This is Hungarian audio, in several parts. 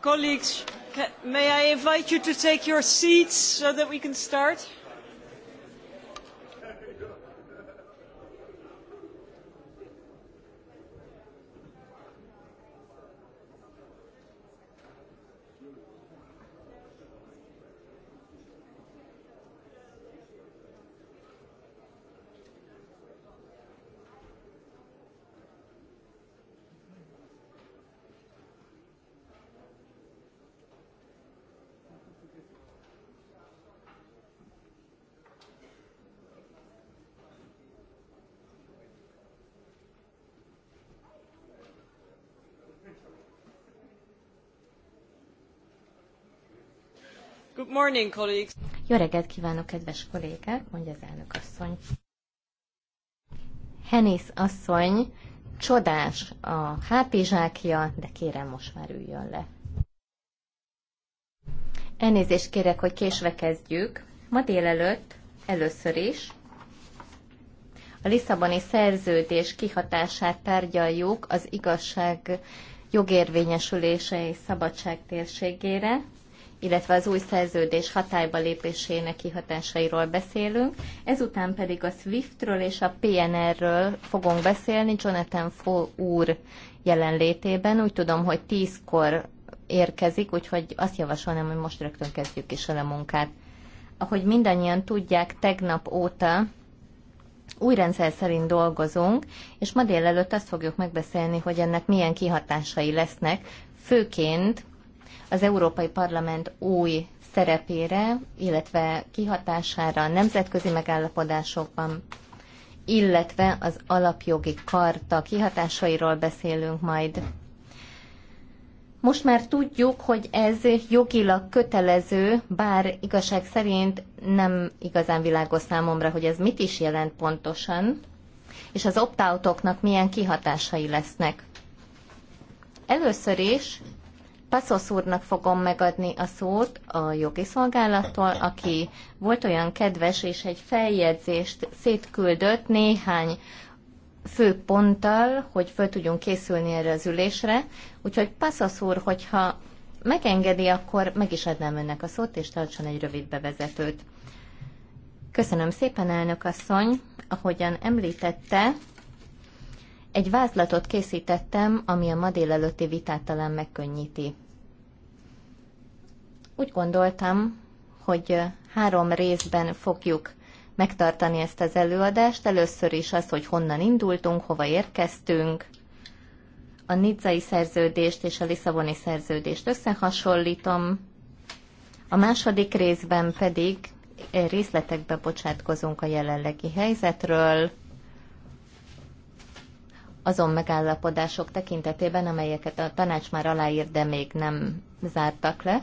colleagues, may I invite you to take your seats so that we can start? morning, colleagues. Jó reggelt kívánok, kedves kollégák, mondja az elnök asszony. Henész asszony, csodás a hátizsákja, de kérem most már üljön le. Elnézést kérek, hogy késve kezdjük. Ma délelőtt először is a Lisszaboni szerződés kihatását tárgyaljuk az igazság jogérvényesülése és szabadság térségére illetve az új szerződés hatályba lépésének kihatásairól beszélünk. Ezután pedig a SWIFT-ről és a PNR-ről fogunk beszélni Jonathan Fo úr jelenlétében. Úgy tudom, hogy tízkor érkezik, úgyhogy azt javasolnám, hogy most rögtön kezdjük is el a munkát. Ahogy mindannyian tudják, tegnap óta új rendszer szerint dolgozunk, és ma délelőtt azt fogjuk megbeszélni, hogy ennek milyen kihatásai lesznek, főként az Európai Parlament új szerepére, illetve kihatására a nemzetközi megállapodásokban, illetve az alapjogi karta kihatásairól beszélünk majd. Most már tudjuk, hogy ez jogilag kötelező, bár igazság szerint nem igazán világos számomra, hogy ez mit is jelent pontosan, és az opt-outoknak milyen kihatásai lesznek. Először is Passzosz úrnak fogom megadni a szót a jogi szolgálattól, aki volt olyan kedves, és egy feljegyzést szétküldött néhány fő ponttal, hogy föl tudjunk készülni erre az ülésre. Úgyhogy Passzosz úr, hogyha megengedi, akkor meg is adnám önnek a szót, és tartson egy rövid bevezetőt. Köszönöm szépen, elnök asszony! Ahogyan említette, egy vázlatot készítettem, ami a ma délelőtti vitát talán megkönnyíti. Úgy gondoltam, hogy három részben fogjuk megtartani ezt az előadást. Először is az, hogy honnan indultunk, hova érkeztünk, a nizzai szerződést és a lisszaboni szerződést összehasonlítom, a második részben pedig részletekbe bocsátkozunk a jelenlegi helyzetről, azon megállapodások tekintetében, amelyeket a tanács már aláír, de még nem zártak le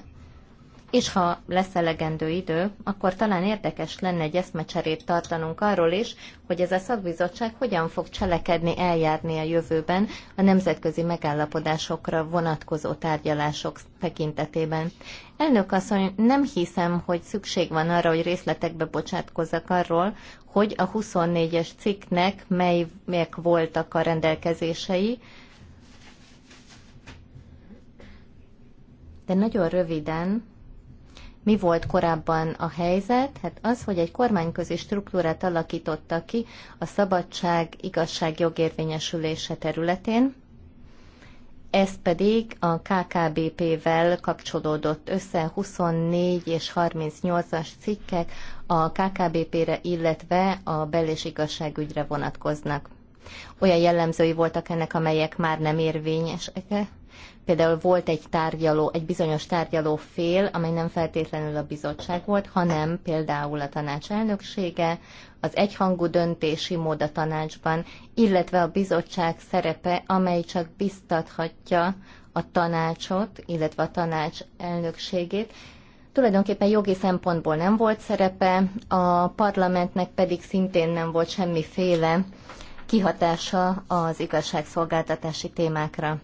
és ha lesz elegendő idő, akkor talán érdekes lenne egy eszmecserét tartanunk arról is, hogy ez a szakbizottság hogyan fog cselekedni, eljárni a jövőben a nemzetközi megállapodásokra vonatkozó tárgyalások tekintetében. Elnök asszony, nem hiszem, hogy szükség van arra, hogy részletekbe bocsátkozzak arról, hogy a 24-es cikknek melyek voltak a rendelkezései, de nagyon röviden mi volt korábban a helyzet? Hát az, hogy egy kormányközi struktúrát alakította ki a szabadság, igazság jogérvényesülése területén, ez pedig a KKBP-vel kapcsolódott össze 24 és 38-as cikkek a KKBP-re, illetve a bel- és igazságügyre vonatkoznak. Olyan jellemzői voltak ennek, amelyek már nem érvényesek, Például volt egy tárgyaló, egy bizonyos tárgyaló fél, amely nem feltétlenül a bizottság volt, hanem például a tanács elnöksége, az egyhangú döntési mód a tanácsban, illetve a bizottság szerepe, amely csak biztathatja a tanácsot, illetve a tanács elnökségét, tulajdonképpen jogi szempontból nem volt szerepe, a parlamentnek pedig szintén nem volt semmiféle kihatása az igazságszolgáltatási témákra.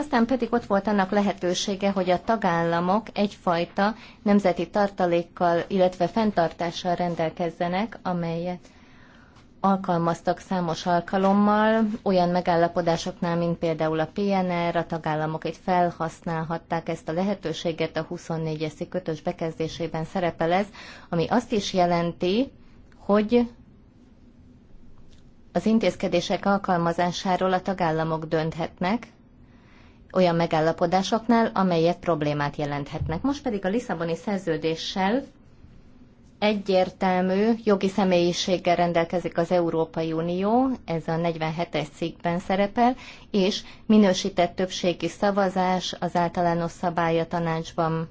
Aztán pedig ott volt annak lehetősége, hogy a tagállamok egyfajta nemzeti tartalékkal, illetve fenntartással rendelkezzenek, amelyet alkalmaztak számos alkalommal, olyan megállapodásoknál, mint például a PNR, a tagállamok itt felhasználhatták ezt a lehetőséget, a 24-es kötös bekezdésében szerepel ez, ami azt is jelenti, hogy az intézkedések alkalmazásáról a tagállamok dönthetnek, olyan megállapodásoknál, amelyek problémát jelenthetnek. Most pedig a Lisszaboni szerződéssel egyértelmű jogi személyiséggel rendelkezik az Európai Unió, ez a 47-es cikkben szerepel, és minősített többségi szavazás az általános a tanácsban,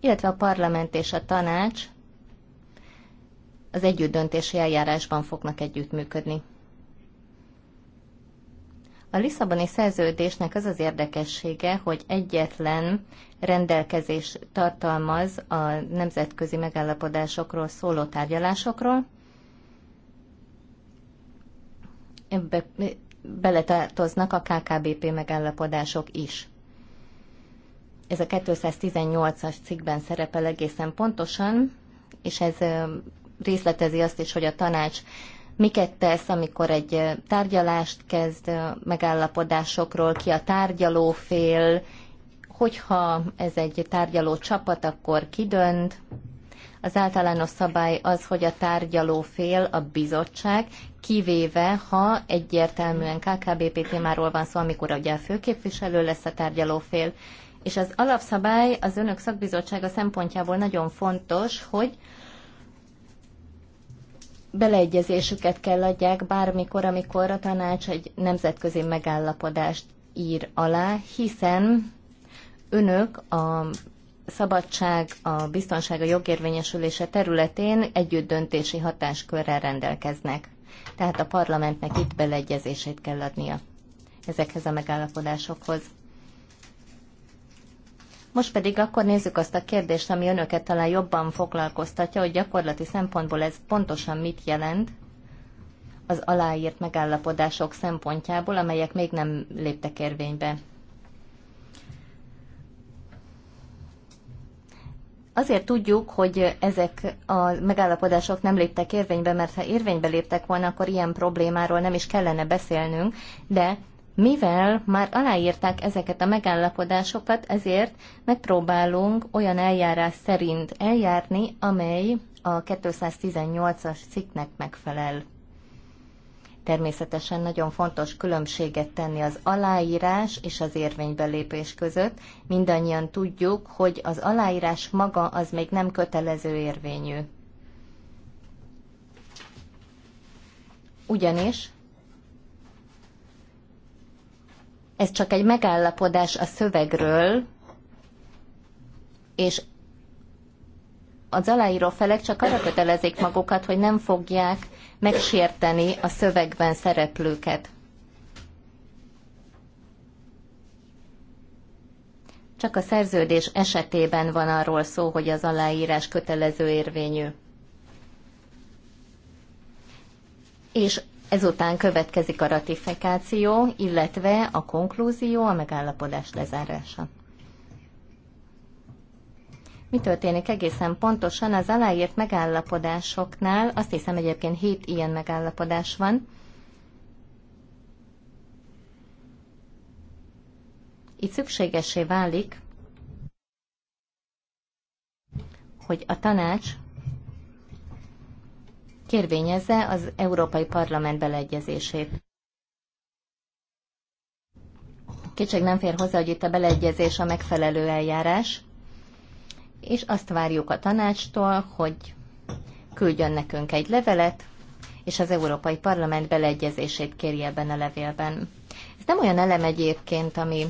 illetve a parlament és a tanács az együttdöntési eljárásban fognak együttműködni. A Lisszaboni szerződésnek az az érdekessége, hogy egyetlen rendelkezés tartalmaz a nemzetközi megállapodásokról szóló tárgyalásokról. Ebbe eh, beletartoznak a KKBP megállapodások is. Ez a 218-as cikkben szerepel egészen pontosan, és ez eh, részletezi azt is, hogy a tanács miket tesz, amikor egy tárgyalást kezd megállapodásokról, ki a tárgyaló fél, hogyha ez egy tárgyaló csapat, akkor kidönt. Az általános szabály az, hogy a tárgyaló fél a bizottság, kivéve, ha egyértelműen KKBP témáról van szó, amikor ugye a főképviselő lesz a tárgyaló fél. És az alapszabály az önök szakbizottsága szempontjából nagyon fontos, hogy beleegyezésüket kell adják bármikor, amikor a tanács egy nemzetközi megállapodást ír alá, hiszen önök a szabadság, a biztonság, a jogérvényesülése területén együtt döntési hatáskörrel rendelkeznek. Tehát a parlamentnek itt beleegyezését kell adnia ezekhez a megállapodásokhoz. Most pedig akkor nézzük azt a kérdést, ami önöket talán jobban foglalkoztatja, hogy gyakorlati szempontból ez pontosan mit jelent az aláírt megállapodások szempontjából, amelyek még nem léptek érvénybe. Azért tudjuk, hogy ezek a megállapodások nem léptek érvénybe, mert ha érvénybe léptek volna, akkor ilyen problémáról nem is kellene beszélnünk, de mivel már aláírták ezeket a megállapodásokat, ezért megpróbálunk olyan eljárás szerint eljárni, amely a 218-as cikknek megfelel. Természetesen nagyon fontos különbséget tenni az aláírás és az érvénybelépés között. Mindannyian tudjuk, hogy az aláírás maga az még nem kötelező érvényű. Ugyanis Ez csak egy megállapodás a szövegről, és az aláíró felek csak arra kötelezik magukat, hogy nem fogják megsérteni a szövegben szereplőket. Csak a szerződés esetében van arról szó, hogy az aláírás kötelező érvényű. És Ezután következik a ratifikáció, illetve a konklúzió, a megállapodás lezárása. Mi történik egészen pontosan az aláírt megállapodásoknál? Azt hiszem egyébként hét ilyen megállapodás van. Itt szükségesé válik, hogy a tanács kérvényezze az Európai Parlament beleegyezését. Kétség nem fér hozzá, hogy itt a beleegyezés a megfelelő eljárás, és azt várjuk a tanácstól, hogy küldjön nekünk egy levelet, és az Európai Parlament beleegyezését kérje ebben a levélben. Ez nem olyan elem egyébként, ami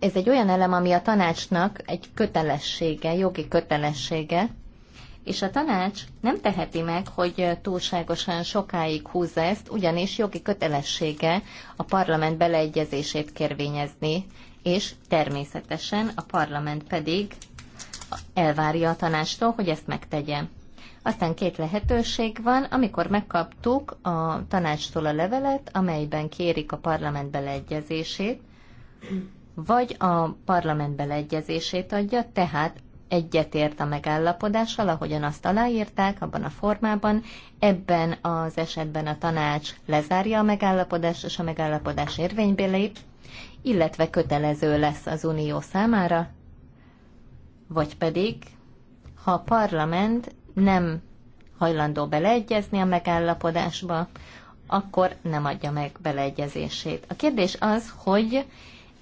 ez egy olyan elem, ami a tanácsnak egy kötelessége, jogi kötelessége, és a tanács nem teheti meg, hogy túlságosan sokáig húzza ezt, ugyanis jogi kötelessége a parlament beleegyezését kérvényezni, és természetesen a parlament pedig elvárja a tanástól, hogy ezt megtegye. Aztán két lehetőség van, amikor megkaptuk a tanácstól a levelet, amelyben kérik a parlament beleegyezését, vagy a parlament beleegyezését adja, tehát egyetért a megállapodással, ahogyan azt aláírták, abban a formában. Ebben az esetben a tanács lezárja a megállapodást, és a megállapodás érvénybe lép, illetve kötelező lesz az unió számára, vagy pedig, ha a parlament nem hajlandó beleegyezni a megállapodásba, akkor nem adja meg beleegyezését. A kérdés az, hogy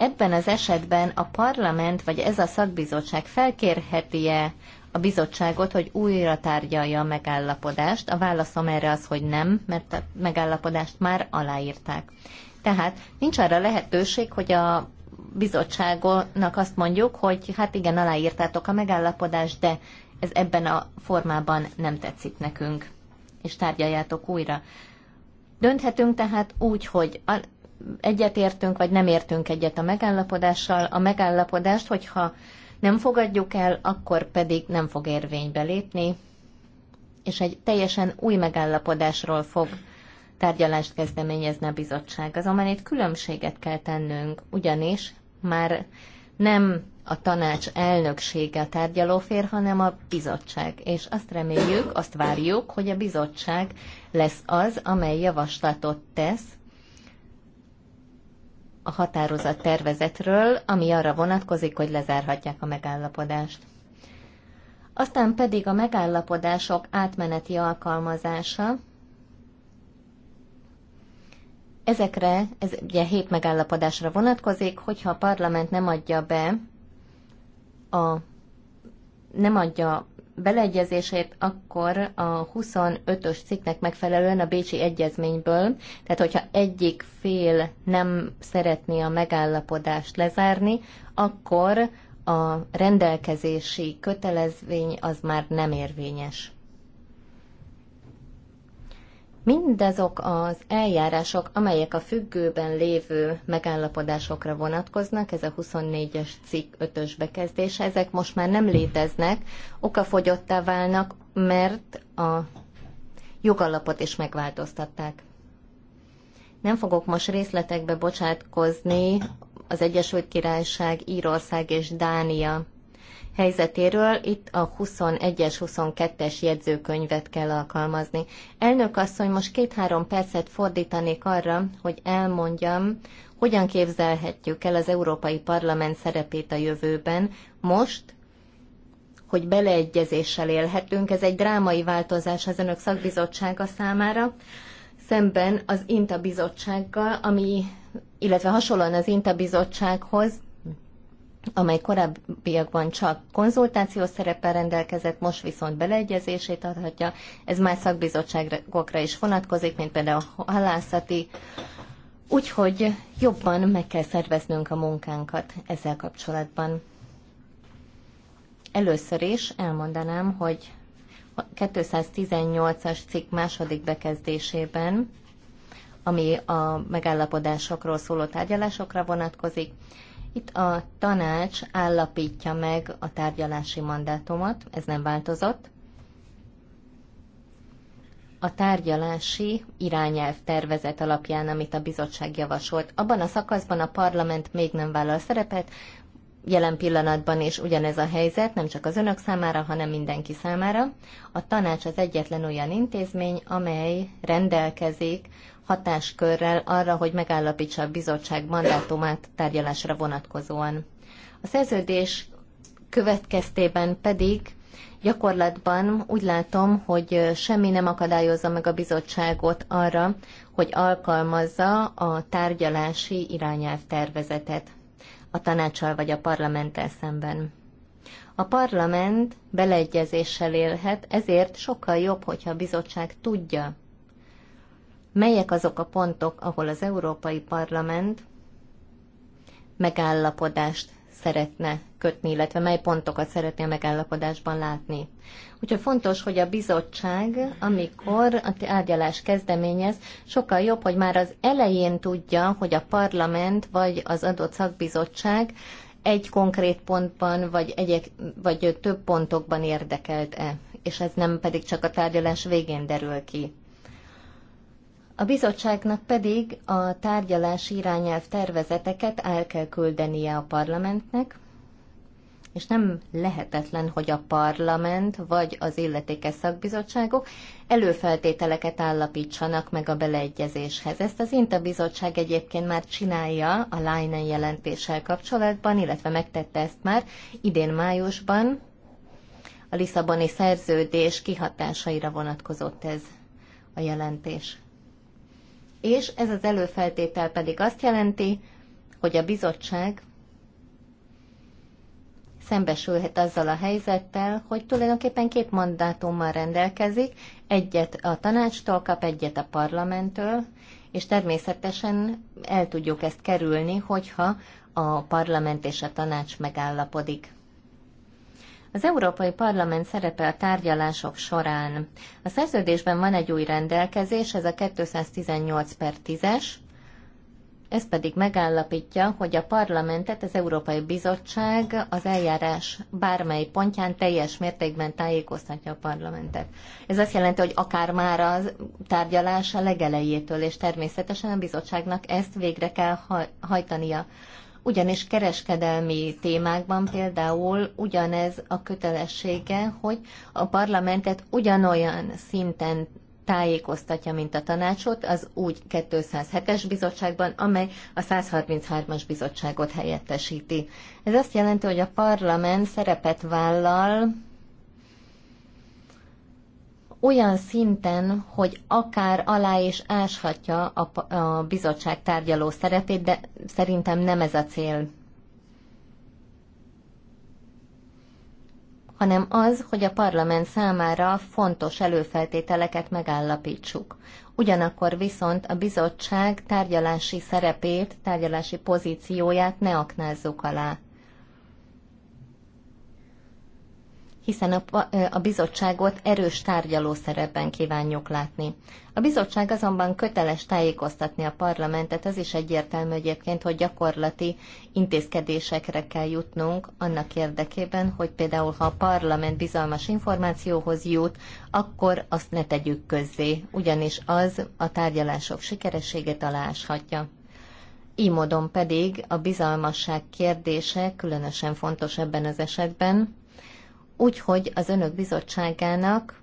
Ebben az esetben a parlament vagy ez a szakbizottság felkérheti-e a bizottságot, hogy újra tárgyalja a megállapodást. A válaszom erre az, hogy nem, mert a megállapodást már aláírták. Tehát nincs arra lehetőség, hogy a bizottságonak azt mondjuk, hogy hát igen, aláírtátok a megállapodást, de ez ebben a formában nem tetszik nekünk, és tárgyaljátok újra. Dönthetünk tehát úgy, hogy egyetértünk, vagy nem értünk egyet a megállapodással. A megállapodást, hogyha nem fogadjuk el, akkor pedig nem fog érvénybe lépni, és egy teljesen új megállapodásról fog tárgyalást kezdeményezni a bizottság. Azonban itt különbséget kell tennünk, ugyanis már nem a tanács elnöksége a tárgyalófér, hanem a bizottság. És azt reméljük, azt várjuk, hogy a bizottság lesz az, amely javaslatot tesz a határozat tervezetről, ami arra vonatkozik, hogy lezárhatják a megállapodást. Aztán pedig a megállapodások átmeneti alkalmazása. Ezekre, ez ugye hét megállapodásra vonatkozik, hogyha a parlament nem adja be a nem adja beleegyezését akkor a 25-ös cikknek megfelelően a Bécsi Egyezményből, tehát hogyha egyik fél nem szeretné a megállapodást lezárni, akkor a rendelkezési kötelezvény az már nem érvényes. Mindazok az eljárások, amelyek a függőben lévő megállapodásokra vonatkoznak, ez a 24-es cikk 5-ös bekezdése, ezek most már nem léteznek, okafogyottá válnak, mert a jogalapot is megváltoztatták. Nem fogok most részletekbe bocsátkozni az Egyesült Királyság, Írország és Dánia helyzetéről. Itt a 21-es, 22-es jegyzőkönyvet kell alkalmazni. Elnök asszony, most két-három percet fordítanék arra, hogy elmondjam, hogyan képzelhetjük el az Európai Parlament szerepét a jövőben, most, hogy beleegyezéssel élhetünk. Ez egy drámai változás az önök szakbizottsága számára, szemben az INTA bizottsággal, ami, illetve hasonlóan az INTA bizottsághoz, amely korábbiakban csak konzultáció szereppel rendelkezett, most viszont beleegyezését adhatja. Ez más szakbizottságokra is vonatkozik, mint például a halászati. Úgyhogy jobban meg kell szerveznünk a munkánkat ezzel kapcsolatban. Először is elmondanám, hogy 218-as cikk második bekezdésében, ami a megállapodásokról szóló tárgyalásokra vonatkozik, itt a tanács állapítja meg a tárgyalási mandátumot, ez nem változott. A tárgyalási irányelv tervezet alapján, amit a bizottság javasolt. Abban a szakaszban a parlament még nem vállal szerepet, jelen pillanatban is ugyanez a helyzet, nem csak az önök számára, hanem mindenki számára. A tanács az egyetlen olyan intézmény, amely rendelkezik hatáskörrel arra, hogy megállapítsa a bizottság mandátumát tárgyalásra vonatkozóan. A szerződés következtében pedig gyakorlatban úgy látom, hogy semmi nem akadályozza meg a bizottságot arra, hogy alkalmazza a tárgyalási irányelv tervezetet a tanácsal vagy a parlamenttel szemben. A parlament beleegyezéssel élhet, ezért sokkal jobb, hogyha a bizottság tudja, melyek azok a pontok, ahol az Európai Parlament megállapodást szeretne kötni, illetve mely pontokat szeretné a megállapodásban látni. Úgyhogy fontos, hogy a bizottság, amikor a tárgyalás kezdeményez, sokkal jobb, hogy már az elején tudja, hogy a parlament vagy az adott szakbizottság egy konkrét pontban, vagy, egy, vagy több pontokban érdekelt-e, és ez nem pedig csak a tárgyalás végén derül ki a bizottságnak pedig a tárgyalási irányelv tervezeteket el kell küldenie a parlamentnek, és nem lehetetlen, hogy a parlament vagy az illetékes szakbizottságok előfeltételeket állapítsanak meg a beleegyezéshez. Ezt az INTA bizottság egyébként már csinálja a Leinen jelentéssel kapcsolatban, illetve megtette ezt már idén májusban. A Lisszaboni szerződés kihatásaira vonatkozott ez a jelentés és ez az előfeltétel pedig azt jelenti, hogy a bizottság szembesülhet azzal a helyzettel, hogy tulajdonképpen két mandátummal rendelkezik, egyet a tanácstól kap, egyet a parlamenttől, és természetesen el tudjuk ezt kerülni, hogyha a parlament és a tanács megállapodik. Az Európai Parlament szerepe a tárgyalások során. A szerződésben van egy új rendelkezés, ez a 218 per 10-es, ez pedig megállapítja, hogy a parlamentet az Európai Bizottság az eljárás bármely pontján teljes mértékben tájékoztatja a parlamentet. Ez azt jelenti, hogy akár már a tárgyalás a legelejétől, és természetesen a bizottságnak ezt végre kell hajtania ugyanis kereskedelmi témákban például ugyanez a kötelessége, hogy a parlamentet ugyanolyan szinten tájékoztatja, mint a tanácsot, az úgy 207-es bizottságban, amely a 133-as bizottságot helyettesíti. Ez azt jelenti, hogy a parlament szerepet vállal olyan szinten, hogy akár alá is áshatja a, a bizottság tárgyaló szerepét, de szerintem nem ez a cél. hanem az, hogy a parlament számára fontos előfeltételeket megállapítsuk. Ugyanakkor viszont a bizottság tárgyalási szerepét, tárgyalási pozícióját ne aknázzuk alá. hiszen a, a bizottságot erős tárgyaló szerepben kívánjuk látni. A bizottság azonban köteles tájékoztatni a parlamentet, az is egyértelmű egyébként, hogy gyakorlati intézkedésekre kell jutnunk annak érdekében, hogy például ha a parlament bizalmas információhoz jut, akkor azt ne tegyük közzé, ugyanis az a tárgyalások sikerességét aláshatja. Így módon pedig a bizalmasság kérdése különösen fontos ebben az esetben, Úgyhogy az önök bizottságának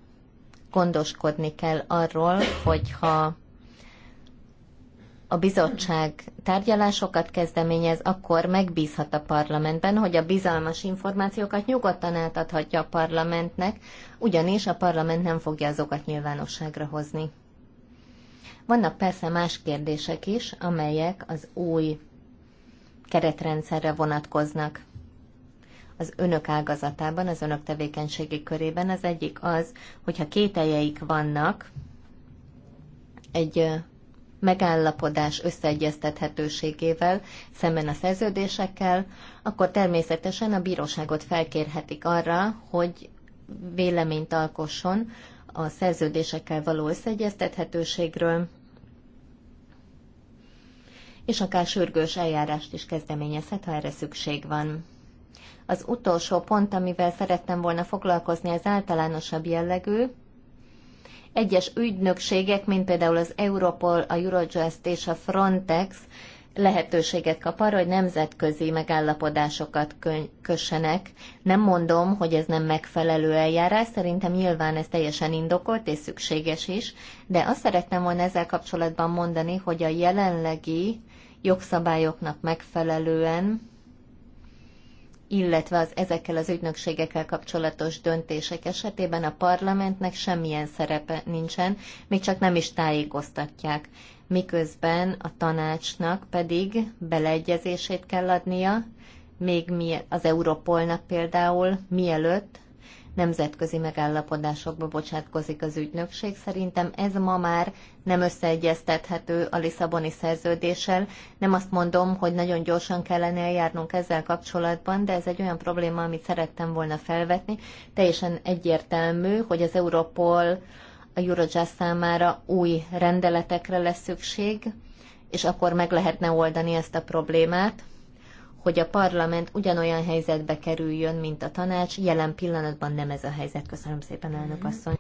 gondoskodni kell arról, hogyha a bizottság tárgyalásokat kezdeményez, akkor megbízhat a parlamentben, hogy a bizalmas információkat nyugodtan átadhatja a parlamentnek, ugyanis a parlament nem fogja azokat nyilvánosságra hozni. Vannak persze más kérdések is, amelyek az új keretrendszerre vonatkoznak az önök ágazatában, az önök tevékenységi körében. Az egyik az, hogyha kételjeik vannak egy megállapodás összeegyeztethetőségével szemben a szerződésekkel, akkor természetesen a bíróságot felkérhetik arra, hogy véleményt alkosson a szerződésekkel való összeegyeztethetőségről, és akár sürgős eljárást is kezdeményezhet, ha erre szükség van. Az utolsó pont, amivel szerettem volna foglalkozni, az általánosabb jellegű. Egyes ügynökségek, mint például az Europol, a Eurojust és a Frontex lehetőséget kap arra, hogy nemzetközi megállapodásokat kössenek. Nem mondom, hogy ez nem megfelelő eljárás, szerintem nyilván ez teljesen indokolt és szükséges is, de azt szerettem volna ezzel kapcsolatban mondani, hogy a jelenlegi jogszabályoknak megfelelően illetve az ezekkel az ügynökségekkel kapcsolatos döntések esetében a parlamentnek semmilyen szerepe nincsen, még csak nem is tájékoztatják. Miközben a tanácsnak pedig beleegyezését kell adnia, még mi, az Europolnak például, mielőtt nemzetközi megállapodásokba bocsátkozik az ügynökség. Szerintem ez ma már nem összeegyeztethető a Lisszaboni szerződéssel. Nem azt mondom, hogy nagyon gyorsan kellene eljárnunk ezzel kapcsolatban, de ez egy olyan probléma, amit szerettem volna felvetni. Teljesen egyértelmű, hogy az Europol a Eurojust számára új rendeletekre lesz szükség, és akkor meg lehetne oldani ezt a problémát hogy a parlament ugyanolyan helyzetbe kerüljön, mint a tanács. Jelen pillanatban nem ez a helyzet. Köszönöm szépen, elnök mhm. asszony.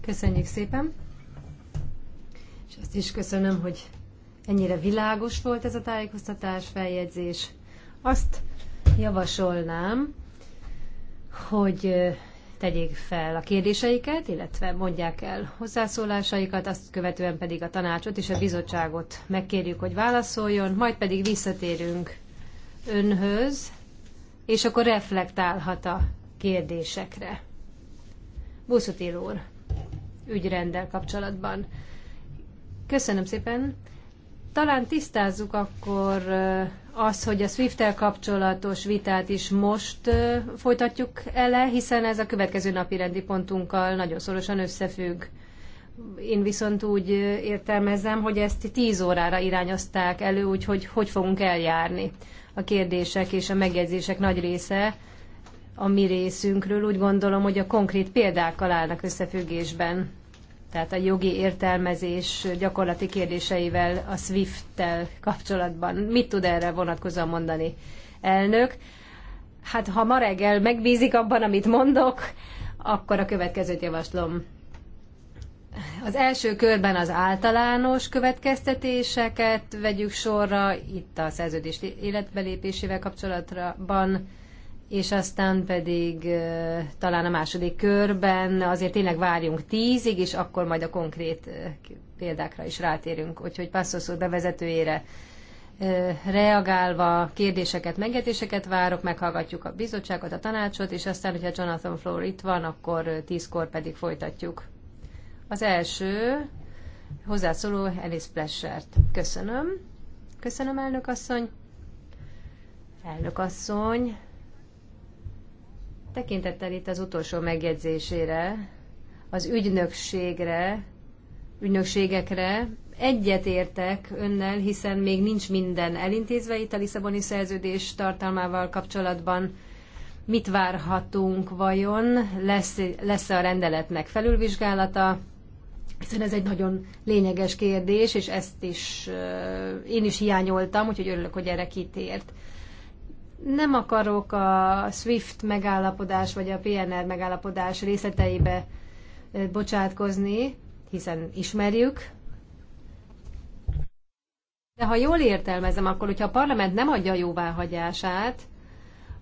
Köszönjük szépen. És azt is köszönöm, hogy ennyire világos volt ez a tájékoztatás, feljegyzés. Azt javasolnám, hogy tegyék fel a kérdéseiket, illetve mondják el hozzászólásaikat, azt követően pedig a tanácsot és a bizottságot megkérjük, hogy válaszoljon, majd pedig visszatérünk önhöz, és akkor reflektálhat a kérdésekre. Buszutil úr, ügyrendel kapcsolatban. Köszönöm szépen. Talán tisztázzuk akkor az, hogy a SWIFT-tel kapcsolatos vitát is most folytatjuk ele, hiszen ez a következő napi rendi pontunkkal nagyon szorosan összefügg. Én viszont úgy értelmezem, hogy ezt 10 órára irányozták elő, úgyhogy hogy fogunk eljárni. A kérdések és a megjegyzések nagy része a mi részünkről úgy gondolom, hogy a konkrét példákkal állnak összefüggésben tehát a jogi értelmezés gyakorlati kérdéseivel a SWIFT-tel kapcsolatban. Mit tud erre vonatkozóan mondani elnök? Hát ha ma reggel megbízik abban, amit mondok, akkor a következőt javaslom. Az első körben az általános következtetéseket vegyük sorra, itt a szerződés életbelépésével kapcsolatban és aztán pedig talán a második körben azért tényleg várjunk tízig, és akkor majd a konkrét példákra is rátérünk. Úgyhogy Passzosz úr bevezetőjére reagálva kérdéseket, megjegyzéseket várok, meghallgatjuk a bizottságot, a tanácsot, és aztán, hogyha Jonathan Floor itt van, akkor tízkor pedig folytatjuk. Az első hozzászóló Elis Plessert. Köszönöm. Köszönöm, elnök asszony. Elnök asszony, Tekintettel itt az utolsó megjegyzésére, az ügynökségre, ügynökségekre egyetértek önnel, hiszen még nincs minden elintézve itt a Lisszaboni szerződés tartalmával kapcsolatban. Mit várhatunk vajon? Lesz, lesz a rendeletnek felülvizsgálata? Hiszen ez egy nagyon lényeges kérdés, és ezt is én is hiányoltam, úgyhogy örülök, hogy erre kitért. Nem akarok a SWIFT megállapodás vagy a PNR megállapodás részleteibe bocsátkozni, hiszen ismerjük. De ha jól értelmezem, akkor hogyha a parlament nem adja a jóváhagyását,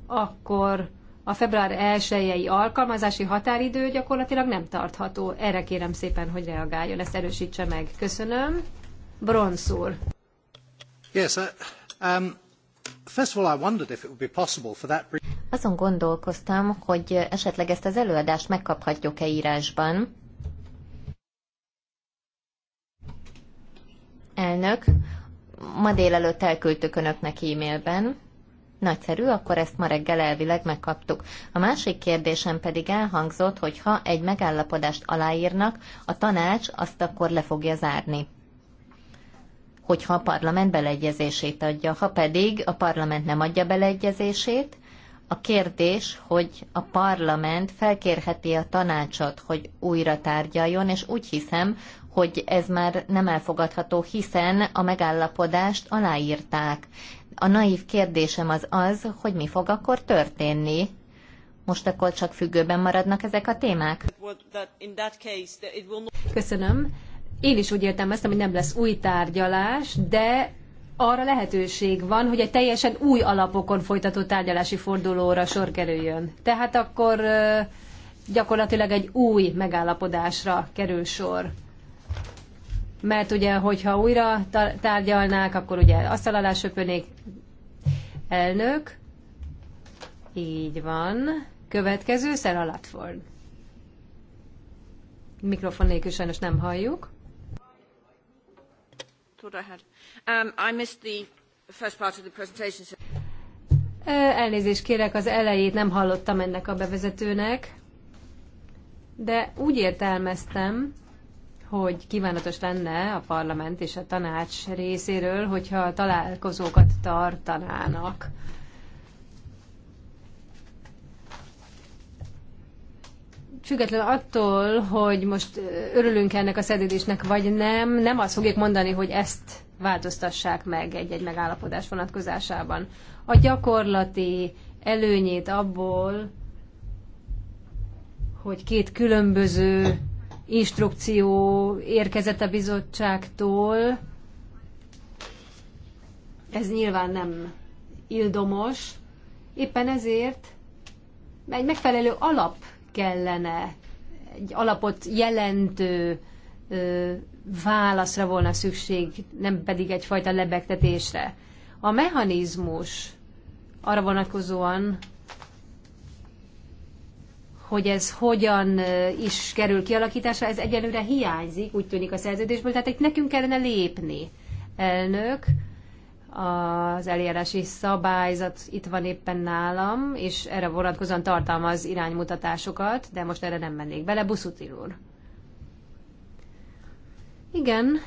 akkor a február 1 alkalmazási határidő gyakorlatilag nem tartható. Erre kérem szépen, hogy reagáljon, ezt erősítse meg. Köszönöm. Bronz úr. Yes, um, azon gondolkoztam, hogy esetleg ezt az előadást megkaphatjuk-e írásban. Elnök, ma délelőtt elküldtük önöknek e-mailben. Nagyszerű, akkor ezt ma reggel elvileg megkaptuk. A másik kérdésem pedig elhangzott, hogy ha egy megállapodást aláírnak, a tanács azt akkor le fogja zárni hogyha a parlament beleegyezését adja. Ha pedig a parlament nem adja beleegyezését, a kérdés, hogy a parlament felkérheti a tanácsot, hogy újra tárgyaljon, és úgy hiszem, hogy ez már nem elfogadható, hiszen a megállapodást aláírták. A naív kérdésem az az, hogy mi fog akkor történni. Most akkor csak függőben maradnak ezek a témák? Köszönöm. Én is úgy értelmeztem, hogy nem lesz új tárgyalás, de arra lehetőség van, hogy egy teljesen új alapokon folytatott tárgyalási fordulóra sor kerüljön. Tehát akkor gyakorlatilag egy új megállapodásra kerül sor. Mert ugye, hogyha újra tárgyalnák, akkor ugye azt alá söpönék elnök. Így van. Következő, Sarah Latford. Mikrofon nélkül sajnos nem halljuk thought I had. Um, I missed the first part of the presentation. So... Elnézést kérek, az elejét nem hallottam ennek a bevezetőnek, de úgy értelmeztem, hogy kívánatos lenne a parlament és a tanács részéről, hogyha találkozókat tartanának függetlenül attól, hogy most örülünk ennek a szedődésnek vagy nem, nem azt fogjuk mondani, hogy ezt változtassák meg egy-egy megállapodás vonatkozásában. A gyakorlati előnyét abból, hogy két különböző instrukció érkezett a bizottságtól, ez nyilván nem ildomos, éppen ezért egy megfelelő alap kellene, egy alapot jelentő ö, válaszra volna szükség, nem pedig egyfajta lebegtetésre. A mechanizmus arra vonatkozóan, hogy ez hogyan is kerül kialakításra, ez egyelőre hiányzik, úgy tűnik a szerződésből, tehát nekünk kellene lépni. Elnök, az eljárási szabályzat itt van éppen nálam, és erre vonatkozóan tartalmaz iránymutatásokat, de most erre nem mennék bele. Buszuti úr. Igen,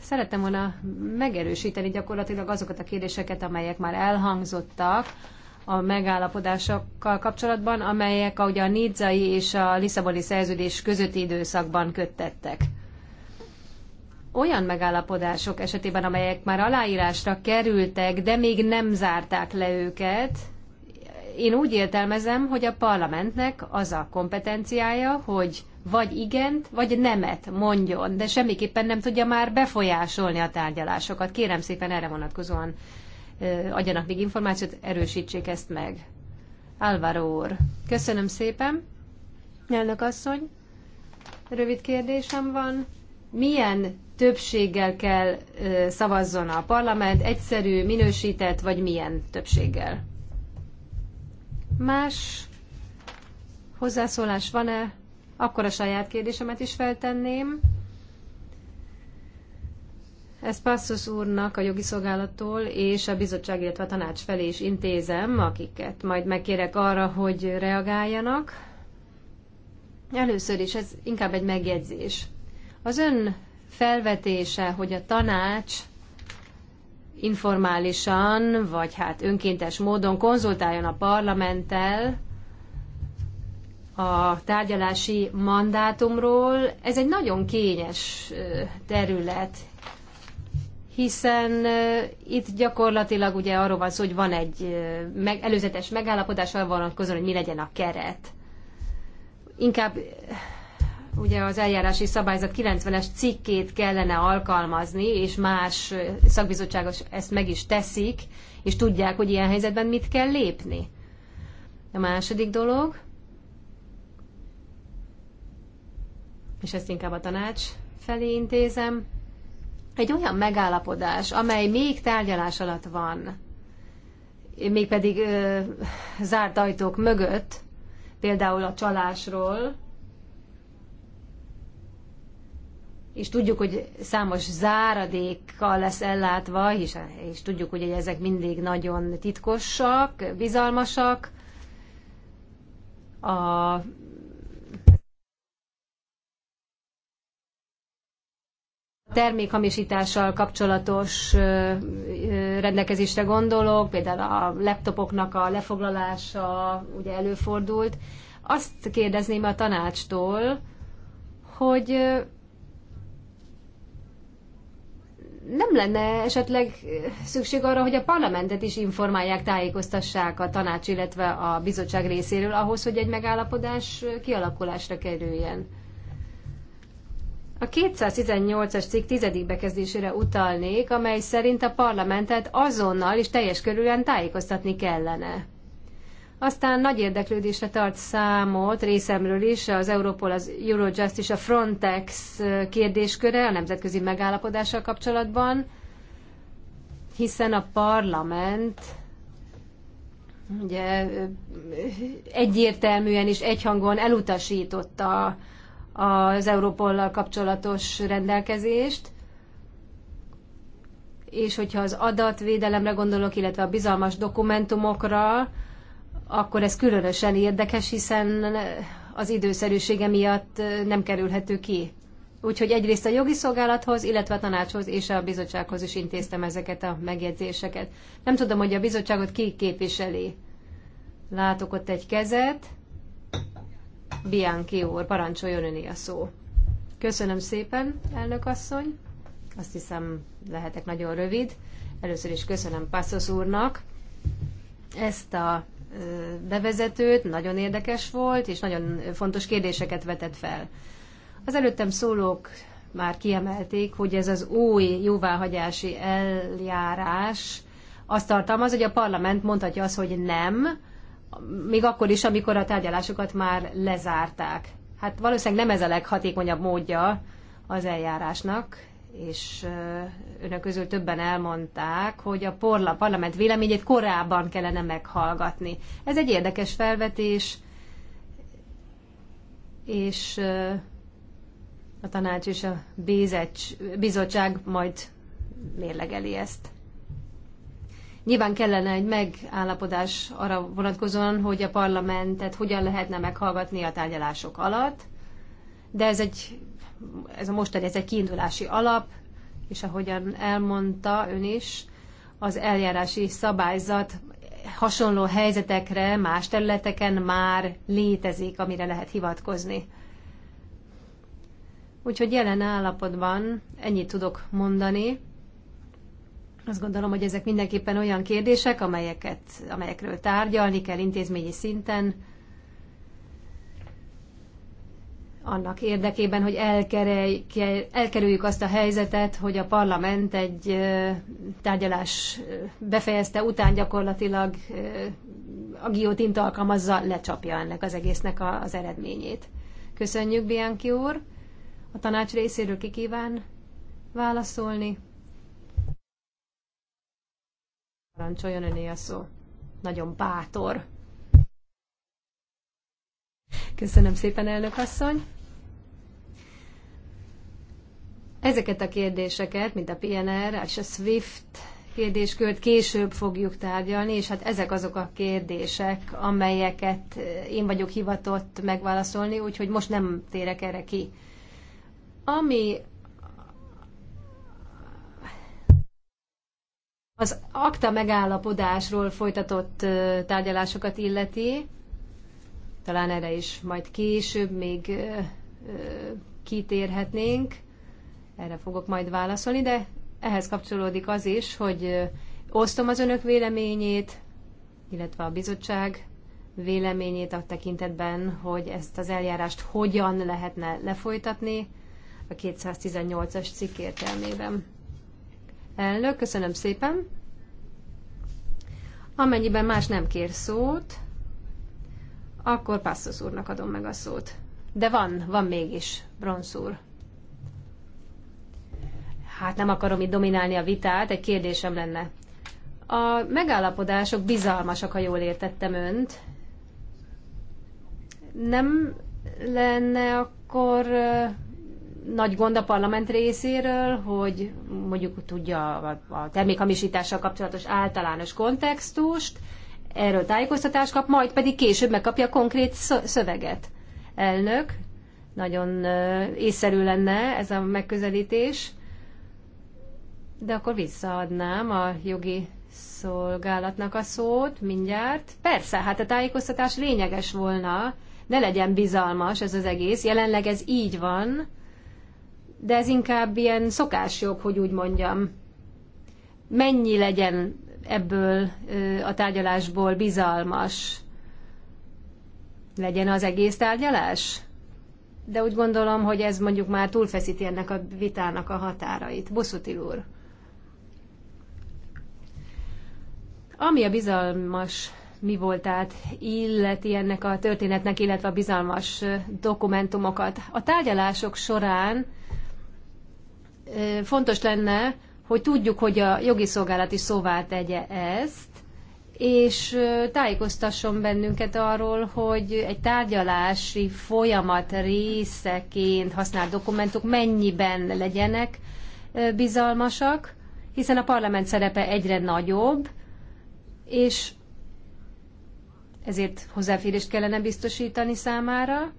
szerettem volna megerősíteni gyakorlatilag azokat a kérdéseket, amelyek már elhangzottak a megállapodásokkal kapcsolatban, amelyek ugye a Nidzai és a Lisszaboni szerződés közötti időszakban köttettek olyan megállapodások esetében, amelyek már aláírásra kerültek, de még nem zárták le őket, én úgy értelmezem, hogy a parlamentnek az a kompetenciája, hogy vagy igent, vagy nemet mondjon, de semmiképpen nem tudja már befolyásolni a tárgyalásokat. Kérem szépen erre vonatkozóan adjanak még információt, erősítsék ezt meg. Álvaro úr, köszönöm szépen. Elnök asszony, rövid kérdésem van. Milyen többséggel kell szavazzon a parlament, egyszerű, minősített, vagy milyen többséggel? Más hozzászólás van-e? Akkor a saját kérdésemet is feltenném. Ez Passos úrnak a jogi szolgálattól és a bizottság, illetve a tanács felé is intézem, akiket majd megkérek arra, hogy reagáljanak. Először is ez inkább egy megjegyzés. Az ön felvetése, hogy a tanács informálisan, vagy hát önkéntes módon konzultáljon a parlamenttel a tárgyalási mandátumról. Ez egy nagyon kényes terület, hiszen itt gyakorlatilag ugye arról van szó, hogy van egy előzetes megállapodás arra vonatkozóan, hogy mi legyen a keret. Inkább ugye az eljárási szabályzat 90-es cikkét kellene alkalmazni, és más szakbizottságos ezt meg is teszik, és tudják, hogy ilyen helyzetben mit kell lépni. A második dolog, és ezt inkább a tanács felé intézem, egy olyan megállapodás, amely még tárgyalás alatt van, mégpedig ö, zárt ajtók mögött, például a csalásról, és tudjuk, hogy számos záradékkal lesz ellátva, és, és tudjuk, hogy ezek mindig nagyon titkosak, bizalmasak. A termékhamisítással kapcsolatos rendelkezésre gondolok, például a laptopoknak a lefoglalása ugye előfordult. Azt kérdezném a tanácstól, hogy nem lenne esetleg eh, szükség arra, hogy a parlamentet is informálják, tájékoztassák a tanács, illetve a bizottság részéről ahhoz, hogy egy megállapodás eh, kialakulásra kerüljen. A 218-as cikk tizedik bekezdésére utalnék, amely szerint a parlamentet azonnal és teljes körülön tájékoztatni kellene. Aztán nagy érdeklődésre tart számot részemről is az Europol, az Eurojust és a Frontex kérdésköre a nemzetközi megállapodással kapcsolatban, hiszen a parlament ugye egyértelműen és egyhangon elutasította az Európollal kapcsolatos rendelkezést, és hogyha az adatvédelemre gondolok, illetve a bizalmas dokumentumokra, akkor ez különösen érdekes, hiszen az időszerűsége miatt nem kerülhető ki. Úgyhogy egyrészt a jogi szolgálathoz, illetve a tanácshoz és a bizottsághoz is intéztem ezeket a megjegyzéseket. Nem tudom, hogy a bizottságot ki képviseli. Látok ott egy kezet. Bianchi úr, parancsoljon öné a szó. Köszönöm szépen, elnök asszony. Azt hiszem, lehetek nagyon rövid. Először is köszönöm Passos úrnak ezt a bevezetőt, nagyon érdekes volt, és nagyon fontos kérdéseket vetett fel. Az előttem szólók már kiemelték, hogy ez az új jóváhagyási eljárás azt tartalmaz, hogy a parlament mondhatja azt, hogy nem, még akkor is, amikor a tárgyalásokat már lezárták. Hát valószínűleg nem ez a leghatékonyabb módja az eljárásnak, és önök közül többen elmondták, hogy a porla parlament véleményét korábban kellene meghallgatni. Ez egy érdekes felvetés, és a tanács és a bizottság majd mérlegeli ezt. Nyilván kellene egy megállapodás arra vonatkozóan, hogy a parlamentet hogyan lehetne meghallgatni a tárgyalások alatt, de ez egy ez a mostani, ez egy kiindulási alap, és ahogyan elmondta ön is, az eljárási szabályzat hasonló helyzetekre, más területeken már létezik, amire lehet hivatkozni. Úgyhogy jelen állapotban ennyit tudok mondani. Azt gondolom, hogy ezek mindenképpen olyan kérdések, amelyeket, amelyekről tárgyalni kell intézményi szinten, annak érdekében, hogy elkerüljük azt a helyzetet, hogy a parlament egy tárgyalás befejezte után gyakorlatilag a giótint alkalmazza, lecsapja ennek az egésznek az eredményét. Köszönjük, Bianchi úr! A tanács részéről ki kíván válaszolni? Parancsoljon öné a szó. Nagyon bátor. Köszönöm szépen, elnök asszony. Ezeket a kérdéseket, mint a PNR és a SWIFT kérdéskört később fogjuk tárgyalni, és hát ezek azok a kérdések, amelyeket eh, én vagyok hivatott megválaszolni, úgyhogy most nem térek erre ki. Ami az akta megállapodásról folytatott eh, tárgyalásokat illeti, talán erre is majd később még eh, kitérhetnénk erre fogok majd válaszolni, de ehhez kapcsolódik az is, hogy osztom az önök véleményét, illetve a bizottság véleményét a tekintetben, hogy ezt az eljárást hogyan lehetne lefolytatni a 218-as cikk értelmében. Elnök, köszönöm szépen! Amennyiben más nem kér szót, akkor Passos úrnak adom meg a szót. De van, van mégis, Bronsz úr hát nem akarom itt dominálni a vitát, egy kérdésem lenne. A megállapodások bizalmasak, ha jól értettem önt. Nem lenne akkor nagy gond a parlament részéről, hogy mondjuk tudja a termékhamisítással kapcsolatos általános kontextust, erről tájékoztatást kap, majd pedig később megkapja a konkrét szöveget. Elnök, nagyon észszerű lenne ez a megközelítés. De akkor visszaadnám a jogi szolgálatnak a szót mindjárt. Persze, hát a tájékoztatás lényeges volna, ne legyen bizalmas ez az egész. Jelenleg ez így van, de ez inkább ilyen szokásjog, hogy úgy mondjam. Mennyi legyen ebből a tárgyalásból bizalmas? Legyen az egész tárgyalás? De úgy gondolom, hogy ez mondjuk már túlfeszíti ennek a vitának a határait. Buszutil úr. Ami a bizalmas mi voltát illeti ennek a történetnek, illetve a bizalmas dokumentumokat. A tárgyalások során fontos lenne, hogy tudjuk, hogy a jogi szolgálat is szóvá tegye ezt, és tájékoztasson bennünket arról, hogy egy tárgyalási folyamat részeként használt dokumentumok mennyiben legyenek bizalmasak, hiszen a parlament szerepe egyre nagyobb, és ezért hozzáférést kellene biztosítani számára.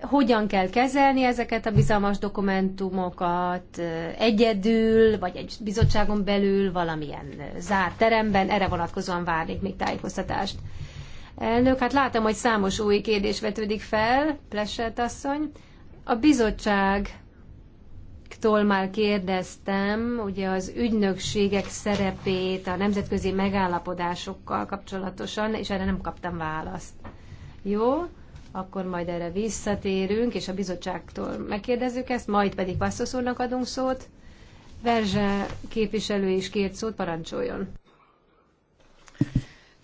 Hogyan kell kezelni ezeket a bizalmas dokumentumokat egyedül, vagy egy bizottságon belül, valamilyen zárt teremben, erre vonatkozóan várnék még tájékoztatást. Elnök, hát látom, hogy számos új kérdés vetődik fel, Pleset asszony. A bizottság úrtól már kérdeztem, ugye az ügynökségek szerepét a nemzetközi megállapodásokkal kapcsolatosan, és erre nem kaptam választ. Jó, akkor majd erre visszatérünk, és a bizottságtól megkérdezzük ezt, majd pedig Vasszosz adunk szót. Verzse képviselő is kért szót, parancsoljon.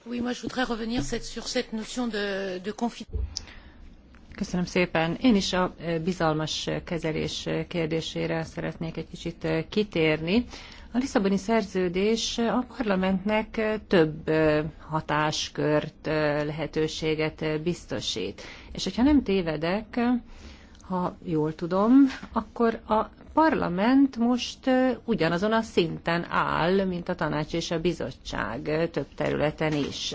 Oui, moi je voudrais revenir sur cette notion de, de confidentialité Köszönöm szépen. Én is a e, bizalmas kezelés kérdésére szeretnék egy kicsit e, kitérni. A Lisszaboni szerződés a parlamentnek több e, hatáskört, lehetőséget biztosít. És hogyha nem tévedek, ha jól tudom, akkor a parlament most ugyanazon a szinten áll, mint a tanács és a bizottság több területen is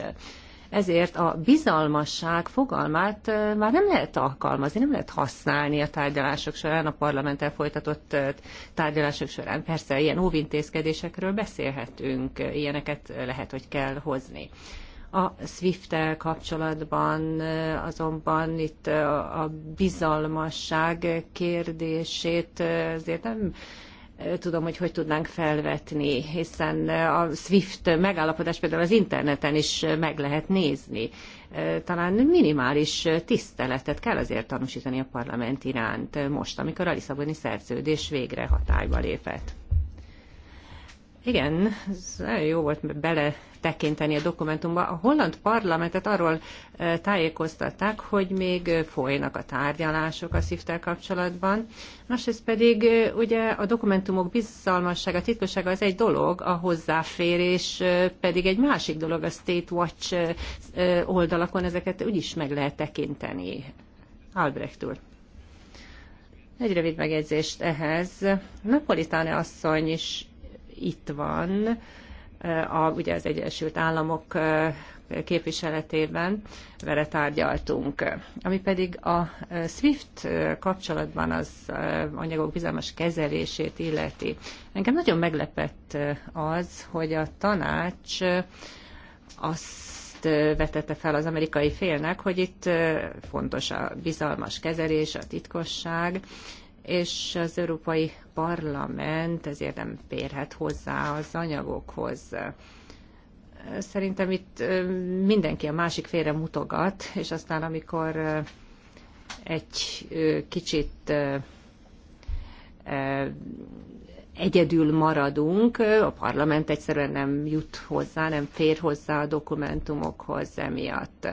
ezért a bizalmasság fogalmát már nem lehet alkalmazni, nem lehet használni a tárgyalások során, a parlamenttel folytatott tárgyalások során. Persze ilyen óvintézkedésekről beszélhetünk, ilyeneket lehet, hogy kell hozni. A SWIFT-tel kapcsolatban azonban itt a bizalmasság kérdését azért nem tudom, hogy hogy tudnánk felvetni, hiszen a SWIFT megállapodás például az interneten is meg lehet nézni. Talán minimális tiszteletet kell azért tanúsítani a parlament iránt most, amikor a Lisszaboni szerződés végre hatályba lépett. Igen, ez nagyon jó volt bele tekinteni a dokumentumba. A holland parlamentet arról tájékoztatták, hogy még folynak a tárgyalások a szívtel kapcsolatban. Másrészt pedig ugye a dokumentumok bizalmassága, titkossága az egy dolog, a hozzáférés pedig egy másik dolog, a State Watch oldalakon ezeket úgyis meg lehet tekinteni. Albrecht úr. Egy rövid megjegyzést ehhez. Napolitáne asszony is itt van, a, ugye az Egyesült Államok képviseletében vele tárgyaltunk. Ami pedig a SWIFT kapcsolatban az anyagok bizalmas kezelését illeti. Engem nagyon meglepett az, hogy a tanács azt vetette fel az amerikai félnek, hogy itt fontos a bizalmas kezelés, a titkosság, és az Európai Parlament ezért nem férhet hozzá az anyagokhoz. Szerintem itt mindenki a másik félre mutogat, és aztán amikor egy kicsit egyedül maradunk, a parlament egyszerűen nem jut hozzá, nem fér hozzá a dokumentumokhoz emiatt.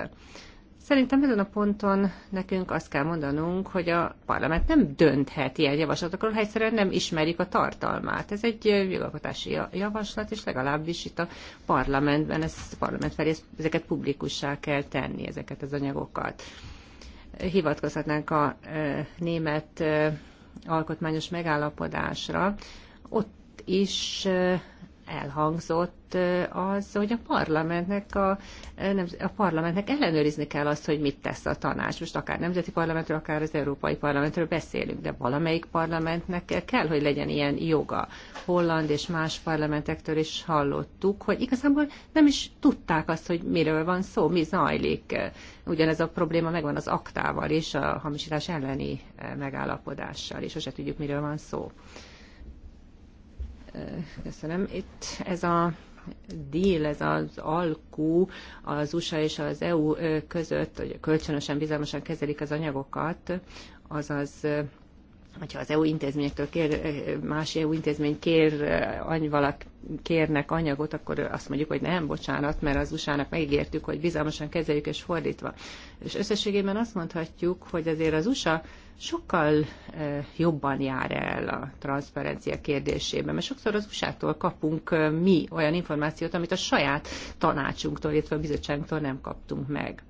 Szerintem ezen a ponton nekünk azt kell mondanunk, hogy a parlament nem dönthet ilyen javaslatokról, ha egyszerűen nem ismerik a tartalmát. Ez egy jogalkotási javaslat, és legalábbis itt a parlamentben, ez a parlament felé ezeket publikussá kell tenni, ezeket az anyagokat. Hivatkozhatnánk a német alkotmányos megállapodásra. Ott is elhangzott az, hogy a parlamentnek, a, nem, a parlamentnek ellenőrizni kell azt, hogy mit tesz a tanács. Most akár nemzeti parlamentről, akár az Európai Parlamentről beszélünk, de valamelyik parlamentnek kell, hogy legyen ilyen joga. Holland és más parlamentektől is hallottuk, hogy igazából nem is tudták azt, hogy miről van szó, mi zajlik. Ugyanez a probléma megvan az aktával és a hamisítás elleni megállapodással, és sose tudjuk, miről van szó. Köszönöm. Itt ez a deal, ez az alkú az USA és az EU között, hogy kölcsönösen bizalmasan kezelik az anyagokat, azaz hogyha az EU intézményektől kér, eh, más EU intézmény kér, eh, valak, kérnek anyagot, akkor azt mondjuk, hogy nem, bocsánat, mert az USA-nak megígértük, hogy bizalmasan kezeljük, és fordítva. És összességében azt mondhatjuk, hogy azért az USA sokkal eh, jobban jár el a transzparencia kérdésében, mert sokszor az USA-tól kapunk mi olyan információt, amit a saját tanácsunktól, illetve a bizottságtól nem kaptunk meg.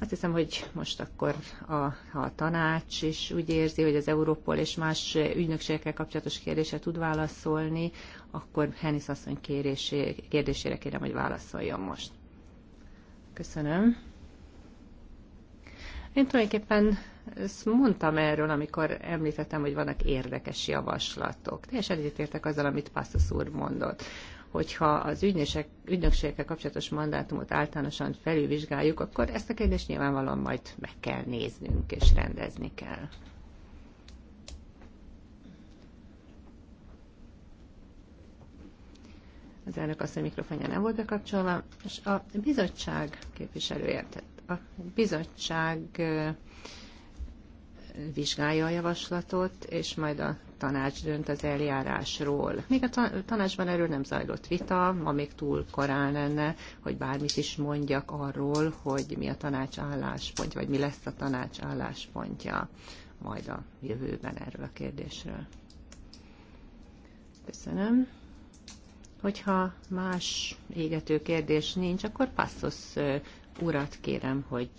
Azt hiszem, hogy most akkor, a, a tanács is úgy érzi, hogy az Európol és más ügynökségekkel kapcsolatos kérdése tud válaszolni, akkor Henis asszony kérésé, kérdésére kérem, hogy válaszoljon most. Köszönöm. Én tulajdonképpen ezt mondtam erről, amikor említettem, hogy vannak érdekes javaslatok. Teljesen egyetértek azzal, amit Passos úr mondott hogyha az ügynösek, ügynökségekkel kapcsolatos mandátumot általánosan felülvizsgáljuk, akkor ezt a kérdést nyilvánvalóan majd meg kell néznünk és rendezni kell. Az elnök azt, hogy mikrofonja nem volt bekapcsolva, és a bizottság képviselője, tehát a bizottság vizsgálja a javaslatot, és majd a tanács dönt az eljárásról. Még a tanácsban erről nem zajlott vita, ma még túl korán lenne, hogy bármit is mondjak arról, hogy mi a tanács álláspontja, vagy mi lesz a tanács álláspontja majd a jövőben erről a kérdésről. Köszönöm. Hogyha más égető kérdés nincs, akkor passzosz urat kérem, hogy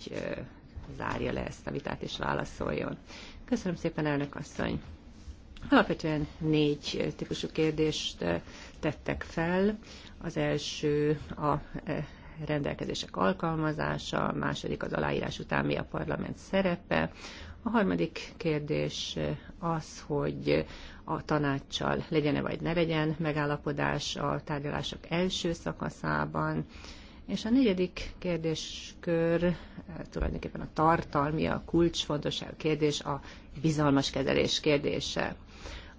zárja le ezt a vitát és válaszoljon. Köszönöm szépen, elnök asszony! Alapvetően négy eh, típusú kérdést eh, tettek fel. Az első a eh, rendelkezések alkalmazása, a második az aláírás után mi a parlament szerepe, a harmadik kérdés az, hogy a tanácssal legyen-e vagy ne legyen megállapodás a tárgyalások első szakaszában, és a negyedik kérdéskör tulajdonképpen a tartalmi, a kulcsfontosságú kérdés, a bizalmas kezelés kérdése.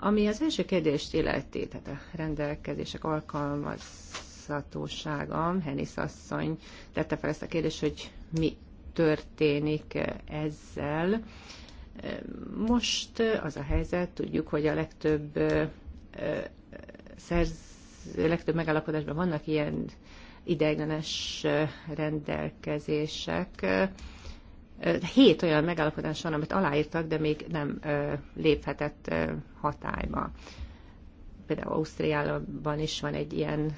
Ami az első kérdést illeti, tehát a rendelkezések alkalmazhatósága, Henis asszony tette fel ezt a kérdést, hogy mi történik ezzel. Most az a helyzet, tudjuk, hogy a legtöbb szerz, legtöbb megállapodásban vannak ilyen ideiglenes rendelkezések, hét olyan megállapodás van, amit aláírtak, de még nem léphetett hatályba. Például Ausztriában is van egy ilyen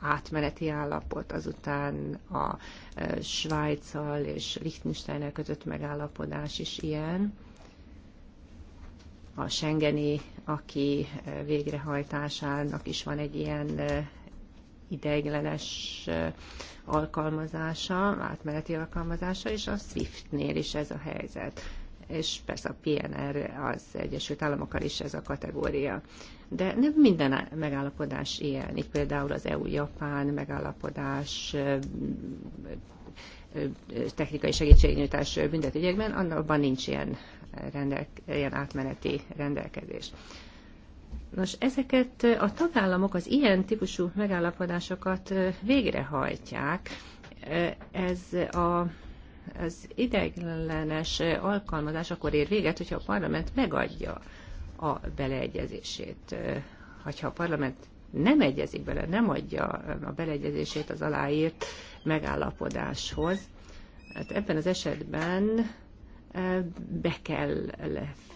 átmeneti állapot, azután a Svájccal és liechtenstein között megállapodás is ilyen. A Schengeni, aki végrehajtásának is van egy ilyen ideiglenes alkalmazása, átmeneti alkalmazása, és a SWIFT-nél is ez a helyzet. És persze a PNR az Egyesült Államokkal is ez a kategória. De nem minden megállapodás ilyen. Itt például az EU-Japán megállapodás technikai segítségnyújtás büntetőgyekben, annakban nincs ilyen, rendelke, ilyen átmeneti rendelkezés. Nos, ezeket a tagállamok az ilyen típusú megállapodásokat végrehajtják. Ez a az ideiglenes alkalmazás akkor ér véget, hogyha a parlament megadja a beleegyezését. Ha a parlament nem egyezik bele, nem adja a beleegyezését az aláírt megállapodáshoz, hát ebben az esetben be kell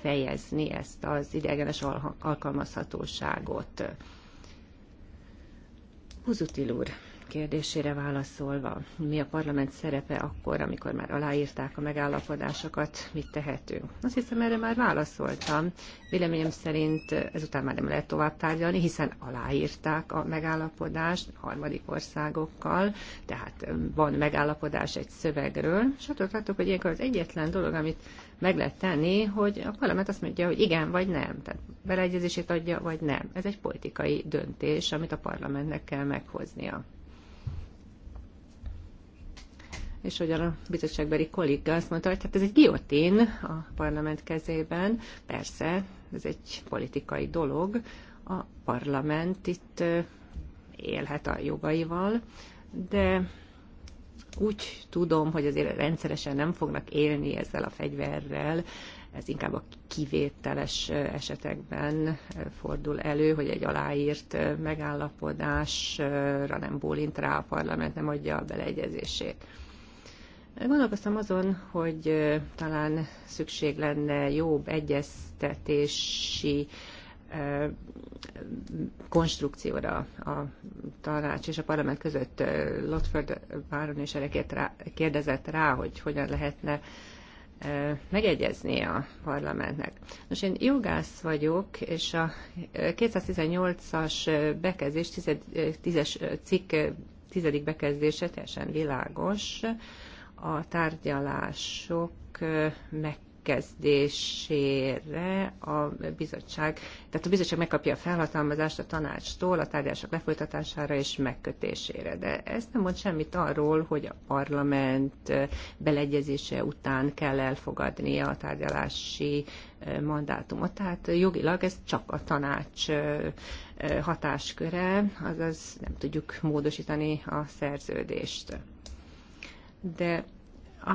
fejezni ezt az idegenes alkalmazhatóságot. Huzutil úr kérdésére válaszolva, mi a parlament szerepe akkor, amikor már aláírták a megállapodásokat, mit tehetünk? Azt hiszem, erre már válaszoltam. Véleményem szerint ezután már nem lehet tovább tárgyalni, hiszen aláírták a megállapodást harmadik országokkal, tehát van megállapodás egy szövegről, és ott tartok, hogy ilyenkor az egyetlen dolog, amit meg lehet tenni, hogy a parlament azt mondja, hogy igen vagy nem, tehát beleegyezését adja vagy nem. Ez egy politikai döntés, amit a parlamentnek kell meghoznia és hogy a bizottságbeli kolléga azt mondta, hogy hát ez egy giotin a parlament kezében. Persze, ez egy politikai dolog. A parlament itt élhet a jogaival, de úgy tudom, hogy azért rendszeresen nem fognak élni ezzel a fegyverrel, ez inkább a kivételes esetekben fordul elő, hogy egy aláírt megállapodásra nem bólint rá a parlament, nem adja a beleegyezését. Gondolkoztam azon, hogy talán szükség lenne jobb egyeztetési konstrukcióra a tanács és a parlament között. Lotford Báron is erre kérdezett rá, hogy hogyan lehetne megegyezni a parlamentnek. Nos, én jogász vagyok, és a 218-as bekezdés, 10-es cikk tizedik bekezdése teljesen világos, a tárgyalások megkezdésére a bizottság, tehát a bizottság megkapja a felhatalmazást a tanácstól a tárgyalások lefolytatására és megkötésére. De ez nem mond semmit arról, hogy a parlament beleegyezése után kell elfogadnia a tárgyalási mandátumot. Tehát jogilag ez csak a tanács hatásköre, azaz nem tudjuk módosítani a szerződést de a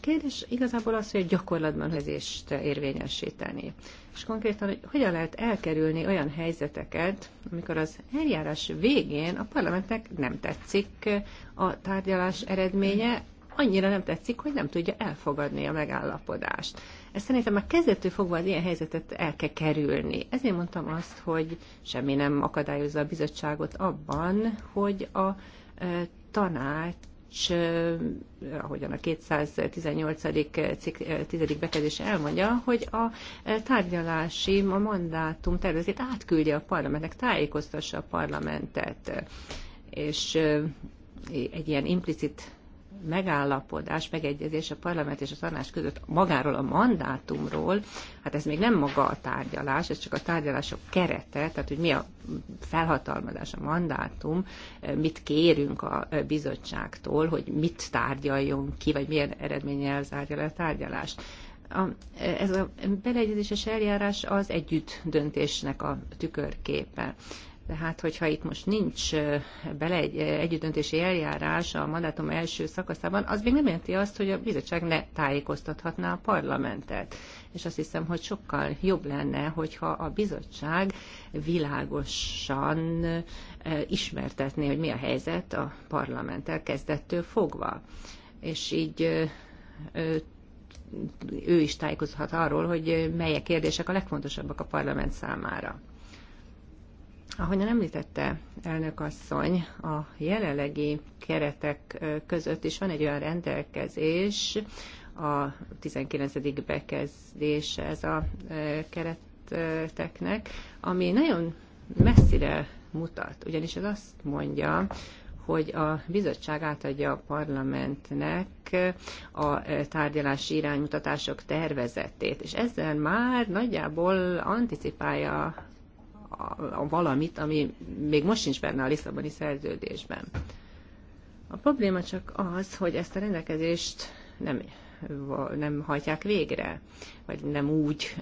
kérdés igazából az, hogy a gyakorlatban hezést érvényesíteni. És konkrétan, hogy hogyan lehet elkerülni olyan helyzeteket, amikor az eljárás végén a parlamentnek nem tetszik a tárgyalás eredménye, annyira nem tetszik, hogy nem tudja elfogadni a megállapodást. Ez szerintem már kezdettől fogva az ilyen helyzetet el kell kerülni. Ezért mondtam azt, hogy semmi nem akadályozza a bizottságot abban, hogy a e, tanács Tanács, ahogyan a 218. cikk 10. bekezdése elmondja, hogy a tárgyalási a mandátum tervezét átküldi a parlamentnek, tájékoztassa a parlamentet. És egy ilyen implicit megállapodás, megegyezés a parlament és a tanács között magáról a mandátumról, hát ez még nem maga a tárgyalás, ez csak a tárgyalások kerete, tehát hogy mi a felhatalmazás, a mandátum, mit kérünk a bizottságtól, hogy mit tárgyaljon ki, vagy milyen eredménnyel zárja le a tárgyalást. A, ez a beleegyezéses eljárás az együtt döntésnek a tükörképe tehát, hogyha itt most nincs bele egy együttdöntési eljárás a mandátum első szakaszában, az még nem jelenti azt, hogy a bizottság ne tájékoztathatná a parlamentet. És azt hiszem, hogy sokkal jobb lenne, hogyha a bizottság világosan ismertetné, hogy mi a helyzet a parlamenttel kezdettől fogva. És így ő is tájékozhat arról, hogy melyek kérdések a legfontosabbak a parlament számára. Ahogyan említette elnök asszony, a jelenlegi keretek között is van egy olyan rendelkezés, a 19. bekezdés ez a kereteknek, ami nagyon messzire mutat, ugyanis ez azt mondja, hogy a bizottság átadja a parlamentnek a tárgyalási iránymutatások tervezetét, és ezzel már nagyjából anticipálja valamit, ami még most sincs benne a Lisszaboni szerződésben. A probléma csak az, hogy ezt a rendelkezést nem, nem hajtják végre, vagy nem úgy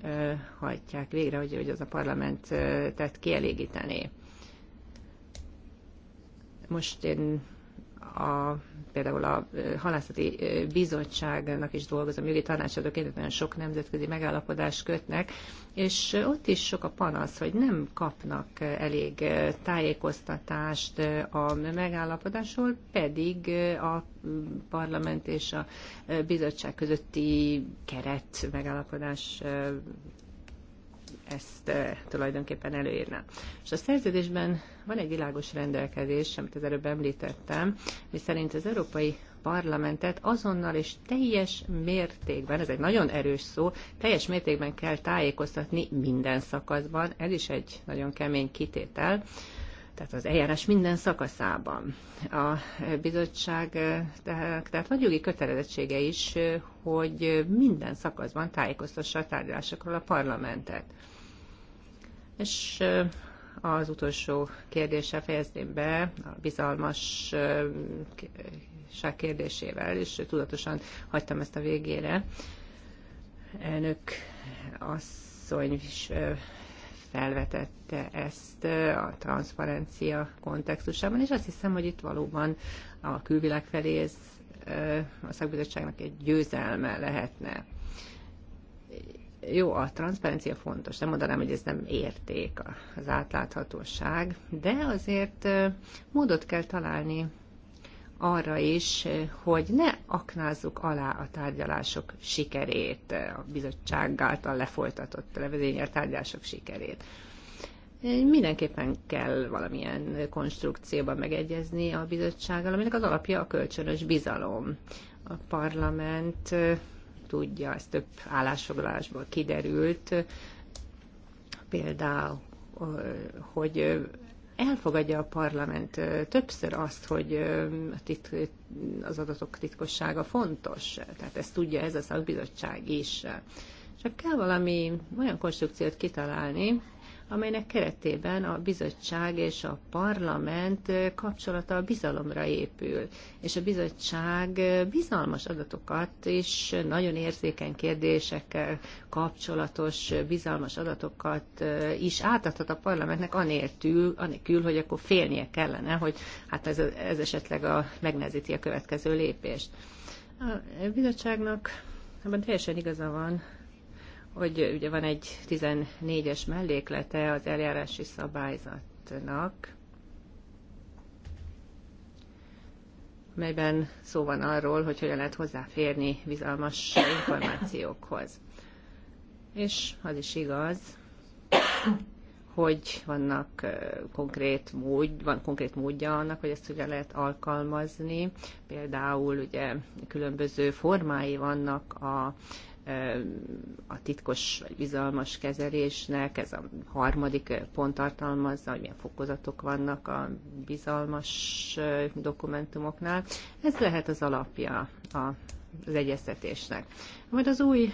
hajtják végre, hogy, hogy az a parlament tett kielégítené. Most én a, például a halászati bizottságnak is dolgozom, jogi tanácsadóként nagyon sok nemzetközi megállapodást kötnek, és ott is sok a panasz, hogy nem kapnak elég tájékoztatást a megállapodásról, pedig a parlament és a bizottság közötti keret megállapodás ezt tulajdonképpen előírná. És a szerződésben van egy világos rendelkezés, amit az előbb említettem, mi szerint az Európai parlamentet azonnal és teljes mértékben, ez egy nagyon erős szó, teljes mértékben kell tájékoztatni minden szakaszban, ez is egy nagyon kemény kitétel, tehát az eljárás minden szakaszában. A bizottság, tehát, tehát jogi kötelezettsége is, hogy minden szakaszban tájékoztassa a tárgyalásokról a parlamentet. És az utolsó kérdéssel fejezném be a bizalmas biztonság kérdésével, és tudatosan hagytam ezt a végére. Elnök asszony is felvetette ezt a transzparencia kontextusában, és azt hiszem, hogy itt valóban a külvilág felé ez a szakbizottságnak egy győzelme lehetne. Jó, a transzparencia fontos, nem mondanám, hogy ez nem érték az átláthatóság, de azért módot kell találni arra is, hogy ne aknázzuk alá a tárgyalások sikerét, a bizottság által lefolytatott, levezényelt tárgyalások sikerét. Mindenképpen kell valamilyen konstrukcióban megegyezni a bizottsággal, aminek az alapja a kölcsönös bizalom. A parlament tudja, ez több állásfoglalásból kiderült, például hogy elfogadja a parlament többször azt, hogy az adatok titkossága fontos, tehát ezt tudja ez a szakbizottság is. Csak kell valami olyan konstrukciót kitalálni, amelynek keretében a bizottság és a parlament kapcsolata a bizalomra épül, és a bizottság bizalmas adatokat és nagyon érzékeny kérdésekkel kapcsolatos bizalmas adatokat is átadhat a parlamentnek anélkül, anélkül hogy akkor félnie kellene, hogy hát ez, ez esetleg a, megnehezíti a következő lépést. A bizottságnak abban teljesen igaza van, hogy ugye van egy 14-es melléklete az eljárási szabályzatnak, melyben szó van arról, hogy hogyan lehet hozzáférni bizalmas információkhoz. És az is igaz, hogy vannak konkrét mód, van konkrét módja annak, hogy ezt ugye lehet alkalmazni. Például ugye különböző formái vannak a a titkos vagy bizalmas kezelésnek, ez a harmadik pont tartalmazza, hogy milyen fokozatok vannak a bizalmas dokumentumoknál. Ez lehet az alapja a az egyeztetésnek. Majd az új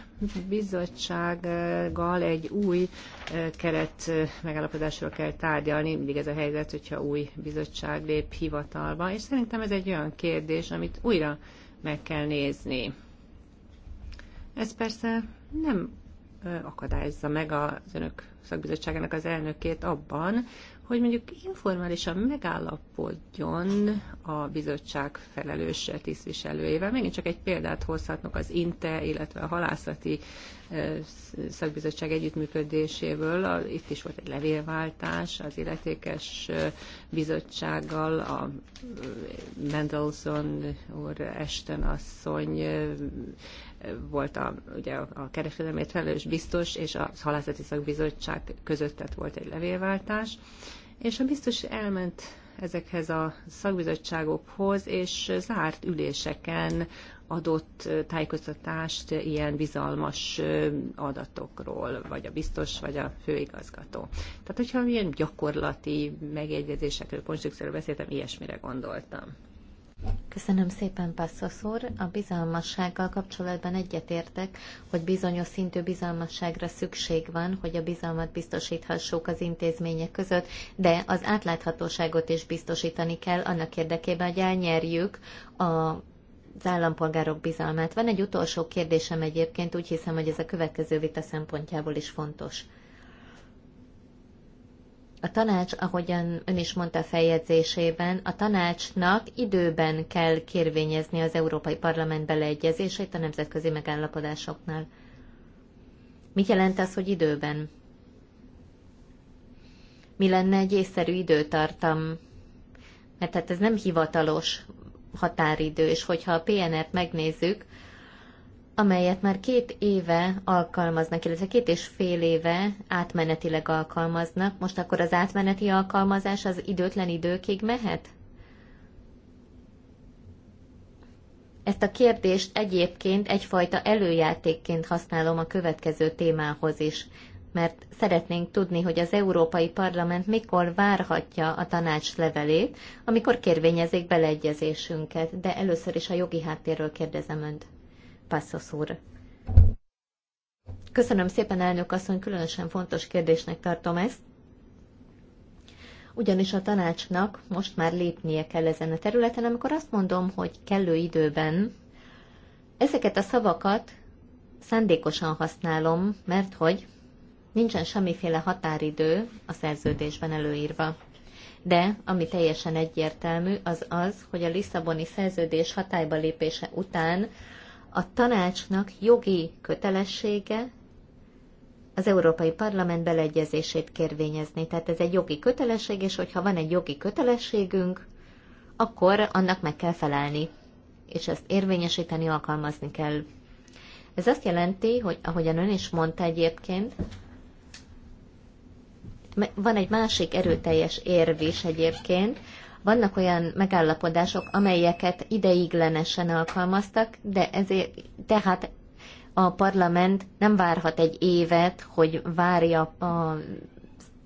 bizottsággal egy új keret megállapodásról kell tárgyalni, mindig ez a helyzet, hogyha új bizottság lép hivatalba, és szerintem ez egy olyan kérdés, amit újra meg kell nézni ez persze nem akadályozza meg az önök szakbizottságának az elnökét abban, hogy mondjuk informálisan megállapodjon a bizottság felelős tisztviselőjével. Megint csak egy példát hozhatnak az INTE, illetve a halászati szakbizottság együttműködéséből. Itt is volt egy levélváltás az illetékes bizottsággal, a Mendelssohn úr Esten asszony volt a, ugye a kereskedelmét felelős biztos és a halászati szakbizottság között tehát volt egy levélváltás, és a biztos elment ezekhez a szakbizottságokhoz, és zárt üléseken adott tájékoztatást ilyen bizalmas adatokról, vagy a biztos, vagy a főigazgató. Tehát, hogyha ilyen gyakorlati megjegyzésekről, konstrukcióról beszéltem, ilyesmire gondoltam. Köszönöm szépen, Passos úr. A bizalmassággal kapcsolatban egyetértek, hogy bizonyos szintű bizalmasságra szükség van, hogy a bizalmat biztosíthassuk az intézmények között, de az átláthatóságot is biztosítani kell annak érdekében, hogy elnyerjük a az állampolgárok bizalmát. Van egy utolsó kérdésem egyébként, úgy hiszem, hogy ez a következő vita szempontjából is fontos. A tanács, ahogyan ön is mondta feljegyzésében, a tanácsnak időben kell kérvényezni az Európai Parlament beleegyezését a nemzetközi megállapodásoknál. Mit jelent az, hogy időben? Mi lenne egy észszerű időtartam? Mert hát ez nem hivatalos határidő, és hogyha a PNR-t megnézzük, amelyet már két éve alkalmaznak, illetve két és fél éve átmenetileg alkalmaznak. Most akkor az átmeneti alkalmazás az időtlen időkig mehet? Ezt a kérdést egyébként egyfajta előjátékként használom a következő témához is, mert szeretnénk tudni, hogy az Európai Parlament mikor várhatja a tanács levelét, amikor kérvényezik beleegyezésünket, de először is a jogi háttérről kérdezem önt. Passzosz Köszönöm szépen, elnök asszony, különösen fontos kérdésnek tartom ezt. Ugyanis a tanácsnak most már lépnie kell ezen a területen, amikor azt mondom, hogy kellő időben ezeket a szavakat szándékosan használom, mert hogy nincsen semmiféle határidő a szerződésben előírva. De, ami teljesen egyértelmű, az az, hogy a Lisszaboni szerződés hatályba lépése után a tanácsnak jogi kötelessége az Európai Parlament beleegyezését kérvényezni. Tehát ez egy jogi kötelesség, és hogyha van egy jogi kötelességünk, akkor annak meg kell felelni, és ezt érvényesíteni, alkalmazni kell. Ez azt jelenti, hogy ahogyan ön is mondta egyébként, van egy másik erőteljes érv is egyébként, vannak olyan megállapodások, amelyeket ideiglenesen alkalmaztak, de ezért, tehát a parlament nem várhat egy évet, hogy várja az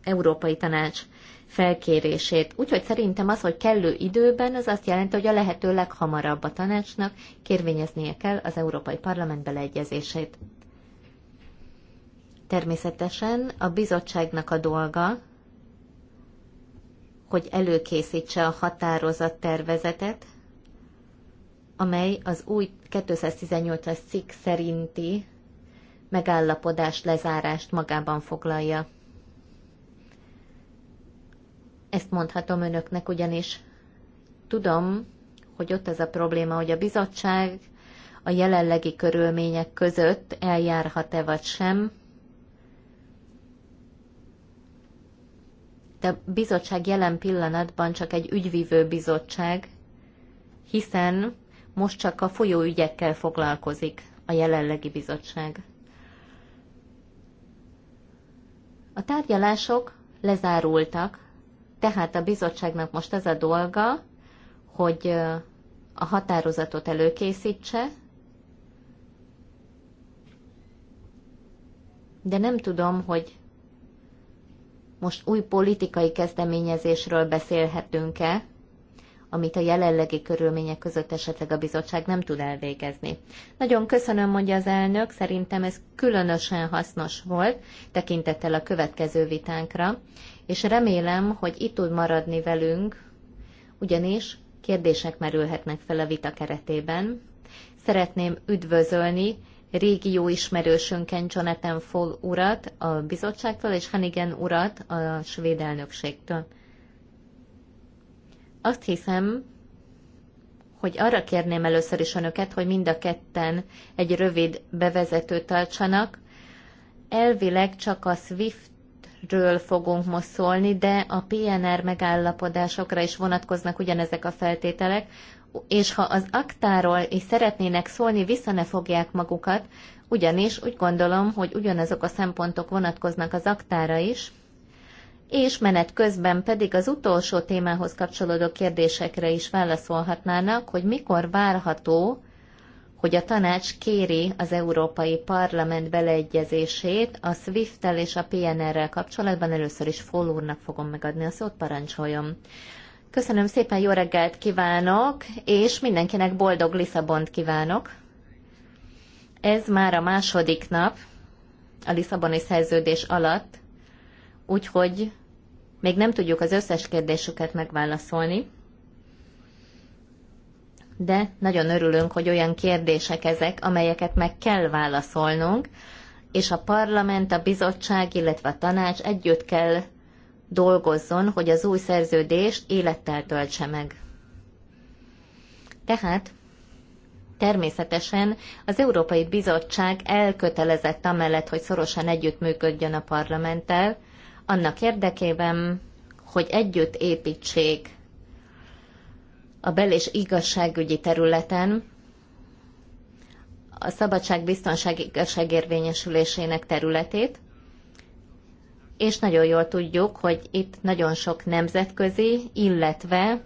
Európai Tanács felkérését. Úgyhogy szerintem az, hogy kellő időben, az azt jelenti, hogy a lehető leghamarabb a tanácsnak kérvényeznie kell az Európai Parlament beleegyezését. Természetesen a bizottságnak a dolga, hogy előkészítse a határozat tervezetet, amely az új 218-as cikk szerinti megállapodás lezárást magában foglalja. Ezt mondhatom önöknek, ugyanis tudom, hogy ott az a probléma, hogy a bizottság a jelenlegi körülmények között eljárhat-e vagy sem, de a bizottság jelen pillanatban csak egy ügyvívő bizottság, hiszen most csak a folyóügyekkel foglalkozik a jelenlegi bizottság. A tárgyalások lezárultak, tehát a bizottságnak most az a dolga, hogy a határozatot előkészítse, de nem tudom, hogy most új politikai kezdeményezésről beszélhetünk-e, amit a jelenlegi körülmények között esetleg a bizottság nem tud elvégezni. Nagyon köszönöm, mondja az elnök, szerintem ez különösen hasznos volt, tekintettel a következő vitánkra, és remélem, hogy itt tud maradni velünk, ugyanis kérdések merülhetnek fel a vita keretében. Szeretném üdvözölni régi jó ismerősünken Jonathan Fall urat a bizottságtól, és Hanigen urat a svéd elnökségtől. Azt hiszem, hogy arra kérném először is önöket, hogy mind a ketten egy rövid bevezetőt tartsanak. Elvileg csak a SWIFT ről fogunk most szólni, de a PNR megállapodásokra is vonatkoznak ugyanezek a feltételek, és ha az aktáról is szeretnének szólni, vissza ne fogják magukat, ugyanis úgy gondolom, hogy ugyanazok a szempontok vonatkoznak az aktára is, és menet közben pedig az utolsó témához kapcsolódó kérdésekre is válaszolhatnának, hogy mikor várható, hogy a tanács kéri az Európai Parlament beleegyezését a SWIFT-tel és a PNR-rel kapcsolatban. Először is Foll úrnak fogom megadni a szót, parancsoljon. Köszönöm szépen, jó reggelt kívánok, és mindenkinek boldog Lisszabont kívánok. Ez már a második nap a Lisszaboni szerződés alatt, úgyhogy még nem tudjuk az összes kérdésüket megválaszolni, de nagyon örülünk, hogy olyan kérdések ezek, amelyeket meg kell válaszolnunk, és a parlament, a bizottság, illetve a tanács együtt kell dolgozzon, hogy az új szerződés élettel töltse meg. Tehát természetesen az Európai Bizottság elkötelezett amellett, hogy szorosan együttműködjön a parlamenttel, annak érdekében, hogy együtt építsék a bel- és igazságügyi területen a szabadság, biztonság, igazságérvényesülésének területét, és nagyon jól tudjuk, hogy itt nagyon sok nemzetközi, illetve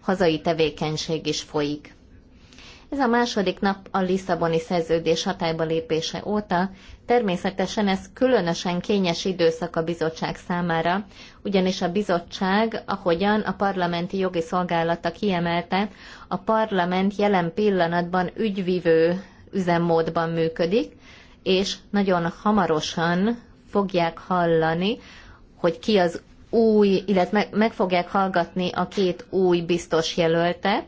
hazai tevékenység is folyik. Ez a második nap a Lisszaboni szerződés hatályba lépése óta, természetesen ez különösen kényes időszak a bizottság számára, ugyanis a bizottság, ahogyan a parlamenti jogi szolgálata kiemelte, a parlament jelen pillanatban ügyvivő üzemmódban működik, és nagyon hamarosan fogják hallani, hogy ki az új, illetve meg, meg fogják hallgatni a két új biztos jelöltet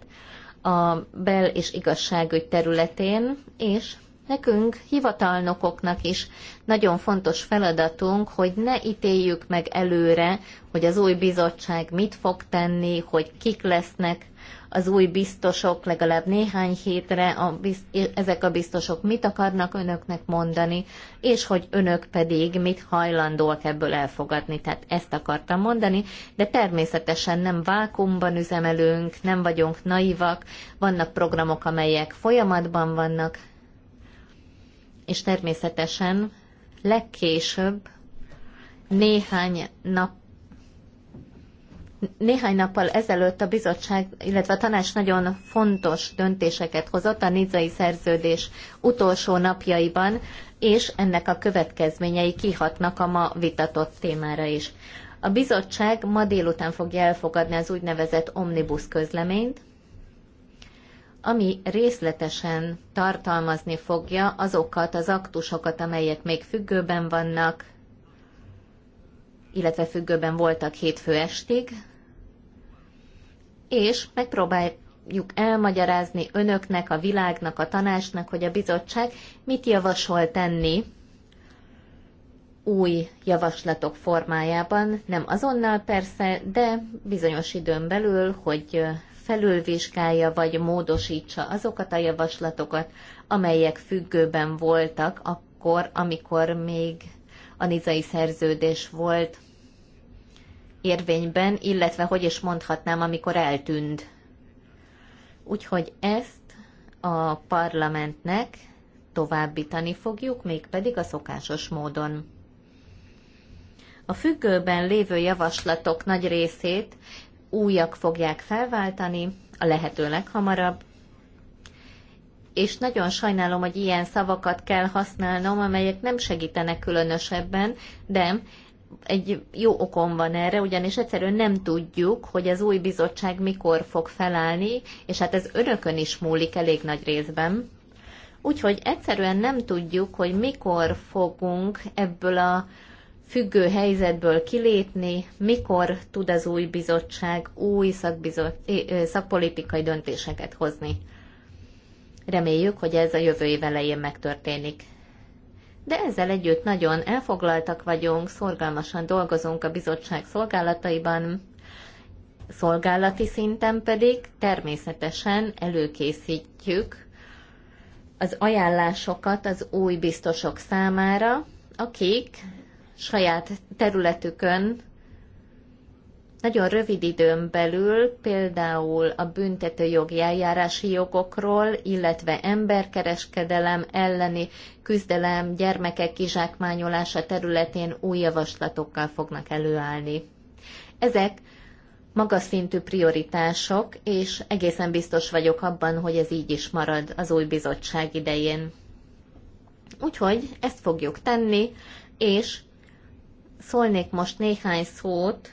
a bel- és igazságügy területén, és nekünk, hivatalnokoknak is nagyon fontos feladatunk, hogy ne ítéljük meg előre, hogy az új bizottság mit fog tenni, hogy kik lesznek az új biztosok legalább néhány hétre, a biz, ezek a biztosok mit akarnak önöknek mondani, és hogy önök pedig mit hajlandóak ebből elfogadni. Tehát ezt akartam mondani, de természetesen nem vákumban üzemelünk, nem vagyunk naivak, vannak programok, amelyek folyamatban vannak, és természetesen legkésőbb néhány nap néhány nappal ezelőtt a bizottság, illetve a tanács nagyon fontos döntéseket hozott a nizai szerződés utolsó napjaiban, és ennek a következményei kihatnak a ma vitatott témára is. A bizottság ma délután fogja elfogadni az úgynevezett omnibus közleményt, ami részletesen tartalmazni fogja azokat az aktusokat, amelyek még függőben vannak, illetve függőben voltak hétfő estig, és megpróbáljuk elmagyarázni önöknek, a világnak, a tanácsnak, hogy a bizottság mit javasol tenni új javaslatok formájában, nem azonnal persze, de bizonyos időn belül, hogy felülvizsgálja vagy módosítsa azokat a javaslatokat, amelyek függőben voltak akkor, amikor még a nizai szerződés volt érvényben, illetve hogy is mondhatnám, amikor eltűnt. Úgyhogy ezt a parlamentnek továbbítani fogjuk, mégpedig a szokásos módon. A függőben lévő javaslatok nagy részét újak fogják felváltani, a lehető leghamarabb, és nagyon sajnálom, hogy ilyen szavakat kell használnom, amelyek nem segítenek különösebben, de egy jó okom van erre, ugyanis egyszerűen nem tudjuk, hogy az új bizottság mikor fog felállni, és hát ez önökön is múlik elég nagy részben. Úgyhogy egyszerűen nem tudjuk, hogy mikor fogunk ebből a függő helyzetből kilépni, mikor tud az új bizottság új szakbizot- eh, szakpolitikai döntéseket hozni. Reméljük, hogy ez a jövő év elején megtörténik. De ezzel együtt nagyon elfoglaltak vagyunk, szorgalmasan dolgozunk a bizottság szolgálataiban, szolgálati szinten pedig természetesen előkészítjük az ajánlásokat az új biztosok számára, akik saját területükön nagyon rövid időn belül például a büntető jogi eljárási jogokról, illetve emberkereskedelem elleni küzdelem, gyermekek kizsákmányolása területén új javaslatokkal fognak előállni. Ezek magas szintű prioritások, és egészen biztos vagyok abban, hogy ez így is marad az új bizottság idején. Úgyhogy ezt fogjuk tenni, és szólnék most néhány szót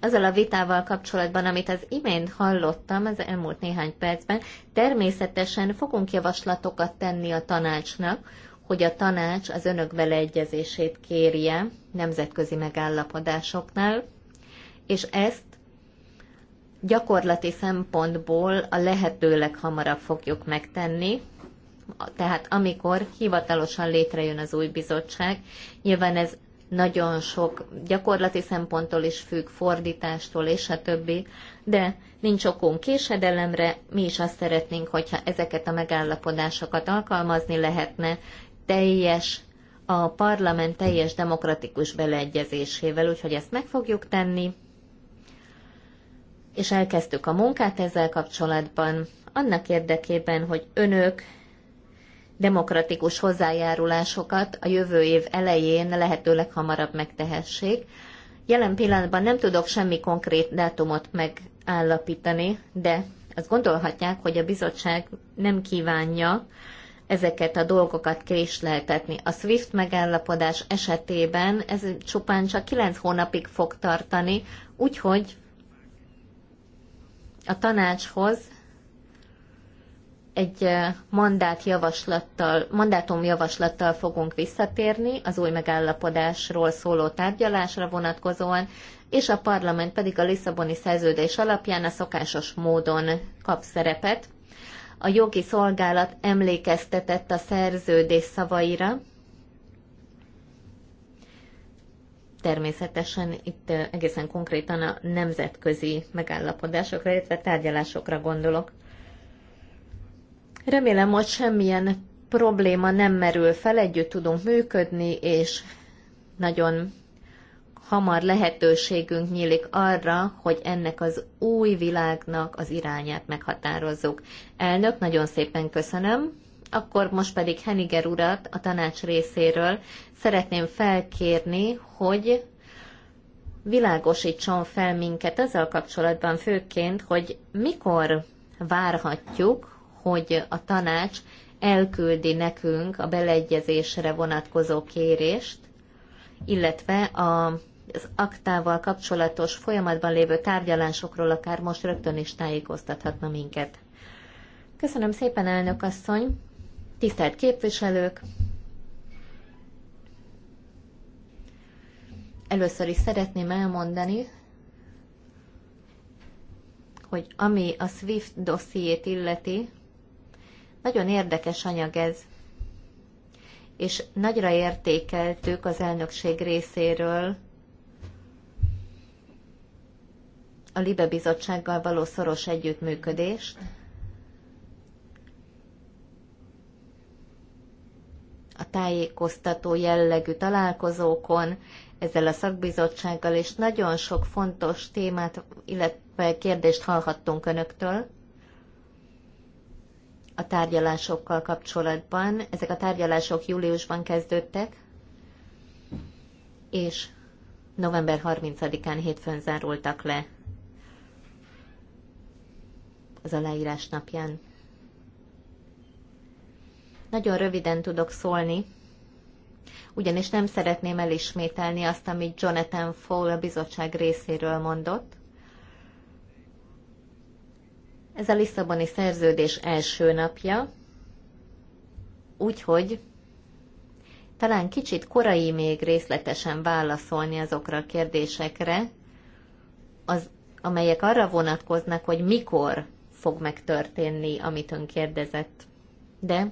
azzal a vitával kapcsolatban, amit az imént hallottam az elmúlt néhány percben, természetesen fogunk javaslatokat tenni a tanácsnak, hogy a tanács az önök beleegyezését kérje nemzetközi megállapodásoknál, és ezt gyakorlati szempontból a lehető leghamarabb fogjuk megtenni, tehát amikor hivatalosan létrejön az új bizottság. Nyilván ez nagyon sok gyakorlati szemponttól is függ, fordítástól és a többi, de nincs okunk késedelemre, mi is azt szeretnénk, hogyha ezeket a megállapodásokat alkalmazni lehetne teljes a parlament teljes demokratikus beleegyezésével, úgyhogy ezt meg fogjuk tenni, és elkezdtük a munkát ezzel kapcsolatban, annak érdekében, hogy önök demokratikus hozzájárulásokat a jövő év elején lehetőleg hamarabb megtehessék. Jelen pillanatban nem tudok semmi konkrét dátumot megállapítani, de azt gondolhatják, hogy a bizottság nem kívánja ezeket a dolgokat késleltetni. A SWIFT megállapodás esetében ez csupán csak 9 hónapig fog tartani, úgyhogy a tanácshoz egy mandátum javaslattal fogunk visszatérni az új megállapodásról szóló tárgyalásra vonatkozóan, és a parlament pedig a Lisszaboni szerződés alapján a szokásos módon kap szerepet. A jogi szolgálat emlékeztetett a szerződés szavaira, természetesen itt egészen konkrétan a nemzetközi megállapodásokra, illetve tárgyalásokra gondolok. Remélem, hogy semmilyen probléma nem merül fel, együtt tudunk működni, és nagyon hamar lehetőségünk nyílik arra, hogy ennek az új világnak az irányát meghatározzuk. Elnök, nagyon szépen köszönöm. Akkor most pedig Heniger urat a tanács részéről szeretném felkérni, hogy világosítson fel minket azzal kapcsolatban főként, hogy mikor várhatjuk, hogy a tanács elküldi nekünk a beleegyezésre vonatkozó kérést, illetve a az aktával kapcsolatos folyamatban lévő tárgyalásokról akár most rögtön is tájékoztathatna minket. Köszönöm szépen, elnök asszony! Tisztelt képviselők! Először is szeretném elmondani, hogy ami a SWIFT dossziét illeti, nagyon érdekes anyag ez, és nagyra értékeltük az elnökség részéről a Libe Bizottsággal való szoros együttműködést. a tájékoztató jellegű találkozókon, ezzel a szakbizottsággal, és nagyon sok fontos témát, illetve kérdést hallhattunk önöktől a tárgyalásokkal kapcsolatban. Ezek a tárgyalások júliusban kezdődtek, és november 30-án hétfőn zárultak le az aláírás napján. Nagyon röviden tudok szólni, ugyanis nem szeretném elismételni azt, amit Jonathan Fowl a bizottság részéről mondott, ez a Lisszaboni szerződés első napja, úgyhogy talán kicsit korai még részletesen válaszolni azokra a kérdésekre, az, amelyek arra vonatkoznak, hogy mikor fog megtörténni, amit ön kérdezett. De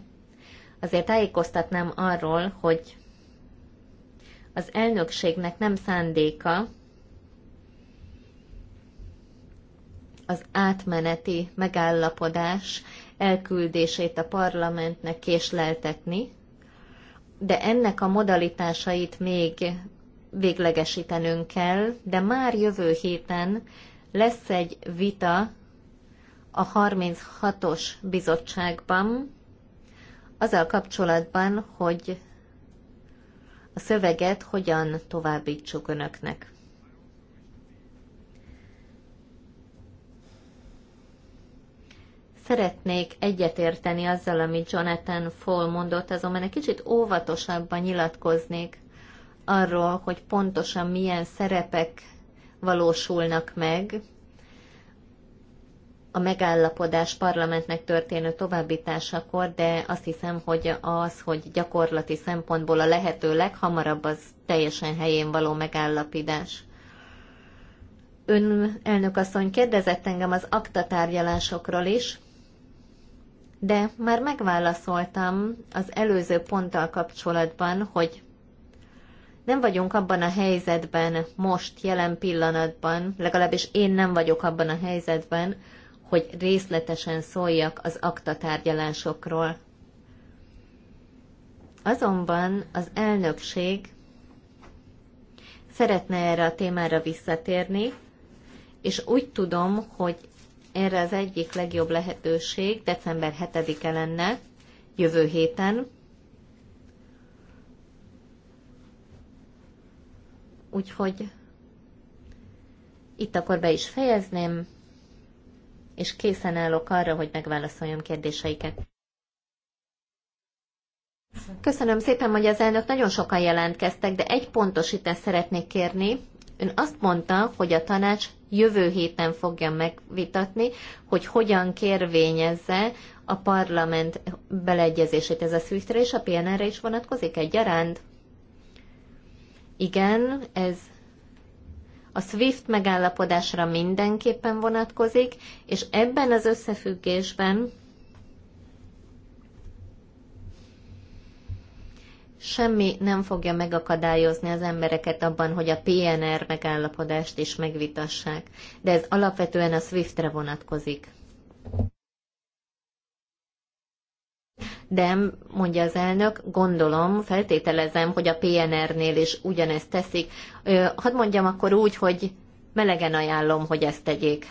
azért tájékoztatnám arról, hogy az elnökségnek nem szándéka, az átmeneti megállapodás elküldését a parlamentnek késleltetni, de ennek a modalitásait még véglegesítenünk kell, de már jövő héten lesz egy vita a 36-os bizottságban azzal kapcsolatban, hogy a szöveget hogyan továbbítsuk önöknek. Szeretnék egyetérteni azzal, amit Jonathan Fall mondott, azonban egy kicsit óvatosabban nyilatkoznék arról, hogy pontosan milyen szerepek valósulnak meg a megállapodás parlamentnek történő továbbításakor, de azt hiszem, hogy az, hogy gyakorlati szempontból a lehető leghamarabb az teljesen helyén való megállapodás. Ön elnök asszony kérdezett engem az aktatárgyalásokról is, de már megválaszoltam az előző ponttal kapcsolatban, hogy nem vagyunk abban a helyzetben most, jelen pillanatban, legalábbis én nem vagyok abban a helyzetben, hogy részletesen szóljak az aktatárgyalásokról. Azonban az elnökség szeretne erre a témára visszatérni, és úgy tudom, hogy erre az egyik legjobb lehetőség december 7-e lenne, jövő héten. Úgyhogy itt akkor be is fejezném, és készen állok arra, hogy megválaszoljam kérdéseiket. Köszönöm szépen, hogy az elnök nagyon sokan jelentkeztek, de egy pontosítást szeretnék kérni. Ön azt mondta, hogy a tanács jövő héten fogja megvitatni, hogy hogyan kérvényezze a parlament beleegyezését ez a szűztre és a PNR-re is vonatkozik egyaránt. Igen, ez a SWIFT megállapodásra mindenképpen vonatkozik, és ebben az összefüggésben semmi nem fogja megakadályozni az embereket abban, hogy a PNR megállapodást is megvitassák, de ez alapvetően a SWIFT-re vonatkozik. De, mondja az elnök, gondolom, feltételezem, hogy a PNR-nél is ugyanezt teszik. hadd mondjam akkor úgy, hogy melegen ajánlom, hogy ezt tegyék.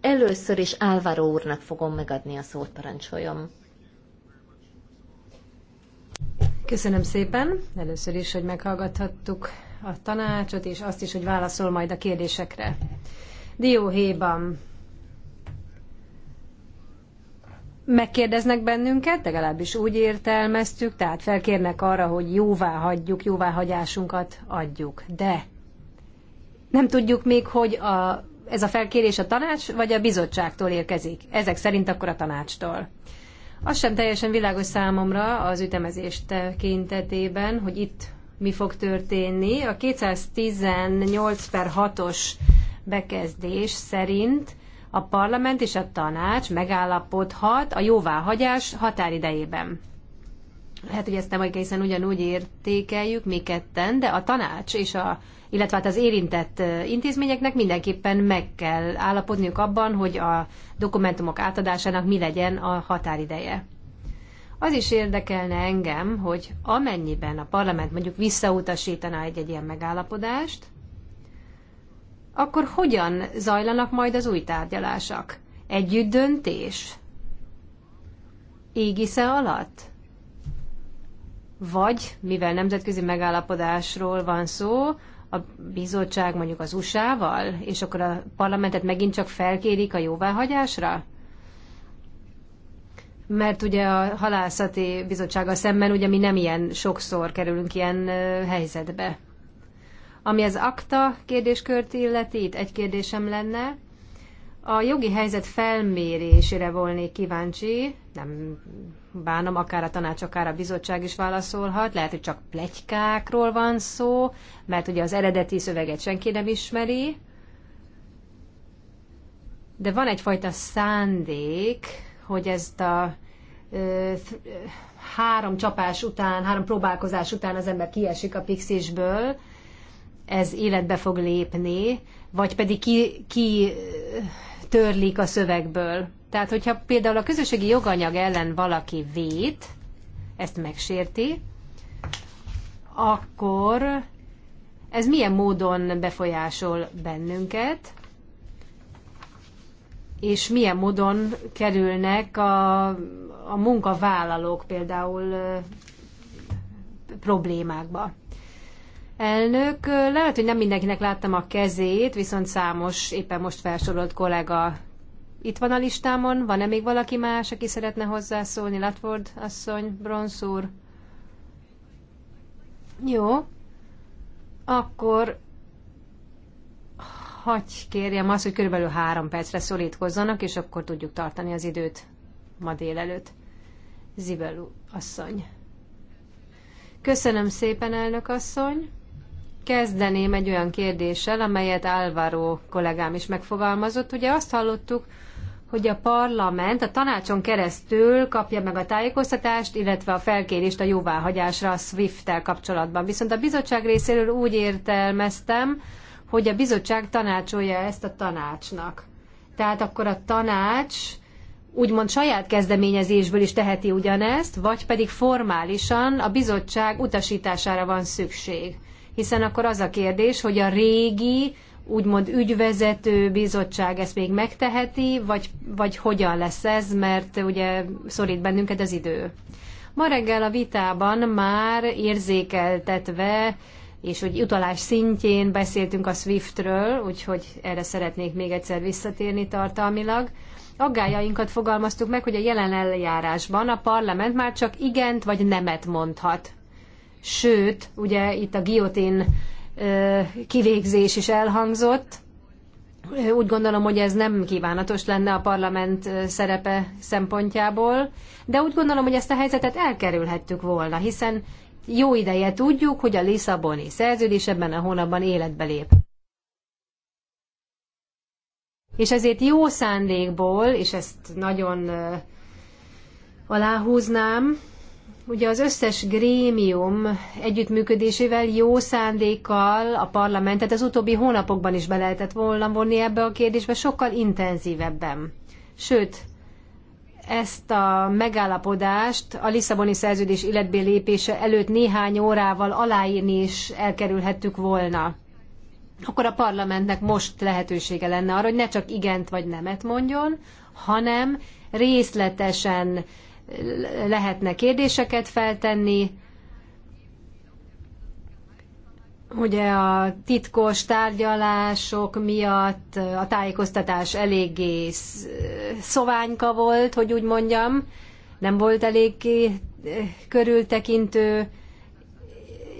Először is Álvaro úrnak fogom megadni a szót, parancsoljon. Köszönöm szépen. Először is, hogy meghallgathattuk a tanácsot, és azt is, hogy válaszol majd a kérdésekre. Dióhéban megkérdeznek bennünket, legalábbis úgy értelmeztük, tehát felkérnek arra, hogy jóvá hagyjuk, jóváhagyásunkat adjuk. De nem tudjuk még, hogy a, ez a felkérés a tanács vagy a bizottságtól érkezik. Ezek szerint akkor a tanácstól. Az sem teljesen világos számomra az ütemezés tekintetében, hogy itt mi fog történni. A 218 per 6-os bekezdés szerint a parlament és a tanács megállapodhat a jóváhagyás határidejében. Hát hogy ezt nem egészen ugyanúgy értékeljük mi ketten, de a tanács és a, illetve hát az érintett intézményeknek mindenképpen meg kell állapodniuk abban, hogy a dokumentumok átadásának mi legyen a határideje. Az is érdekelne engem, hogy amennyiben a parlament mondjuk visszautasítaná egy-egy ilyen megállapodást, akkor hogyan zajlanak majd az új tárgyalások? Együtt döntés? Égisze alatt? vagy mivel nemzetközi megállapodásról van szó, a bizottság mondjuk az USA-val, és akkor a parlamentet megint csak felkérik a jóváhagyásra? Mert ugye a halászati bizottsága szemben ugye mi nem ilyen sokszor kerülünk ilyen helyzetbe. Ami az akta kérdéskört illeti, itt egy kérdésem lenne. A jogi helyzet felmérésére volnék kíváncsi, nem bánom, akár a tanács, akár a bizottság is válaszolhat. Lehet, hogy csak plegykákról van szó, mert ugye az eredeti szöveget senki nem ismeri. De van egyfajta szándék, hogy ezt a ö, három csapás után, három próbálkozás után az ember kiesik a pixisből, ez életbe fog lépni, vagy pedig ki, ki törlik a szövegből. Tehát, hogyha például a közösségi joganyag ellen valaki vét, ezt megsérti, akkor ez milyen módon befolyásol bennünket, és milyen módon kerülnek a, a munkavállalók például problémákba elnök. Lehet, hogy nem mindenkinek láttam a kezét, viszont számos éppen most felsorolt kollega itt van a listámon. Van-e még valaki más, aki szeretne hozzászólni? Latford asszony, bronzúr. Jó. Akkor hagyj kérjem azt, hogy körülbelül három percre szorítkozzanak, és akkor tudjuk tartani az időt ma délelőtt. Zibelú asszony. Köszönöm szépen, elnök asszony kezdeném egy olyan kérdéssel, amelyet Álvaro kollégám is megfogalmazott. Ugye azt hallottuk, hogy a parlament a tanácson keresztül kapja meg a tájékoztatást, illetve a felkérést a jóváhagyásra a SWIFT-tel kapcsolatban. Viszont a bizottság részéről úgy értelmeztem, hogy a bizottság tanácsolja ezt a tanácsnak. Tehát akkor a tanács úgymond saját kezdeményezésből is teheti ugyanezt, vagy pedig formálisan a bizottság utasítására van szükség hiszen akkor az a kérdés, hogy a régi, úgymond ügyvezető bizottság ezt még megteheti, vagy, vagy hogyan lesz ez, mert ugye szorít bennünket az idő. Ma reggel a vitában már érzékeltetve, és hogy utalás szintjén beszéltünk a SWIFT-ről, úgyhogy erre szeretnék még egyszer visszatérni tartalmilag. Aggájainkat fogalmaztuk meg, hogy a jelen eljárásban a parlament már csak igent vagy nemet mondhat sőt, ugye itt a giotin kivégzés is elhangzott. Úgy gondolom, hogy ez nem kívánatos lenne a parlament szerepe szempontjából, de úgy gondolom, hogy ezt a helyzetet elkerülhettük volna, hiszen jó ideje tudjuk, hogy a Lisszaboni szerződés ebben a hónapban életbe lép. És ezért jó szándékból, és ezt nagyon aláhúznám, Ugye az összes grémium együttműködésével, jó szándékkal a parlamentet az utóbbi hónapokban is be lehetett volna vonni ebbe a kérdésbe sokkal intenzívebben. Sőt, ezt a megállapodást a Lisszaboni szerződés életbé lépése előtt néhány órával aláírni is elkerülhettük volna. Akkor a parlamentnek most lehetősége lenne arra, hogy ne csak igent vagy nemet mondjon, hanem részletesen lehetne kérdéseket feltenni, Ugye a titkos tárgyalások miatt a tájékoztatás eléggé szoványka volt, hogy úgy mondjam, nem volt eléggé eh, körültekintő,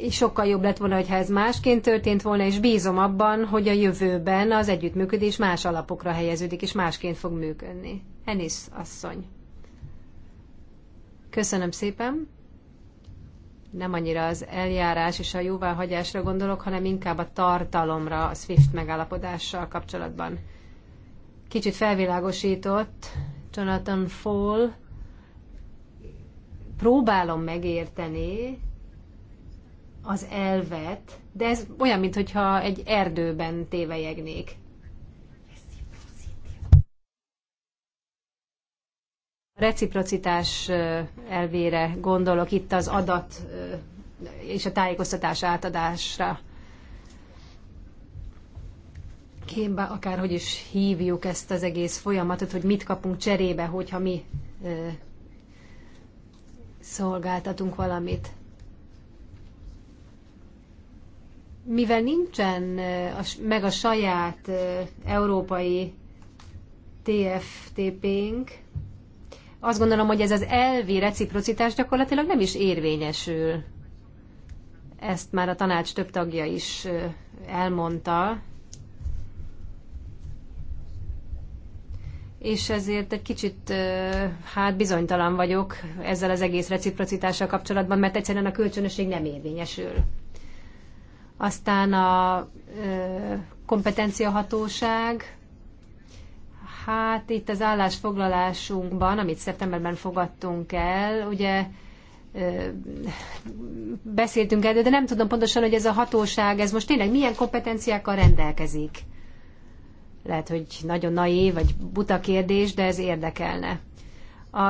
és sokkal jobb lett volna, ha ez másként történt volna, és bízom abban, hogy a jövőben az együttműködés más alapokra helyeződik, és másként fog működni. Enis asszony. Köszönöm szépen. Nem annyira az eljárás és a jóváhagyásra gondolok, hanem inkább a tartalomra a SWIFT megállapodással kapcsolatban. Kicsit felvilágosított Jonathan Fall. Próbálom megérteni az elvet, de ez olyan, mintha egy erdőben tévejegnék reciprocitás elvére gondolok itt az adat és a tájékoztatás átadásra. Kémbe akárhogy is hívjuk ezt az egész folyamatot, hogy mit kapunk cserébe, hogyha mi szolgáltatunk valamit. Mivel nincsen meg a saját európai TFTP-nk, azt gondolom, hogy ez az elvi reciprocitás gyakorlatilag nem is érvényesül. Ezt már a tanács több tagja is elmondta. És ezért egy kicsit hát bizonytalan vagyok ezzel az egész reciprocitással kapcsolatban, mert egyszerűen a kölcsönösség nem érvényesül. Aztán a kompetenciahatóság, Hát itt az állásfoglalásunkban, amit szeptemberben fogadtunk el, ugye beszéltünk erről, de nem tudom pontosan, hogy ez a hatóság, ez most tényleg milyen kompetenciákkal rendelkezik. Lehet, hogy nagyon naív vagy buta kérdés, de ez érdekelne. A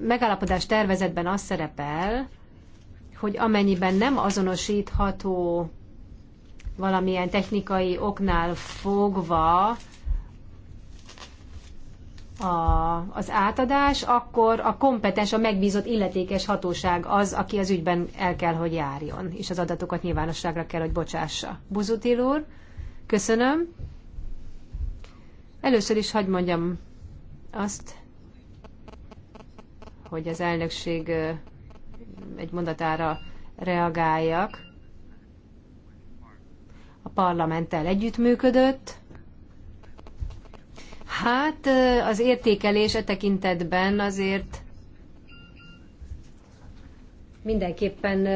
megállapodás tervezetben az szerepel, hogy amennyiben nem azonosítható valamilyen technikai oknál fogva a, az átadás, akkor a kompetens, a megbízott illetékes hatóság az, aki az ügyben el kell, hogy járjon, és az adatokat nyilvánosságra kell, hogy bocsássa. Buzutil úr, köszönöm. Először is hagyd mondjam azt, hogy az elnökség egy mondatára reagáljak. A parlamenttel együttműködött, Hát az értékelés e tekintetben azért mindenképpen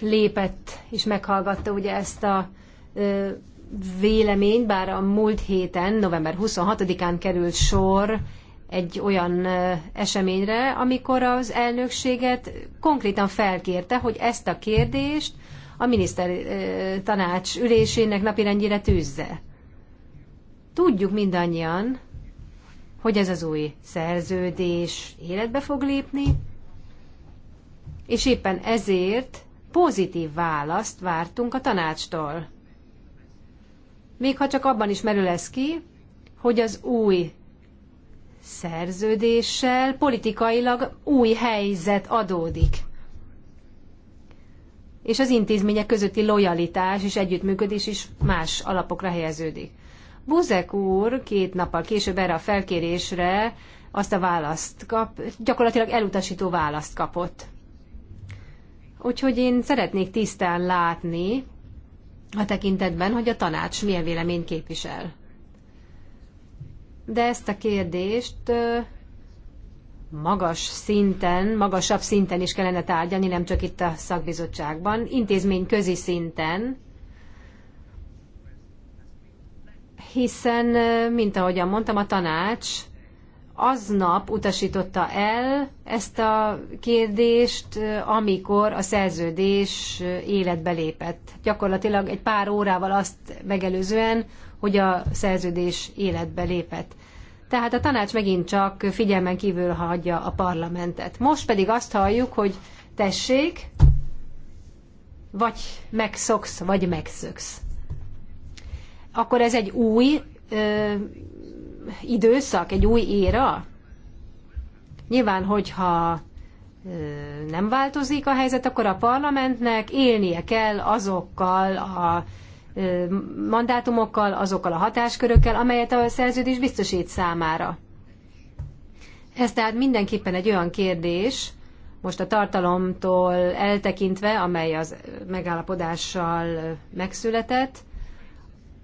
lépett és meghallgatta ugye ezt a vélemény, bár a múlt héten, november 26-án került sor egy olyan eseményre, amikor az elnökséget konkrétan felkérte, hogy ezt a kérdést a miniszter tanács ülésének napirendjére tűzze. Tudjuk mindannyian, hogy ez az új szerződés életbe fog lépni, és éppen ezért pozitív választ vártunk a tanácstól. Még ha csak abban is merül ez ki, hogy az új szerződéssel politikailag új helyzet adódik és az intézmények közötti lojalitás és együttműködés is más alapokra helyeződik. Buzek úr két nappal később erre a felkérésre azt a választ kap, gyakorlatilag elutasító választ kapott. Úgyhogy én szeretnék tisztán látni a tekintetben, hogy a tanács milyen vélemény képvisel. De ezt a kérdést magas szinten, magasabb szinten is kellene tárgyalni, nem csak itt a szakbizottságban, intézmény közi szinten, hiszen, mint ahogyan mondtam, a tanács aznap utasította el ezt a kérdést, amikor a szerződés életbe lépett. Gyakorlatilag egy pár órával azt megelőzően, hogy a szerződés életbe lépett tehát a tanács megint csak figyelmen kívül hagyja a parlamentet. Most pedig azt halljuk, hogy tessék, vagy megszoksz, vagy megszöksz. Akkor ez egy új ö, időszak, egy új éra? Nyilván, hogyha nem változik a helyzet, akkor a parlamentnek élnie kell azokkal a mandátumokkal, azokkal a hatáskörökkel, amelyet a szerződés biztosít számára. Ez tehát mindenképpen egy olyan kérdés, most a tartalomtól eltekintve, amely az megállapodással megszületett,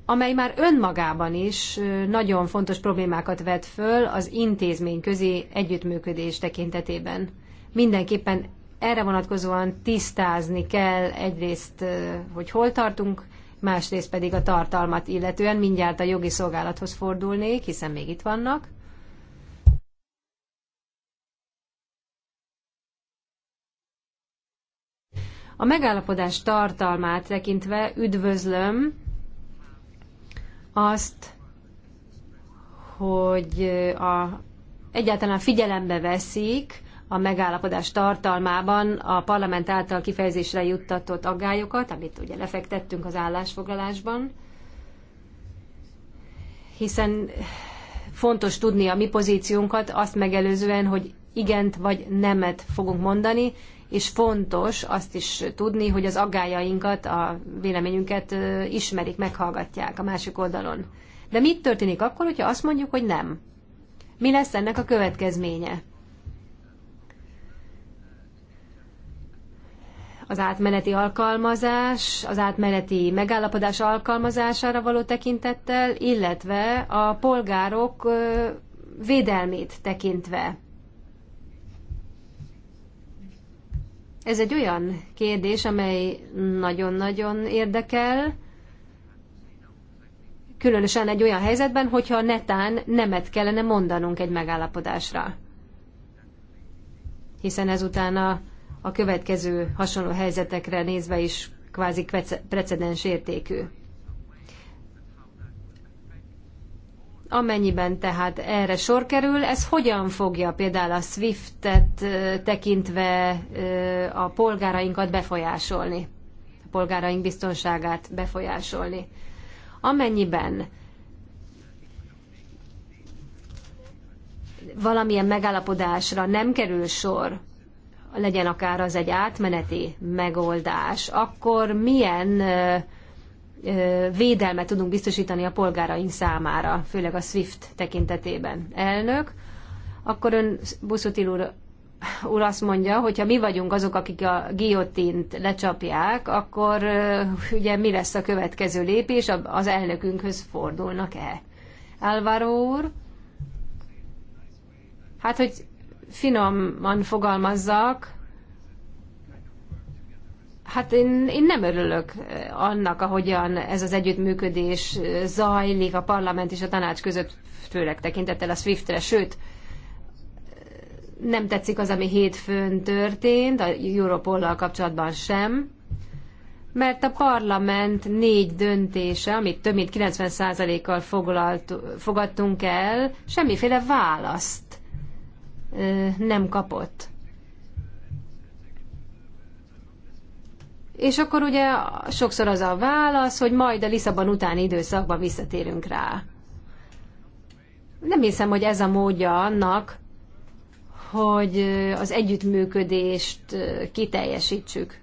amely már önmagában is nagyon fontos problémákat vet föl az intézményközi együttműködés tekintetében. Mindenképpen erre vonatkozóan tisztázni kell egyrészt, hogy hol tartunk, másrészt pedig a tartalmat illetően mindjárt a jogi szolgálathoz fordulnék, hiszen még itt vannak. A megállapodás tartalmát tekintve üdvözlöm azt, hogy a, egyáltalán figyelembe veszik a megállapodás tartalmában a parlament által kifejezésre juttatott aggályokat, amit ugye lefektettünk az állásfoglalásban, hiszen fontos tudni a mi pozíciónkat azt megelőzően, hogy igent vagy nemet fogunk mondani, és fontos azt is tudni, hogy az aggájainkat, a véleményünket ismerik, meghallgatják a másik oldalon. De mit történik akkor, hogyha azt mondjuk, hogy nem? Mi lesz ennek a következménye? az átmeneti alkalmazás, az átmeneti megállapodás alkalmazására való tekintettel, illetve a polgárok védelmét tekintve. Ez egy olyan kérdés, amely nagyon-nagyon érdekel, különösen egy olyan helyzetben, hogyha netán nemet kellene mondanunk egy megállapodásra. Hiszen ezután a a következő hasonló helyzetekre nézve is kvázi precedens értékű. Amennyiben tehát erre sor kerül, ez hogyan fogja például a SWIFT-et tekintve a polgárainkat befolyásolni, a polgáraink biztonságát befolyásolni? Amennyiben valamilyen megállapodásra nem kerül sor, legyen akár az egy átmeneti megoldás, akkor milyen védelmet tudunk biztosítani a polgáraink számára, főleg a SWIFT tekintetében. Elnök, akkor ön Buszutil úr, úr azt mondja, hogy ha mi vagyunk azok, akik a guillotint lecsapják, akkor ugye mi lesz a következő lépés, az elnökünkhöz fordulnak-e? Álvaro úr? Hát, hogy finoman fogalmazzak, Hát én, én nem örülök eh, annak, ahogyan ez az együttműködés eh, zajlik a parlament és a tanács között, főleg tekintettel a SWIFT-re, sőt, eh, nem tetszik az, ami hétfőn történt, a Europollal kapcsolatban sem, mert a parlament négy döntése, amit több mint 90%-kal fogadtunk el, semmiféle választ nem kapott. És akkor ugye sokszor az a válasz, hogy majd a Lisszabon utáni időszakban visszatérünk rá. Nem hiszem, hogy ez a módja annak, hogy az együttműködést kiteljesítsük.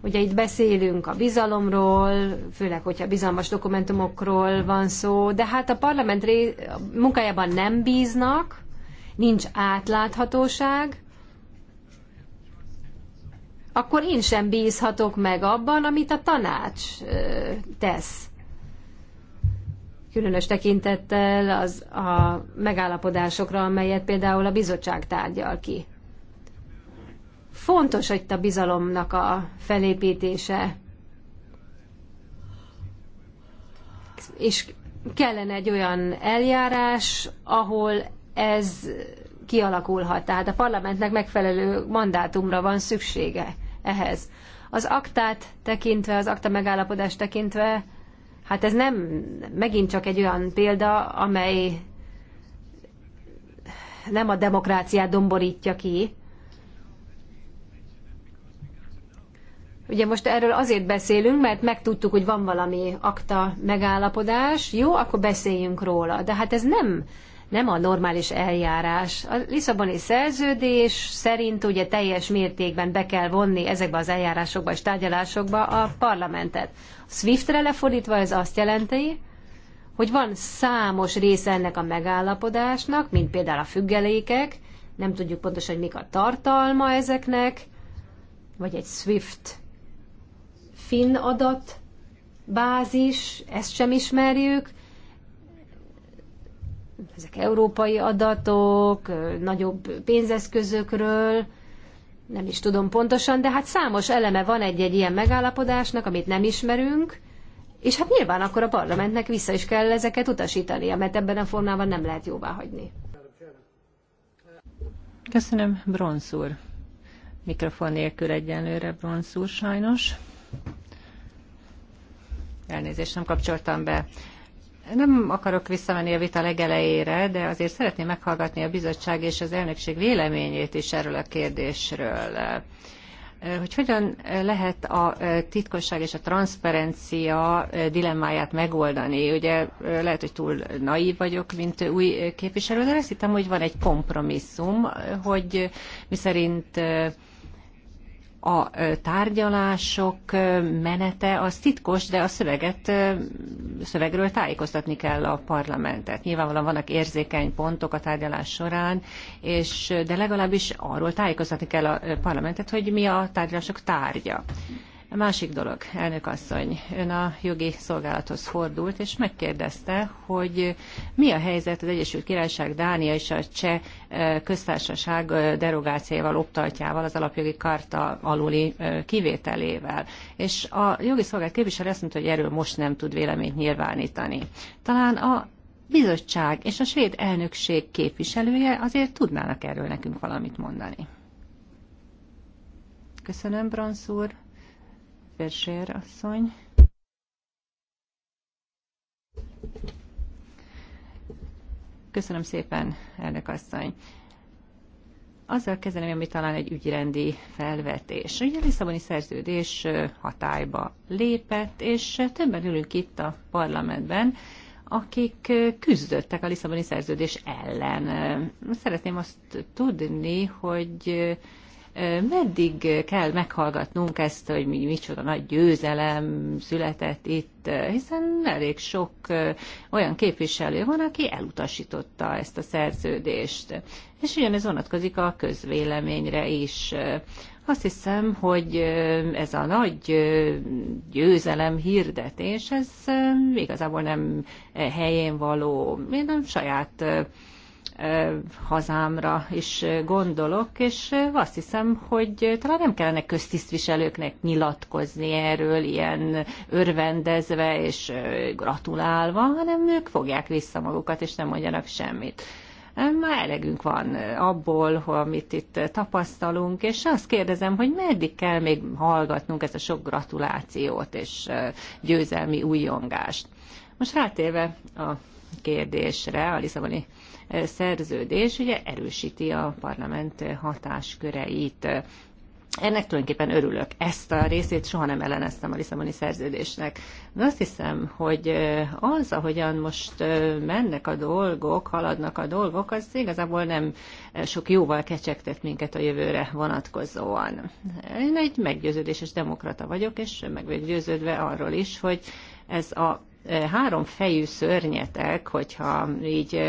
Ugye itt beszélünk a bizalomról, főleg, hogyha bizalmas dokumentumokról van szó, de hát a parlament ré... munkájában nem bíznak, nincs átláthatóság, akkor én sem bízhatok meg abban, amit a tanács tesz. Különös tekintettel az a megállapodásokra, amelyet például a bizottság tárgyal ki. Fontos, hogy a bizalomnak a felépítése, és kellene egy olyan eljárás, ahol ez kialakulhat. Tehát a parlamentnek megfelelő mandátumra van szüksége ehhez. Az aktát tekintve, az akta megállapodást tekintve, hát ez nem megint csak egy olyan példa, amely nem a demokráciát domborítja ki. Ugye most erről azért beszélünk, mert megtudtuk, hogy van valami akta megállapodás, jó, akkor beszéljünk róla. De hát ez nem nem a normális eljárás. A Lisszaboni szerződés szerint ugye teljes mértékben be kell vonni ezekbe az eljárásokba és tárgyalásokba a parlamentet. A SWIFT-re lefordítva ez azt jelenti, hogy van számos része ennek a megállapodásnak, mint például a függelékek, nem tudjuk pontosan, hogy mik a tartalma ezeknek, vagy egy SWIFT finn adat bázis, ezt sem ismerjük, ezek európai adatok, nagyobb pénzeszközökről, nem is tudom pontosan, de hát számos eleme van egy-egy ilyen megállapodásnak, amit nem ismerünk, és hát nyilván akkor a parlamentnek vissza is kell ezeket utasítania, mert ebben a formában nem lehet jóvá hagyni. Köszönöm, Bronz úr. Mikrofon nélkül egyenlőre Bronz úr sajnos. Elnézést, nem kapcsoltam be. Nem akarok visszamenni a vita legelejére, de azért szeretném meghallgatni a bizottság és az elnökség véleményét is erről a kérdésről. Hogy hogyan lehet a titkosság és a transzparencia dilemmáját megoldani? Ugye lehet, hogy túl naív vagyok, mint új képviselő, de azt hittem, hogy van egy kompromisszum, hogy miszerint szerint a tárgyalások menete az titkos, de a szöveget, szövegről tájékoztatni kell a parlamentet. Nyilvánvalóan vannak érzékeny pontok a tárgyalás során, és, de legalábbis arról tájékoztatni kell a parlamentet, hogy mi a tárgyalások tárgya. A másik dolog, elnök asszony, ön a jogi szolgálathoz fordult, és megkérdezte, hogy mi a helyzet az Egyesült Királyság, Dánia és a Cseh köztársaság derogációval, optaltjával, az alapjogi karta aluli kivételével. És a jogi szolgálat képviselő azt mondta, hogy erről most nem tud véleményt nyilvánítani. Talán a bizottság és a svéd elnökség képviselője azért tudnának erről nekünk valamit mondani. Köszönöm, Bronsz úr. Bezsér asszony. Köszönöm szépen, elnök asszony. Azzal kezdeném, ami talán egy ügyrendi felvetés. Ugye a Lisszaboni szerződés hatályba lépett, és többen ülünk itt a parlamentben, akik küzdöttek a Lisszaboni szerződés ellen. Szeretném azt tudni, hogy meddig kell meghallgatnunk ezt, hogy mi, micsoda nagy győzelem született itt, hiszen elég sok olyan képviselő van, aki elutasította ezt a szerződést. És ugyanez vonatkozik a közvéleményre is. Azt hiszem, hogy ez a nagy győzelem hirdetés, ez igazából nem helyén való. Én nem saját hazámra is gondolok, és azt hiszem, hogy talán nem kellene köztisztviselőknek nyilatkozni erről ilyen örvendezve és gratulálva, hanem ők fogják vissza magukat, és nem mondjanak semmit már elegünk van abból, amit itt tapasztalunk, és azt kérdezem, hogy meddig kell még hallgatnunk ezt a sok gratulációt és győzelmi újongást. Most rátérve a kérdésre, a Lisszaboni szerződés ugye erősíti a parlament hatásköreit. Ennek tulajdonképpen örülök. Ezt a részét soha nem elleneztem a Lisszaboni szerződésnek. De azt hiszem, hogy eh, az, ahogyan most eh, mennek a dolgok, haladnak a dolgok, az igazából nem eh, sok jóval kecsegtet minket a jövőre vonatkozóan. Én egy meggyőződéses demokrata vagyok, és meg vagyok győződve arról is, hogy ez a három fejű szörnyetek, hogyha így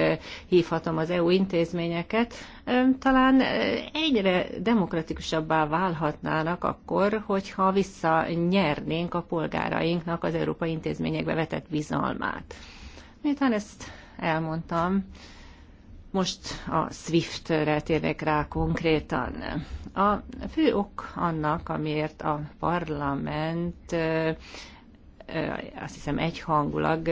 hívhatom az EU intézményeket, talán egyre demokratikusabbá válhatnának akkor, hogyha visszanyernénk a polgárainknak az európai intézményekbe vetett bizalmát. Miután ezt elmondtam, most a SWIFT-re térnék rá konkrétan. A fő ok annak, amiért a parlament azt hiszem egyhangulag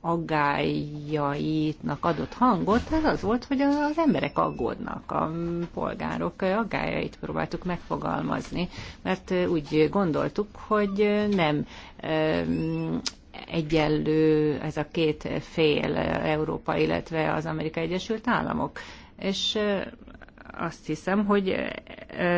aggájainak adott hangot, az hát az volt, hogy az emberek aggódnak, a polgárok aggájait próbáltuk megfogalmazni, mert úgy gondoltuk, hogy nem egyenlő ez a két fél, Európa, illetve az Amerikai Egyesült Államok. És azt hiszem, hogy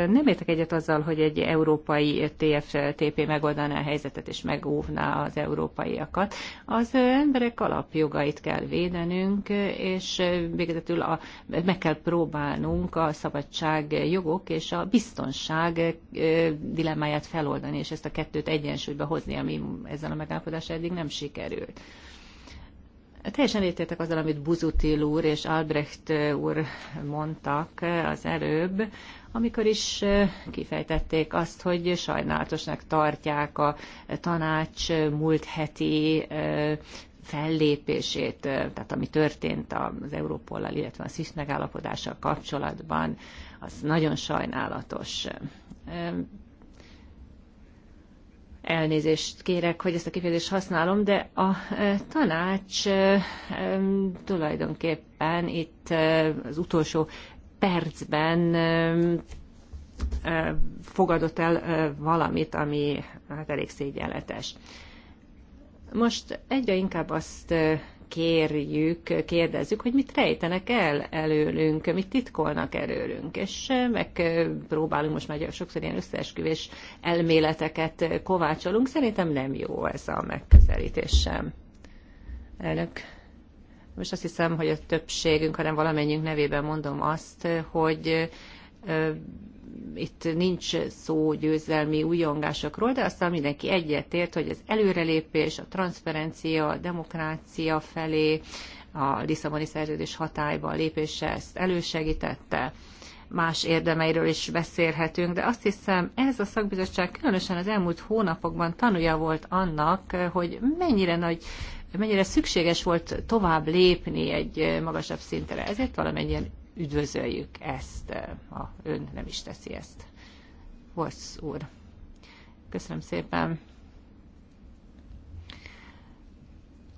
nem értek egyet azzal, hogy egy európai TFTP megoldaná a helyzetet és megóvná az európaiakat. Az emberek alapjogait kell védenünk, és végezetül a, meg kell próbálnunk a szabadság jogok és a biztonság dilemmáját feloldani, és ezt a kettőt egyensúlyba hozni, ami ezzel a megállapodással eddig nem sikerült. Teljesen értétek azzal, amit Buzutil úr és Albrecht úr mondtak az előbb, amikor is kifejtették azt, hogy sajnálatosnak tartják a tanács múlt heti fellépését, tehát ami történt az Európollal, illetve a SZISZ megállapodással kapcsolatban, az nagyon sajnálatos elnézést kérek, hogy ezt a kifejezést használom, de a e, tanács e, e, tulajdonképpen itt az utolsó percben fogadott el valamit, ami hát elég szégyenletes. Most egyre inkább azt kérjük, kérdezzük, hogy mit rejtenek el előlünk, mit titkolnak előlünk, és megpróbálunk most már sokszor ilyen összeesküvés elméleteket kovácsolunk. Szerintem nem jó ez a megközelítés sem. Elnök, most azt hiszem, hogy a többségünk, hanem valamennyünk nevében mondom azt, hogy itt nincs szó győzelmi újongásokról, de aztán mindenki egyetért, hogy az előrelépés, a transzferencia, a demokrácia felé, a Lisszaboni szerződés hatályba lépése ezt elősegítette más érdemeiről is beszélhetünk, de azt hiszem ez a szakbizottság különösen az elmúlt hónapokban tanulja volt annak, hogy mennyire nagy mennyire szükséges volt tovább lépni egy magasabb szintre. Ezért valamennyien üdvözöljük ezt, ha ön nem is teszi ezt. Vossz úr. Köszönöm szépen.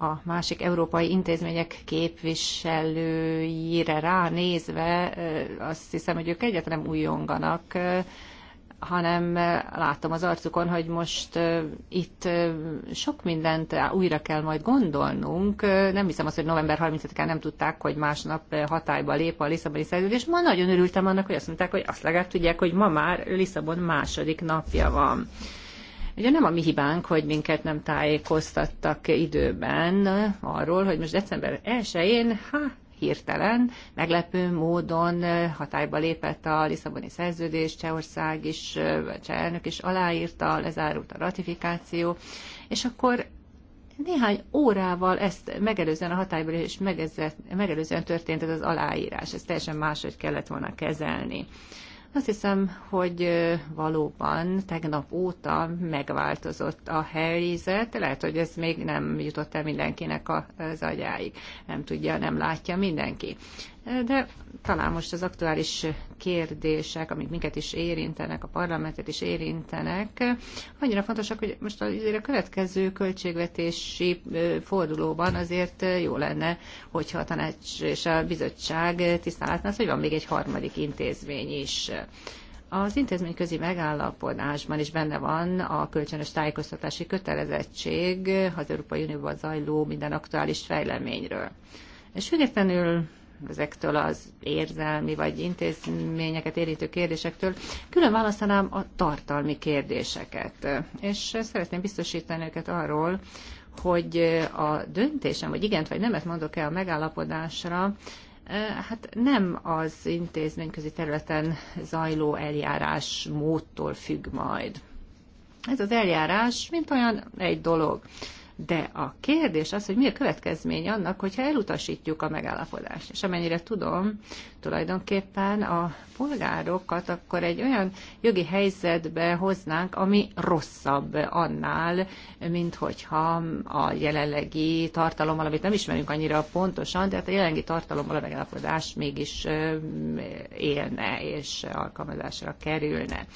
a másik európai intézmények képviselőire ránézve azt hiszem, hogy ők egyetlen újonganak hanem eh, látom az arcukon, hogy most eh, itt eh, sok mindent újra kell majd gondolnunk. Nem hiszem azt, hogy november 30-án nem tudták, hogy másnap hatályba lép a Lisszaboni szerződés. Ma nagyon örültem annak, hogy azt mondták, hogy azt legalább tudják, hogy ma már Lisszabon második napja van. Ugye nem a mi hibánk, hogy minket nem tájékoztattak időben arról, hogy most december 1-én, hát hirtelen, meglepő módon hatályba lépett a Lisszaboni szerződés, Csehország is, Cseh elnök is aláírta, lezárult a ratifikáció, és akkor néhány órával ezt megelőzően a hatályban és megelőzően történt ez az aláírás. Ez teljesen máshogy kellett volna kezelni. Azt hiszem, hogy valóban tegnap óta megváltozott a helyzet. Lehet, hogy ez még nem jutott el mindenkinek az agyáig. Nem tudja, nem látja mindenki. De talán most az aktuális kérdések, amik minket is érintenek, a parlamentet is érintenek, annyira fontosak, hogy most azért a következő költségvetési fordulóban azért jó lenne, hogyha a tanács és a bizottság tisztán látná, hogy van még egy harmadik intézmény is. Az intézményközi megállapodásban is benne van a kölcsönös tájékoztatási kötelezettség az Európai Unióban zajló minden aktuális fejleményről. És függetlenül ezektől az érzelmi vagy intézményeket érintő kérdésektől, külön választanám a tartalmi kérdéseket. És szeretném biztosítani őket arról, hogy a döntésem, hogy igent vagy nemet mondok-e a megállapodásra, eh, Hát nem az intézményközi területen zajló eljárás módtól függ majd. Ez az eljárás, mint olyan egy dolog. De a kérdés az, hogy mi a következmény annak, hogyha elutasítjuk a megállapodást. És amennyire tudom, tulajdonképpen a polgárokat akkor egy olyan jogi helyzetbe hoznánk, ami rosszabb annál, mint hogyha a jelenlegi tartalommal, amit nem ismerünk annyira pontosan, tehát a jelenlegi tartalommal a megállapodás mégis élne és alkalmazásra kerülne.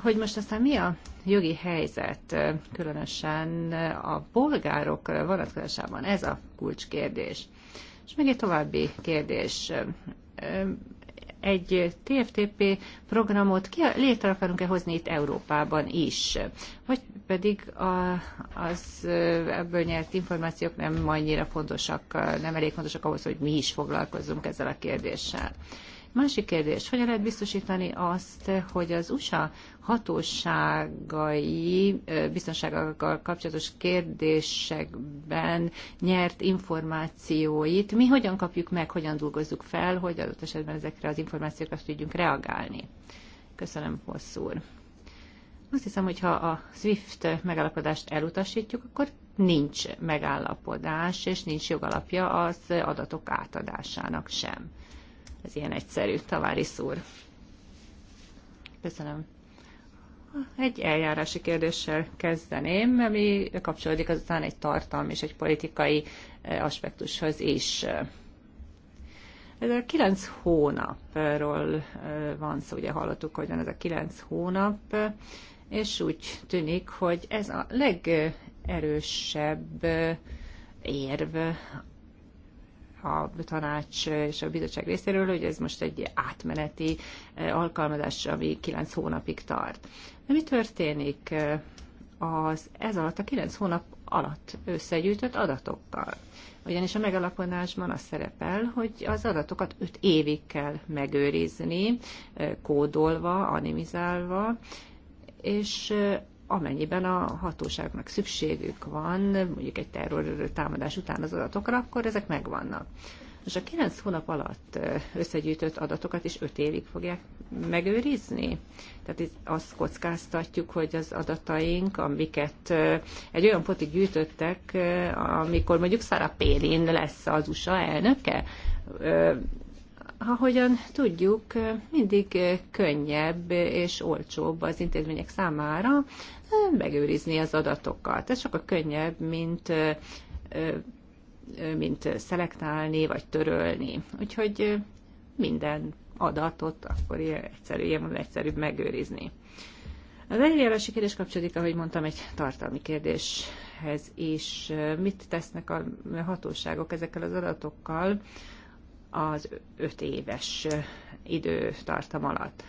Hogy most aztán mi a jogi helyzet, különösen a polgárok vonatkozásában? Ez a kulcskérdés. És még egy további kérdés. Egy TFTP programot ki létre akarunk-e hozni itt Európában is? Vagy pedig a, az ebből nyert információk nem annyira fontosak, nem elég fontosak ahhoz, hogy mi is foglalkozzunk ezzel a kérdéssel. Másik kérdés, hogyan lehet biztosítani azt, hogy az USA hatóságai biztonságokkal kapcsolatos kérdésekben nyert információit mi hogyan kapjuk meg, hogyan dolgozzuk fel, hogy adott esetben ezekre az információkra tudjunk reagálni. Köszönöm, hosszúr. Azt hiszem, hogy ha a SWIFT megállapodást elutasítjuk, akkor nincs megállapodás, és nincs jogalapja az adatok átadásának sem. Ez ilyen egyszerű, tavári szúr. Köszönöm. Egy eljárási kérdéssel kezdeném, ami kapcsolódik azután egy tartalmi és egy politikai eh, aspektushoz is. Ez a kilenc hónapról eh, van szó, ugye hallottuk, hogy van ez a kilenc hónap, és úgy tűnik, hogy ez a legerősebb eh, érv a tanács és a bizottság részéről, hogy ez most egy átmeneti eh, alkalmazás, ami 9 hónapig tart. De mi történik eh, az ez alatt, a 9 hónap alatt összegyűjtött adatokkal? Ugyanis a megalapodásban az szerepel, hogy az adatokat 5 évig kell megőrizni, eh, kódolva, animizálva, és amennyiben a hatóságnak szükségük van, mondjuk egy terror támadás után az adatokra, akkor ezek megvannak. És a 9 hónap alatt összegyűjtött adatokat is 5 évig fogják megőrizni. Tehát itt azt kockáztatjuk, hogy az adataink, amiket egy olyan pontig gyűjtöttek, amikor mondjuk Sarah Palin lesz az USA elnöke, Ahogyan tudjuk, mindig könnyebb és olcsóbb az intézmények számára megőrizni az adatokat. Ez sokkal könnyebb, mint mint szelektálni vagy törölni. Úgyhogy minden adatot akkor ilyen egyszerű, ilyen egyszerűbb megőrizni. Az eljárási kérdés kapcsolódik, ahogy mondtam, egy tartalmi kérdéshez is. Mit tesznek a hatóságok ezekkel az adatokkal? az öt éves időtartam alatt.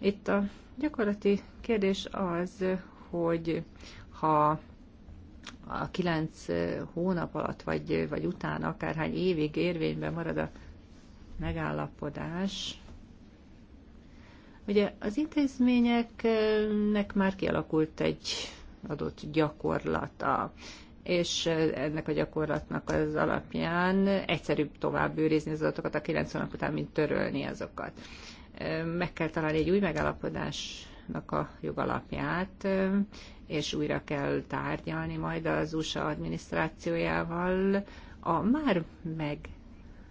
Itt a gyakorlati kérdés az, hogy ha a kilenc hónap alatt, vagy, vagy utána, akárhány évig érvényben marad a megállapodás, Ugye az intézményeknek már kialakult egy adott gyakorlata és ennek a gyakorlatnak az alapján egyszerűbb tovább őrizni az adatokat a 90 hónap után, mint törölni azokat. Meg kell találni egy új megállapodásnak a jogalapját, és újra kell tárgyalni majd az USA adminisztrációjával a már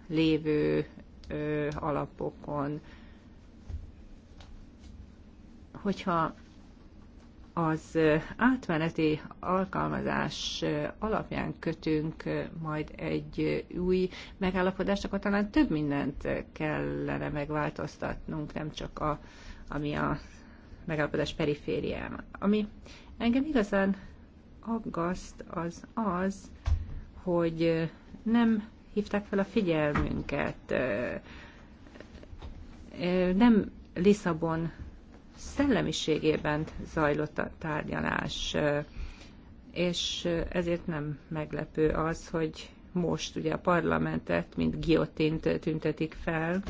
meglévő alapokon. Hogyha az átmeneti alkalmazás alapján kötünk majd egy új megállapodást, akkor talán több mindent kellene megváltoztatnunk, nem csak a, ami a megállapodás periférián. Ami engem igazán aggaszt az az, hogy nem hívták fel a figyelmünket, nem Lisszabon szellemiségében zajlott a tárgyalás, és ezért nem meglepő az, hogy most ugye a parlamentet, mint giotint tüntetik fel,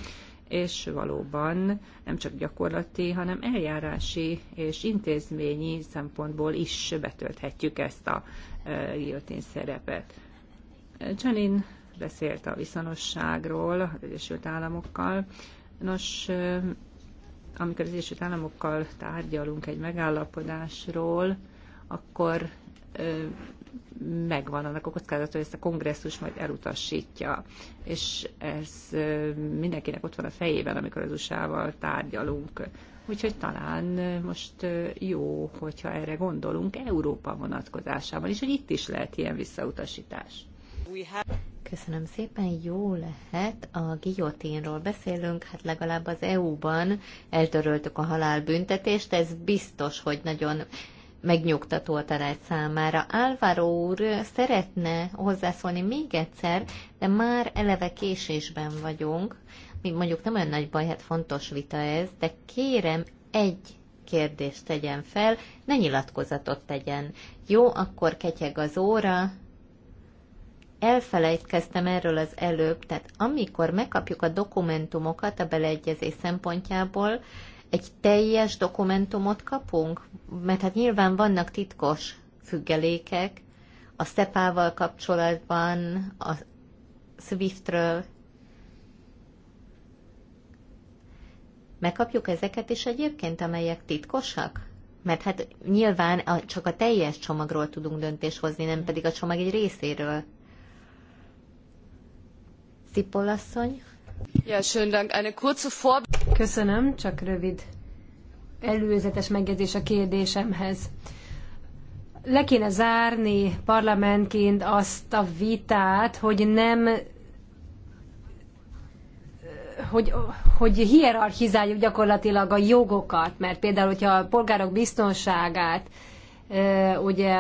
és valóban nem csak gyakorlati, hanem eljárási és intézményi szempontból is betölthetjük ezt a e, giotin szerepet. Csanin beszélt a viszonosságról az Egyesült Államokkal. Nos, amikor az Egyesült Államokkal tárgyalunk egy megállapodásról, akkor megvan annak a kockázata, hogy ezt a kongresszus majd elutasítja. És ez mindenkinek ott van a fejében, amikor az USA-val tárgyalunk. Úgyhogy talán most jó, hogyha erre gondolunk Európa vonatkozásában is, hogy itt is lehet ilyen visszautasítás. Köszönöm szépen, jó lehet, a guillotínról beszélünk, hát legalább az EU-ban eltöröltük a halálbüntetést, ez biztos, hogy nagyon megnyugtató a tanács számára. Álvaro úr szeretne hozzászólni még egyszer, de már eleve késésben vagyunk. Még mondjuk nem olyan nagy baj, hát fontos vita ez, de kérem egy kérdést tegyen fel, ne nyilatkozatot tegyen. Jó, akkor ketyeg az óra, elfelejtkeztem erről az előbb, tehát amikor megkapjuk a dokumentumokat a beleegyezés szempontjából, egy teljes dokumentumot kapunk? Mert hát nyilván vannak titkos függelékek a SEPA-val kapcsolatban, a SWIFT-ről. Megkapjuk ezeket is egyébként, amelyek titkosak? Mert hát nyilván csak a teljes csomagról tudunk döntést hozni, nem pedig a csomag egy részéről. Cipolasszony. Ja, schön dank. Eine kurze vor... Köszönöm, csak rövid előzetes megjegyzés a kérdésemhez. Le kéne zárni parlamentként azt a vitát, hogy nem hogy, hogy hierarchizáljuk gyakorlatilag a jogokat, mert például, hogyha a polgárok biztonságát ugye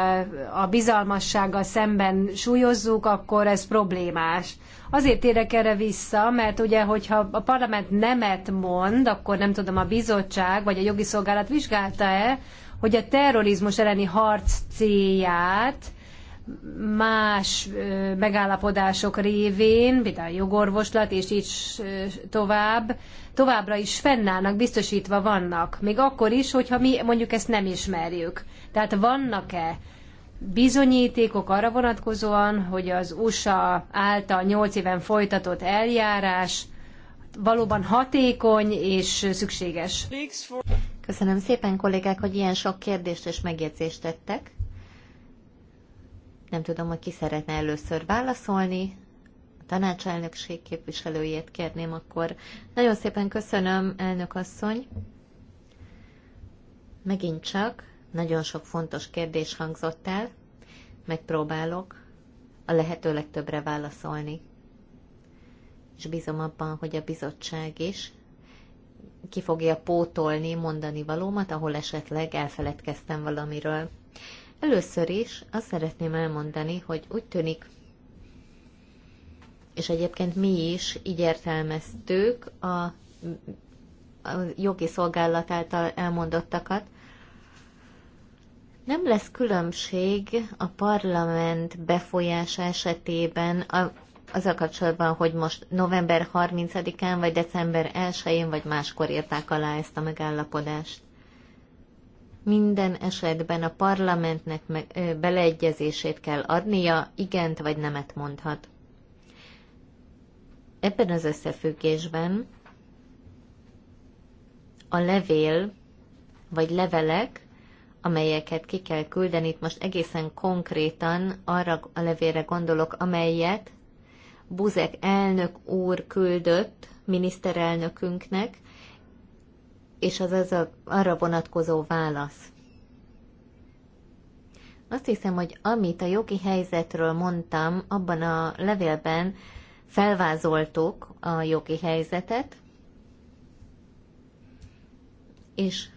a bizalmassággal szemben súlyozzuk, akkor ez problémás. Azért érek erre vissza, mert ugye, hogyha a parlament nemet mond, akkor nem tudom, a bizottság vagy a jogi szolgálat vizsgálta-e, hogy a terrorizmus elleni harc célját más megállapodások révén, például jogorvoslat és így tovább, továbbra is fennállnak, biztosítva vannak, még akkor is, hogyha mi mondjuk ezt nem ismerjük. Tehát vannak-e bizonyítékok arra vonatkozóan, hogy az USA által 8 éven folytatott eljárás valóban hatékony és szükséges. Köszönöm szépen kollégák, hogy ilyen sok kérdést és megjegyzést tettek. Nem tudom, hogy ki szeretne először válaszolni. A tanácselnökség képviselőjét kérném akkor. Nagyon szépen köszönöm, elnök asszony. Megint csak nagyon sok fontos kérdés hangzott el. Megpróbálok a lehető legtöbbre válaszolni. És bízom abban, hogy a bizottság is ki fogja pótolni mondani valómat, ahol esetleg elfeledkeztem valamiről. Először is azt szeretném elmondani, hogy úgy tűnik, és egyébként mi is így értelmeztük a, a jogi szolgálat által elmondottakat, nem lesz különbség a parlament befolyása esetében a, azzal kapcsolatban, hogy most november 30-án, vagy december 1-én, vagy máskor írták alá ezt a megállapodást minden esetben a parlamentnek beleegyezését kell adnia, igent vagy nemet mondhat. Ebben az összefüggésben a levél vagy levelek, amelyeket ki kell küldeni, itt most egészen konkrétan arra a levélre gondolok, amelyet Buzek elnök úr küldött miniszterelnökünknek, és az az a, arra vonatkozó válasz. Azt hiszem, hogy amit a jogi helyzetről mondtam, abban a levélben felvázoltuk a jogi helyzetet, és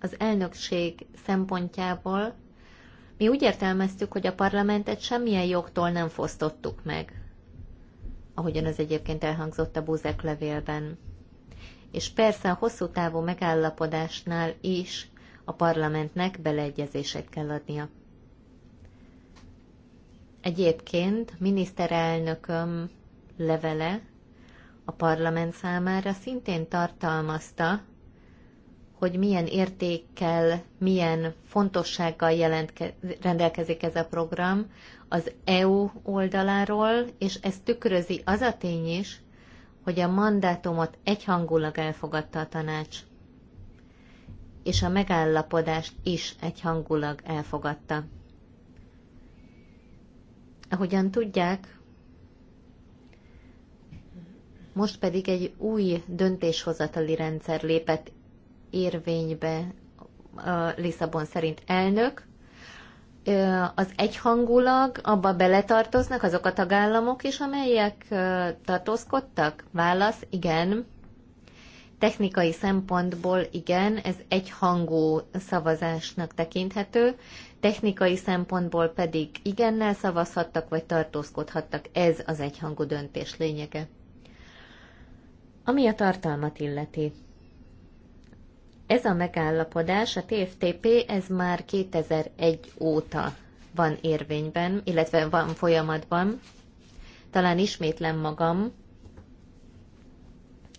az elnökség szempontjából mi úgy értelmeztük, hogy a parlamentet semmilyen jogtól nem fosztottuk meg, ahogyan az egyébként elhangzott a Buzek levélben és persze a hosszú távú megállapodásnál is a parlamentnek beleegyezését kell adnia. Egyébként miniszterelnököm levele a parlament számára szintén tartalmazta, hogy milyen értékkel, milyen fontossággal jelentke, rendelkezik ez a program az EU oldaláról, és ez tükrözi az a tény is, hogy a mandátumot egyhangulag elfogadta a tanács, és a megállapodást is egyhangulag elfogadta. Ahogyan tudják, most pedig egy új döntéshozatali rendszer lépett érvénybe a Lisszabon szerint elnök, az egyhangulag abba beletartoznak azok a tagállamok is, amelyek tartózkodtak? Válasz, igen. Technikai szempontból igen, ez egyhangú szavazásnak tekinthető, technikai szempontból pedig igennel szavazhattak vagy tartózkodhattak. Ez az egyhangú döntés lényege. Ami a tartalmat illeti. Ez a megállapodás, a TFTP, ez már 2001 óta van érvényben, illetve van folyamatban. Talán ismétlem magam,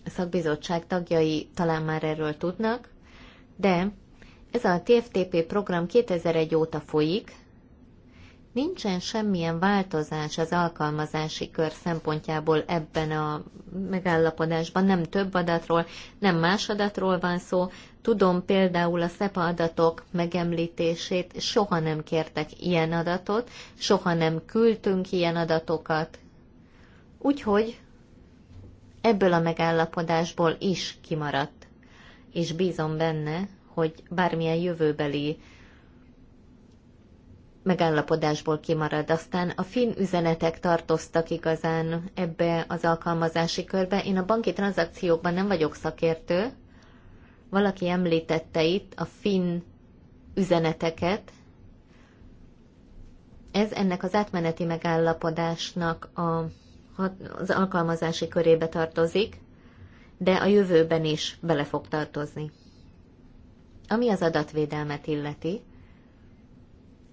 a szakbizottság tagjai talán már erről tudnak, de ez a TFTP program 2001 óta folyik, Nincsen semmilyen változás az alkalmazási kör szempontjából ebben a megállapodásban, nem több adatról, nem más adatról van szó. Tudom például a SEPA adatok megemlítését, soha nem kértek ilyen adatot, soha nem küldtünk ilyen adatokat. Úgyhogy ebből a megállapodásból is kimaradt, és bízom benne, hogy bármilyen jövőbeli megállapodásból kimarad. Aztán a finn üzenetek tartoztak igazán ebbe az alkalmazási körbe. Én a banki tranzakciókban nem vagyok szakértő. Valaki említette itt a finn üzeneteket. Ez ennek az átmeneti megállapodásnak a, az alkalmazási körébe tartozik, de a jövőben is bele fog tartozni. Ami az adatvédelmet illeti,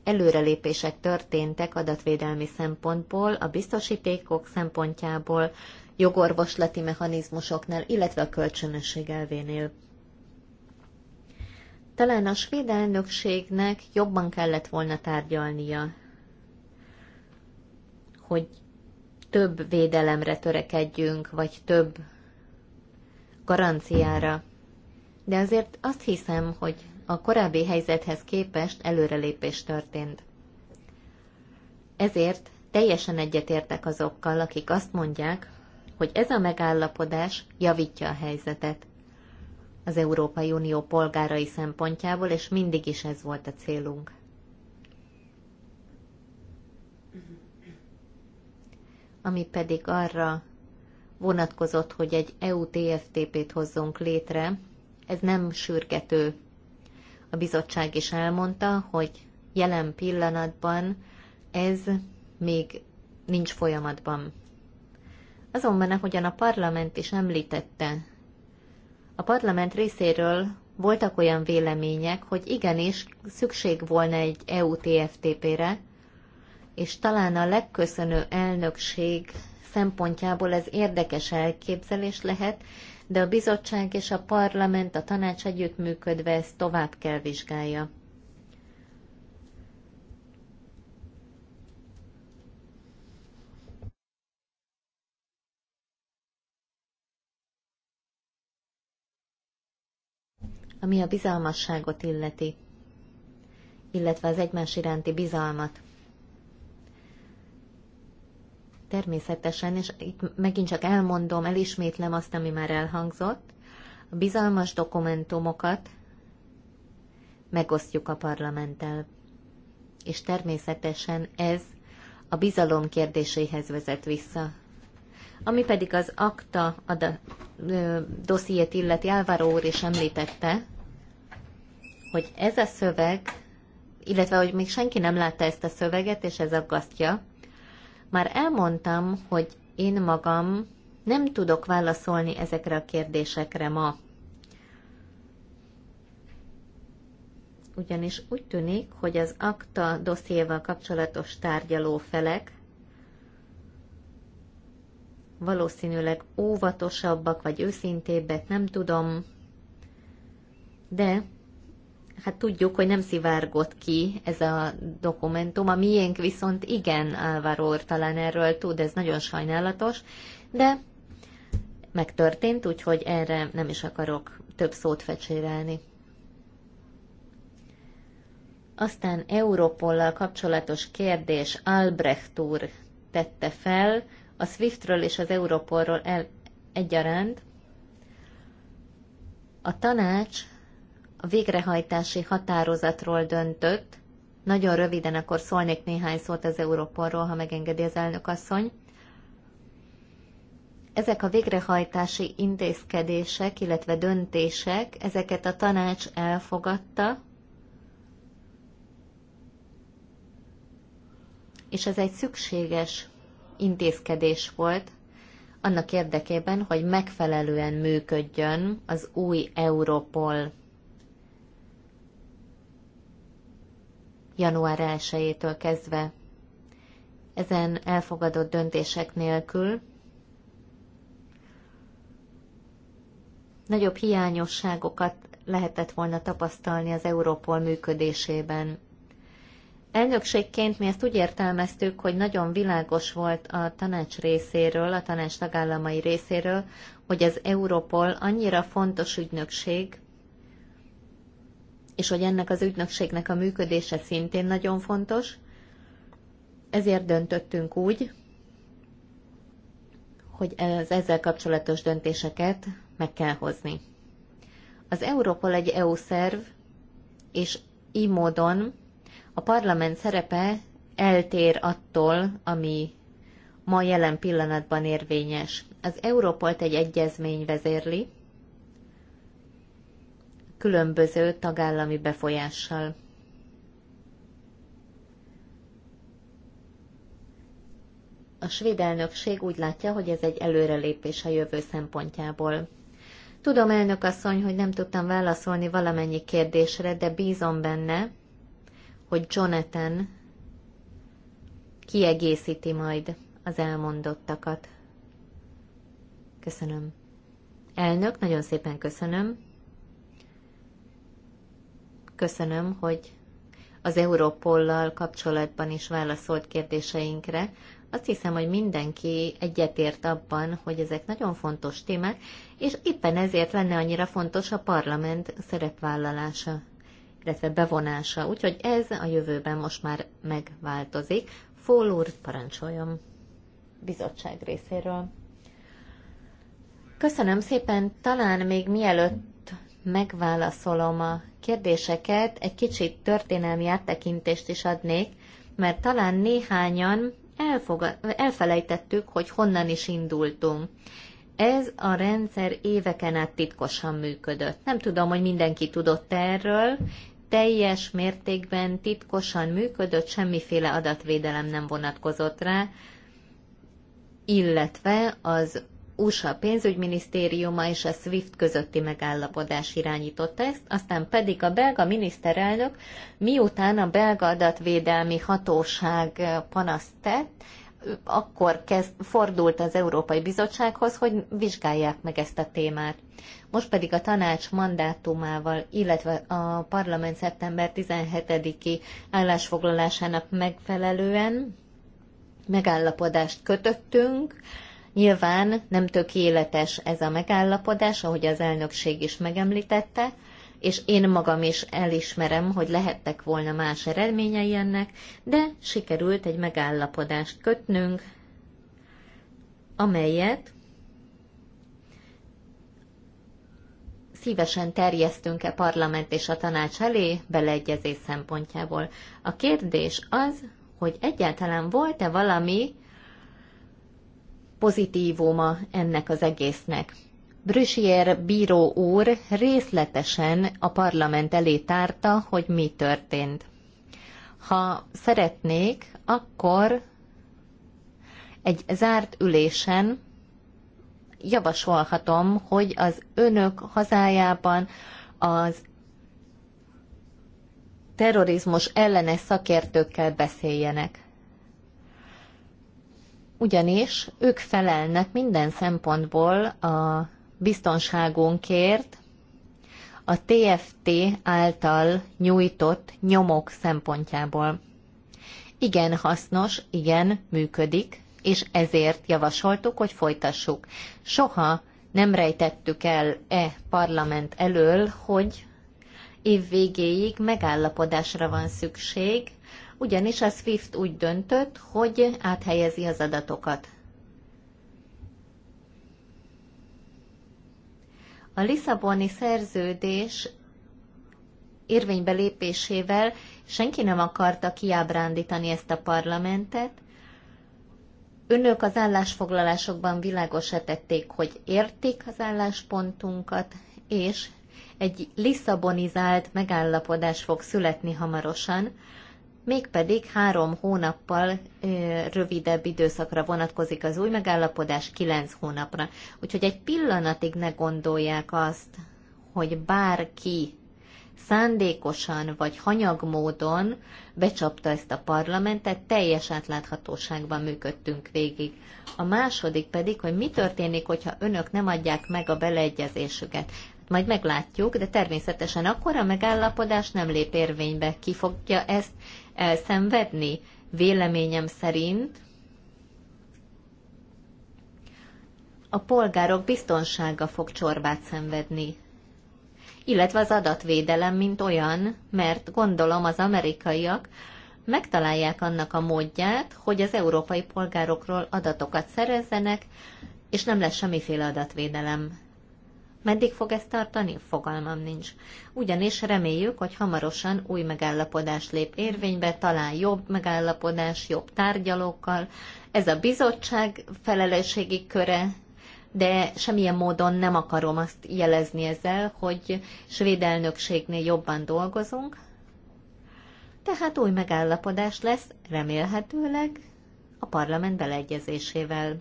előrelépések történtek adatvédelmi szempontból, a biztosítékok szempontjából, jogorvoslati mechanizmusoknál, illetve a kölcsönösség elvénél. Talán a svéd elnökségnek jobban kellett volna tárgyalnia, hogy több védelemre törekedjünk, vagy több garanciára. De azért azt hiszem, hogy a korábbi helyzethez képest előrelépés történt. Ezért teljesen egyetértek azokkal, akik azt mondják, hogy ez a megállapodás javítja a helyzetet. Az Európai Unió polgárai szempontjából, és mindig is ez volt a célunk. Ami pedig arra vonatkozott, hogy egy EU-TFTP-t hozzunk létre, ez nem sürgető a bizottság is elmondta, hogy jelen pillanatban ez még nincs folyamatban. Azonban, ahogyan a parlament is említette, a parlament részéről voltak olyan vélemények, hogy igenis szükség volna egy EU-TFTP-re, és talán a legköszönő elnökség szempontjából ez érdekes elképzelés lehet, de a bizottság és a parlament, a tanács együttműködve ezt tovább kell vizsgálja. ami a bizalmasságot illeti, illetve az egymás iránti bizalmat természetesen, és itt megint csak elmondom, elismétlem azt, ami már elhangzott, a bizalmas dokumentumokat megosztjuk a parlamenttel. És természetesen ez a bizalom kérdéséhez vezet vissza. Ami pedig az akta a dossziét illeti Álvaro úr is említette, hogy ez a szöveg, illetve hogy még senki nem látta ezt a szöveget, és ez aggasztja, már elmondtam, hogy én magam nem tudok válaszolni ezekre a kérdésekre ma. Ugyanis úgy tűnik, hogy az akta dossziéval kapcsolatos tárgyaló felek valószínűleg óvatosabbak vagy őszintébbek, nem tudom, de hát tudjuk, hogy nem szivárgott ki ez a dokumentum, a miénk viszont igen, Álvaro talán erről tud, ez nagyon sajnálatos, de megtörtént, úgyhogy erre nem is akarok több szót fecsérelni. Aztán Európollal kapcsolatos kérdés Albrecht úr tette fel, a Swiftről és az Európolról el, egyaránt. A tanács a végrehajtási határozatról döntött. Nagyon röviden akkor szólnék néhány szót az Európorról, ha megengedi az elnök asszony. Ezek a végrehajtási intézkedések, illetve döntések, ezeket a tanács elfogadta, és ez egy szükséges intézkedés volt annak érdekében, hogy megfelelően működjön az új Europol január 1 kezdve. Ezen elfogadott döntések nélkül nagyobb hiányosságokat lehetett volna tapasztalni az Európol működésében. Elnökségként mi ezt úgy értelmeztük, hogy nagyon világos volt a tanács részéről, a tanács tagállamai részéről, hogy az Európol annyira fontos ügynökség, és hogy ennek az ügynökségnek a működése szintén nagyon fontos, ezért döntöttünk úgy, hogy az ezzel kapcsolatos döntéseket meg kell hozni. Az Európol egy EU szerv, és így módon a parlament szerepe eltér attól, ami ma jelen pillanatban érvényes. Az Európolt egy egyezmény vezérli, különböző tagállami befolyással. A svéd elnökség úgy látja, hogy ez egy előrelépés a jövő szempontjából. Tudom, elnök asszony, hogy nem tudtam válaszolni valamennyi kérdésre, de bízom benne, hogy Jonathan kiegészíti majd az elmondottakat. Köszönöm. Elnök, nagyon szépen köszönöm. Köszönöm, hogy az Európollal kapcsolatban is válaszolt kérdéseinkre. Azt hiszem, hogy mindenki egyetért abban, hogy ezek nagyon fontos témák, és éppen ezért lenne annyira fontos a parlament szerepvállalása, illetve bevonása. Úgyhogy ez a jövőben most már megváltozik. Fól úr, parancsoljon bizottság részéről. Köszönöm szépen, talán még mielőtt megválaszolom a kérdéseket, egy kicsit történelmi áttekintést is adnék, mert talán néhányan elfogad, elfelejtettük, hogy honnan is indultunk. Ez a rendszer éveken át titkosan működött. Nem tudom, hogy mindenki tudott erről, teljes mértékben titkosan működött, semmiféle adatvédelem nem vonatkozott rá, illetve az USA pénzügyminisztériuma és a SWIFT közötti megállapodás irányította ezt, aztán pedig a belga miniszterelnök, miután a belga adatvédelmi hatóság panaszt tett, akkor kezd, fordult az Európai Bizottsághoz, hogy vizsgálják meg ezt a témát. Most pedig a tanács mandátumával, illetve a parlament szeptember 17-i állásfoglalásának megfelelően megállapodást kötöttünk, Nyilván nem tökéletes ez a megállapodás, ahogy az elnökség is megemlítette, és én magam is elismerem, hogy lehettek volna más eredményei ennek, de sikerült egy megállapodást kötnünk, amelyet szívesen terjesztünk-e parlament és a tanács elé beleegyezés szempontjából. A kérdés az, hogy egyáltalán volt-e valami, pozitívuma ennek az egésznek. Brüssier bíró úr részletesen a parlament elé tárta, hogy mi történt. Ha szeretnék, akkor egy zárt ülésen javasolhatom, hogy az önök hazájában az terrorizmus ellenes szakértőkkel beszéljenek ugyanis ők felelnek minden szempontból a biztonságunkért, a TFT által nyújtott nyomok szempontjából. Igen hasznos, igen működik, és ezért javasoltuk, hogy folytassuk. Soha nem rejtettük el e parlament elől, hogy év végéig megállapodásra van szükség ugyanis a SWIFT úgy döntött, hogy áthelyezi az adatokat. A Lisszaboni szerződés érvénybe lépésével senki nem akarta kiábrándítani ezt a parlamentet. Önök az állásfoglalásokban világosra tették, hogy értik az álláspontunkat, és egy lisszabonizált megállapodás fog születni hamarosan, mégpedig három hónappal ö, rövidebb időszakra vonatkozik az új megállapodás, kilenc hónapra. Úgyhogy egy pillanatig ne gondolják azt, hogy bárki szándékosan vagy hanyag módon becsapta ezt a parlamentet, teljes átláthatóságban működtünk végig. A második pedig, hogy mi történik, hogyha önök nem adják meg a beleegyezésüket majd meglátjuk, de természetesen akkor a megállapodás nem lép érvénybe. Ki fogja ezt elszenvedni? Véleményem szerint a polgárok biztonsága fog csorbát szenvedni. Illetve az adatvédelem, mint olyan, mert gondolom az amerikaiak megtalálják annak a módját, hogy az európai polgárokról adatokat szerezzenek, és nem lesz semmiféle adatvédelem. Meddig fog ez tartani? Fogalmam nincs. Ugyanis reméljük, hogy hamarosan új megállapodás lép érvénybe, talán jobb megállapodás, jobb tárgyalókkal. Ez a bizottság felelősségi köre, de semmilyen módon nem akarom azt jelezni ezzel, hogy svéd elnökségnél jobban dolgozunk. Tehát új megállapodás lesz, remélhetőleg, a parlament beleegyezésével.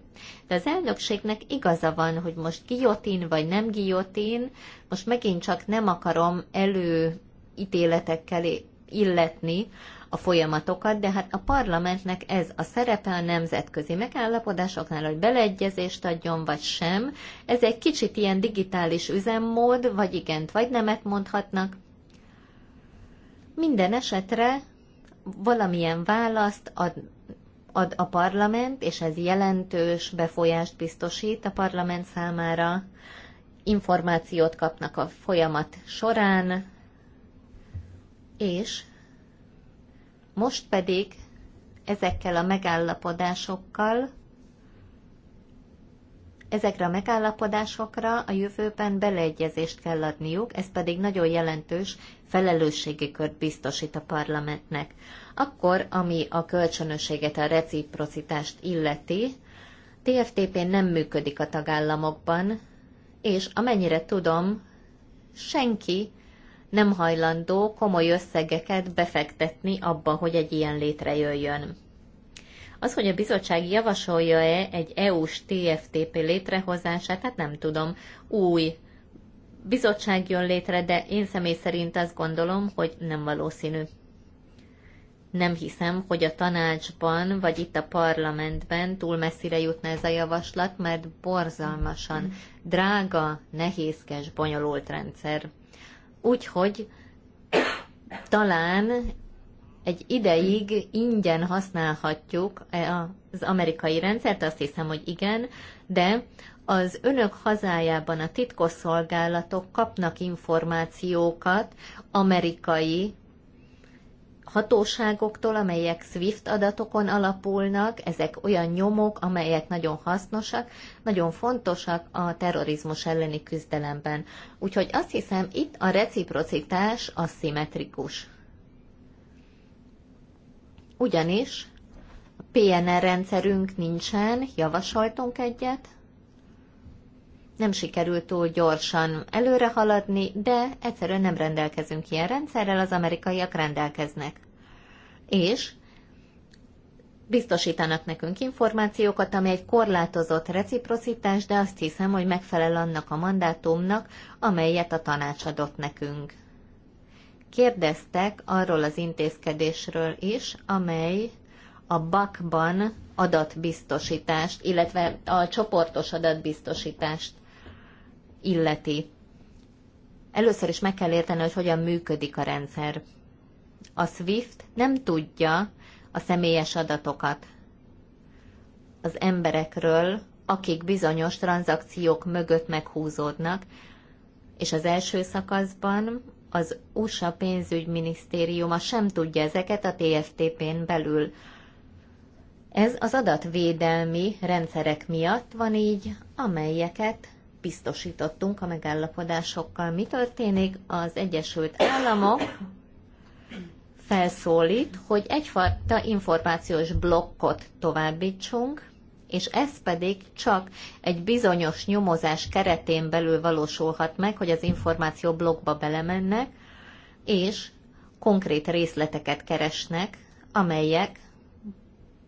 De az elnökségnek igaza van, hogy most giotin vagy nem giotin, most megint csak nem akarom előítéletekkel illetni a folyamatokat, de hát a parlamentnek ez a szerepe a nemzetközi megállapodásoknál, hogy beleegyezést adjon, vagy sem. Ez egy kicsit ilyen digitális üzemmód, vagy igent, vagy nemet mondhatnak. Minden esetre valamilyen választ ad ad a parlament, és ez jelentős befolyást biztosít a parlament számára. Információt kapnak a folyamat során, és most pedig ezekkel a megállapodásokkal, ezekre a megállapodásokra a jövőben beleegyezést kell adniuk, ez pedig nagyon jelentős felelősségi kört biztosít a parlamentnek. Akkor, ami a kölcsönösséget, a reciprocitást illeti, TFTP nem működik a tagállamokban, és amennyire tudom, senki nem hajlandó komoly összegeket befektetni abba, hogy egy ilyen létrejöjjön. Az, hogy a bizottság javasolja-e egy EU-s TFTP létrehozását, hát nem tudom. Új bizottság jön létre, de én személy szerint azt gondolom, hogy nem valószínű nem hiszem, hogy a tanácsban, vagy itt a parlamentben túl messzire jutna ez a javaslat, mert borzalmasan drága, nehézkes, bonyolult rendszer. Úgyhogy talán egy ideig ingyen használhatjuk az amerikai rendszert, azt hiszem, hogy igen, de az önök hazájában a titkosszolgálatok kapnak információkat amerikai hatóságoktól, amelyek SWIFT adatokon alapulnak, ezek olyan nyomok, amelyek nagyon hasznosak, nagyon fontosak a terrorizmus elleni küzdelemben. Úgyhogy azt hiszem, itt a reciprocitás aszimmetrikus. Ugyanis a PNR rendszerünk nincsen, javasoltunk egyet, nem sikerült túl gyorsan előre haladni, de egyszerűen nem rendelkezünk ilyen rendszerrel, az amerikaiak rendelkeznek. És biztosítanak nekünk információkat, ami egy korlátozott reciprocitás, de azt hiszem, hogy megfelel annak a mandátumnak, amelyet a tanács adott nekünk. Kérdeztek arról az intézkedésről is, amely a BAK-ban adatbiztosítást, illetve a csoportos adatbiztosítást illeti. Először is meg kell érteni, hogy hogyan működik a rendszer. A SWIFT nem tudja a személyes adatokat az emberekről, akik bizonyos tranzakciók mögött meghúzódnak, és az első szakaszban az USA pénzügyminisztériuma sem tudja ezeket a TFTP-n belül. Ez az adatvédelmi rendszerek miatt van így, amelyeket biztosítottunk a megállapodásokkal. Mi történik? Az Egyesült Államok felszólít, hogy egyfajta információs blokkot továbbítsunk, és ez pedig csak egy bizonyos nyomozás keretén belül valósulhat meg, hogy az információ blokkba belemennek, és konkrét részleteket keresnek, amelyek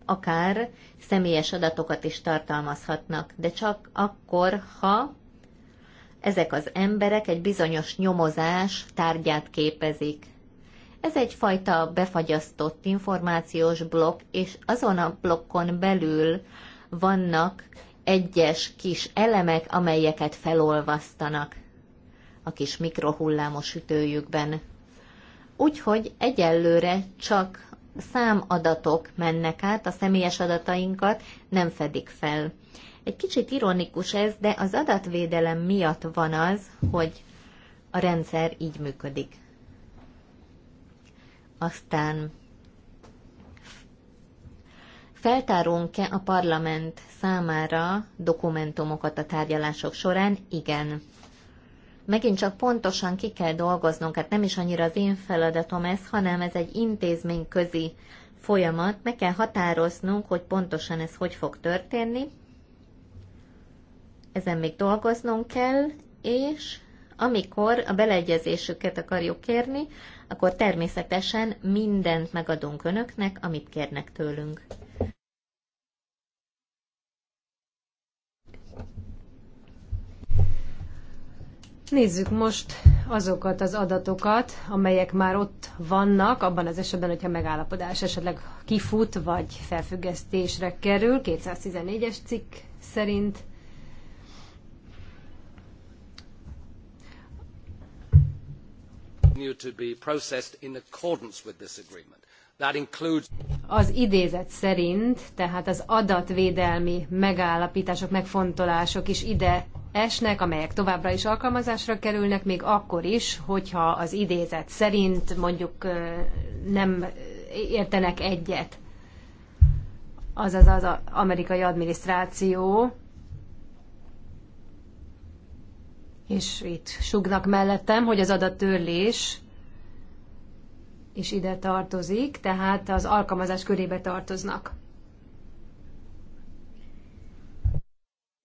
akár személyes adatokat is tartalmazhatnak, de csak akkor, ha ezek az emberek egy bizonyos nyomozás tárgyát képezik. Ez egyfajta befagyasztott információs blokk, és azon a blokkon belül vannak egyes kis elemek, amelyeket felolvasztanak a kis mikrohullámos ütőjükben. Úgyhogy egyelőre csak számadatok mennek át, a személyes adatainkat nem fedik fel. Egy kicsit ironikus ez, de az adatvédelem miatt van az, hogy a rendszer így működik. Aztán feltárunk-e a parlament számára dokumentumokat a tárgyalások során? Igen. Megint csak pontosan ki kell dolgoznunk, hát nem is annyira az én feladatom ez, hanem ez egy intézményközi folyamat, meg kell határoznunk, hogy pontosan ez hogy fog történni, ezen még dolgoznunk kell, és amikor a beleegyezésüket akarjuk kérni, akkor természetesen mindent megadunk önöknek, amit kérnek tőlünk. Nézzük most azokat az adatokat, amelyek már ott vannak, abban az esetben, hogyha megállapodás esetleg kifut, vagy felfüggesztésre kerül, 214-es cikk szerint to be processed in accordance with this agreement. That includes... Az idézet szerint, tehát az adatvédelmi megállapítások, megfontolások is ide esnek, amelyek továbbra is alkalmazásra kerülnek, még akkor is, hogyha az idézet szerint mondjuk nem értenek egyet. Azaz az amerikai adminisztráció és itt sugnak mellettem, hogy az adattörlés is ide tartozik, tehát az alkalmazás körébe tartoznak.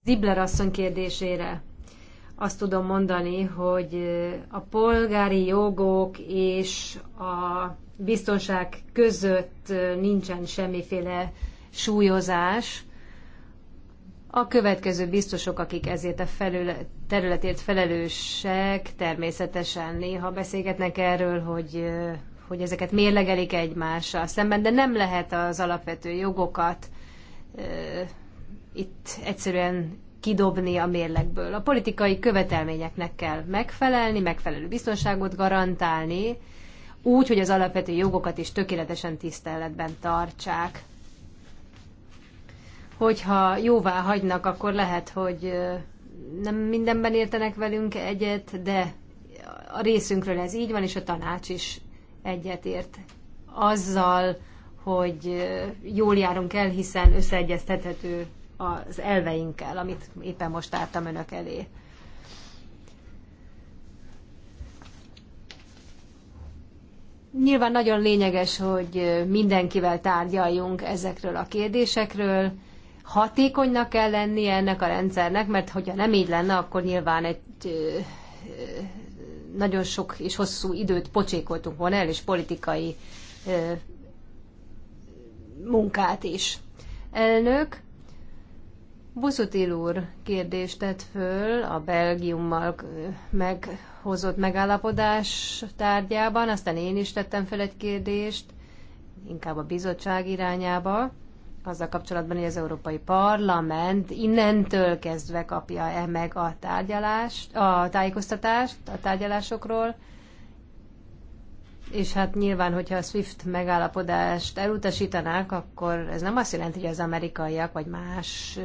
Zibler asszony kérdésére azt tudom mondani, hogy a polgári jogok és a biztonság között nincsen semmiféle súlyozás, a következő biztosok, akik ezért a felül, területért felelősek, természetesen néha beszélgetnek erről, hogy, hogy ezeket mérlegelik egymással szemben, de nem lehet az alapvető jogokat itt egyszerűen kidobni a mérlegből. A politikai követelményeknek kell megfelelni, megfelelő biztonságot garantálni, úgy, hogy az alapvető jogokat is tökéletesen tiszteletben tartsák hogyha jóvá hagynak, akkor lehet, hogy nem mindenben értenek velünk egyet, de a részünkről ez így van, és a tanács is egyetért azzal, hogy jól járunk el, hiszen összeegyeztethető az elveinkkel, amit éppen most álltam önök elé. Nyilván nagyon lényeges, hogy mindenkivel tárgyaljunk ezekről a kérdésekről, hatékonynak kell lennie ennek a rendszernek, mert hogyha nem így lenne, akkor nyilván egy nagyon sok és hosszú időt pocsékoltunk volna el, és politikai munkát is. Elnök, Buszutil úr kérdést tett föl a Belgiummal meghozott megállapodás tárgyában, aztán én is tettem fel egy kérdést, inkább a bizottság irányába azzal kapcsolatban, hogy az Európai Parlament innentől kezdve kapja -e meg a tárgyalást, a tájékoztatást a tárgyalásokról, és hát nyilván, hogyha a SWIFT megállapodást elutasítanák, akkor ez nem azt jelenti, hogy az amerikaiak vagy más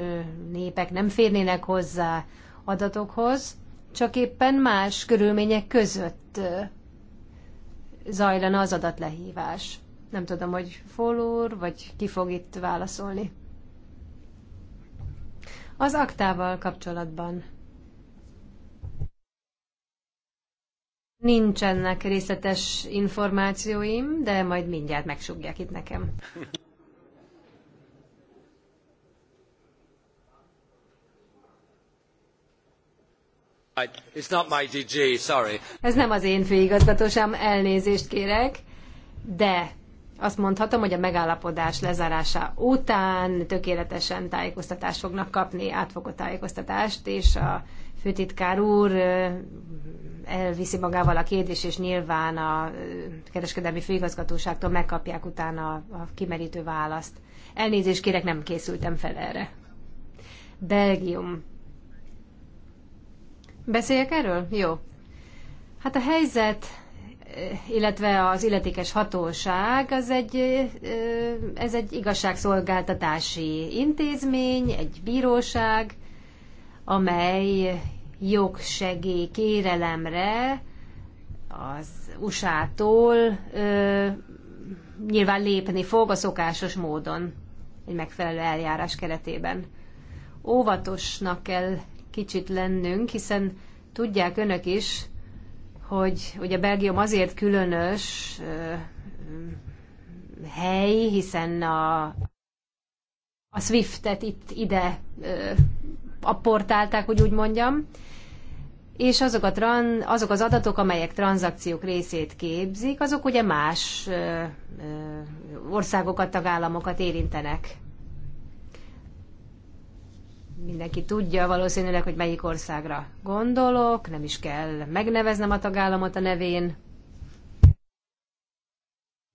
népek nem férnének hozzá adatokhoz, csak éppen más körülmények között zajlana az adatlehívás. Nem tudom, hogy Folur, vagy ki fog itt válaszolni. Az aktával kapcsolatban. Nincsenek részletes információim, de majd mindjárt megsugják itt nekem. It's not my DG, sorry. Ez nem az én főigazgatósám, elnézést kérek, de azt mondhatom, hogy a megállapodás lezárása után tökéletesen tájékoztatást fognak kapni, átfogó tájékoztatást, és a főtitkár úr elviszi magával a kérdés, és nyilván a kereskedelmi főigazgatóságtól megkapják utána a kimerítő választ. Elnézést kérek, nem készültem fel erre. Belgium. Beszéljek erről? Jó. Hát a helyzet illetve az illetékes hatóság, az egy, ez egy igazságszolgáltatási intézmény, egy bíróság, amely jogsegé kérelemre az USA-tól nyilván lépni fog a szokásos módon, egy megfelelő eljárás keretében. Óvatosnak kell kicsit lennünk, hiszen tudják önök is, hogy ugye Belgium azért különös hely, hiszen a, a Swiftet itt ide apportálták, hogy úgy mondjam, és azok, a tran, azok az adatok, amelyek tranzakciók részét képzik, azok ugye más uh, uh, országokat, tagállamokat érintenek mindenki tudja valószínűleg, hogy melyik országra gondolok, nem is kell megneveznem a tagállamot a nevén.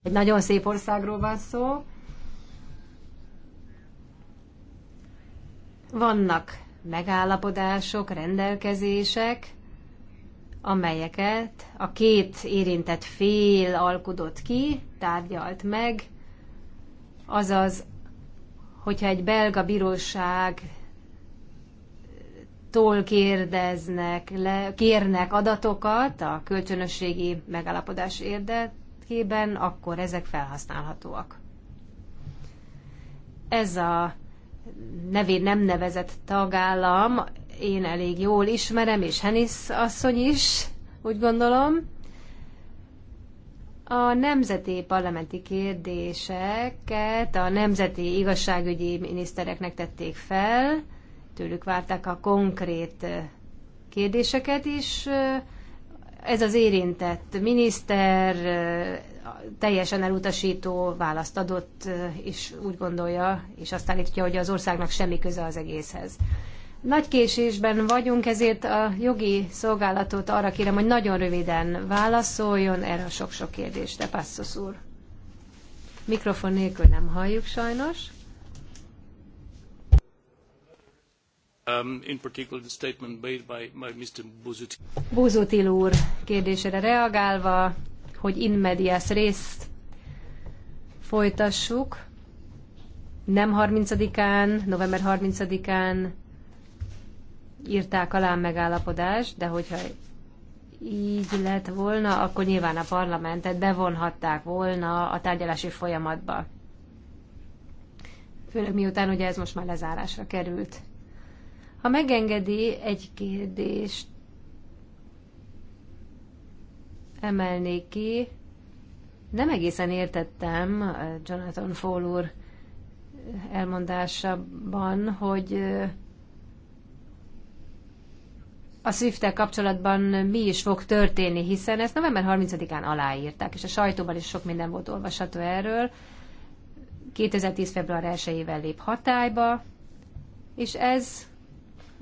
Egy nagyon szép országról van szó. Vannak megállapodások, rendelkezések, amelyeket a két érintett fél alkudott ki, tárgyalt meg, azaz, hogyha egy belga bíróság tól kérdeznek, le, kérnek adatokat a kölcsönösségi megállapodás érdekében, akkor ezek felhasználhatóak. Ez a nevén nem nevezett tagállam, én elég jól ismerem, és Henis asszony is, úgy gondolom. A nemzeti parlamenti kérdéseket a nemzeti igazságügyi minisztereknek tették fel, tőlük várták a konkrét kérdéseket is. Ez az érintett miniszter teljesen elutasító választ adott, és úgy gondolja, és azt állítja, hogy az országnak semmi köze az egészhez. Nagy késésben vagyunk, ezért a jogi szolgálatot arra kérem, hogy nagyon röviden válaszoljon erre a sok-sok kérdésre, Passzus úr. Mikrofon nélkül nem halljuk sajnos. Um, úr kérdésére reagálva, hogy in medias részt folytassuk. Nem 30-án, november 30-án írták alá megállapodást, de hogyha így lett volna, akkor nyilván a parlamentet bevonhatták volna a tárgyalási folyamatba. Főleg miután ugye ez most már lezárásra került. Ha megengedi, egy kérdést emelnék ki. Nem egészen értettem uh, Jonathan Fall úr elmondásában, hogy uh, a swift kapcsolatban mi is fog történni, hiszen ezt november 30-án aláírták, és a sajtóban is sok minden volt olvasható erről. 2010. február 1 lép hatályba, és ez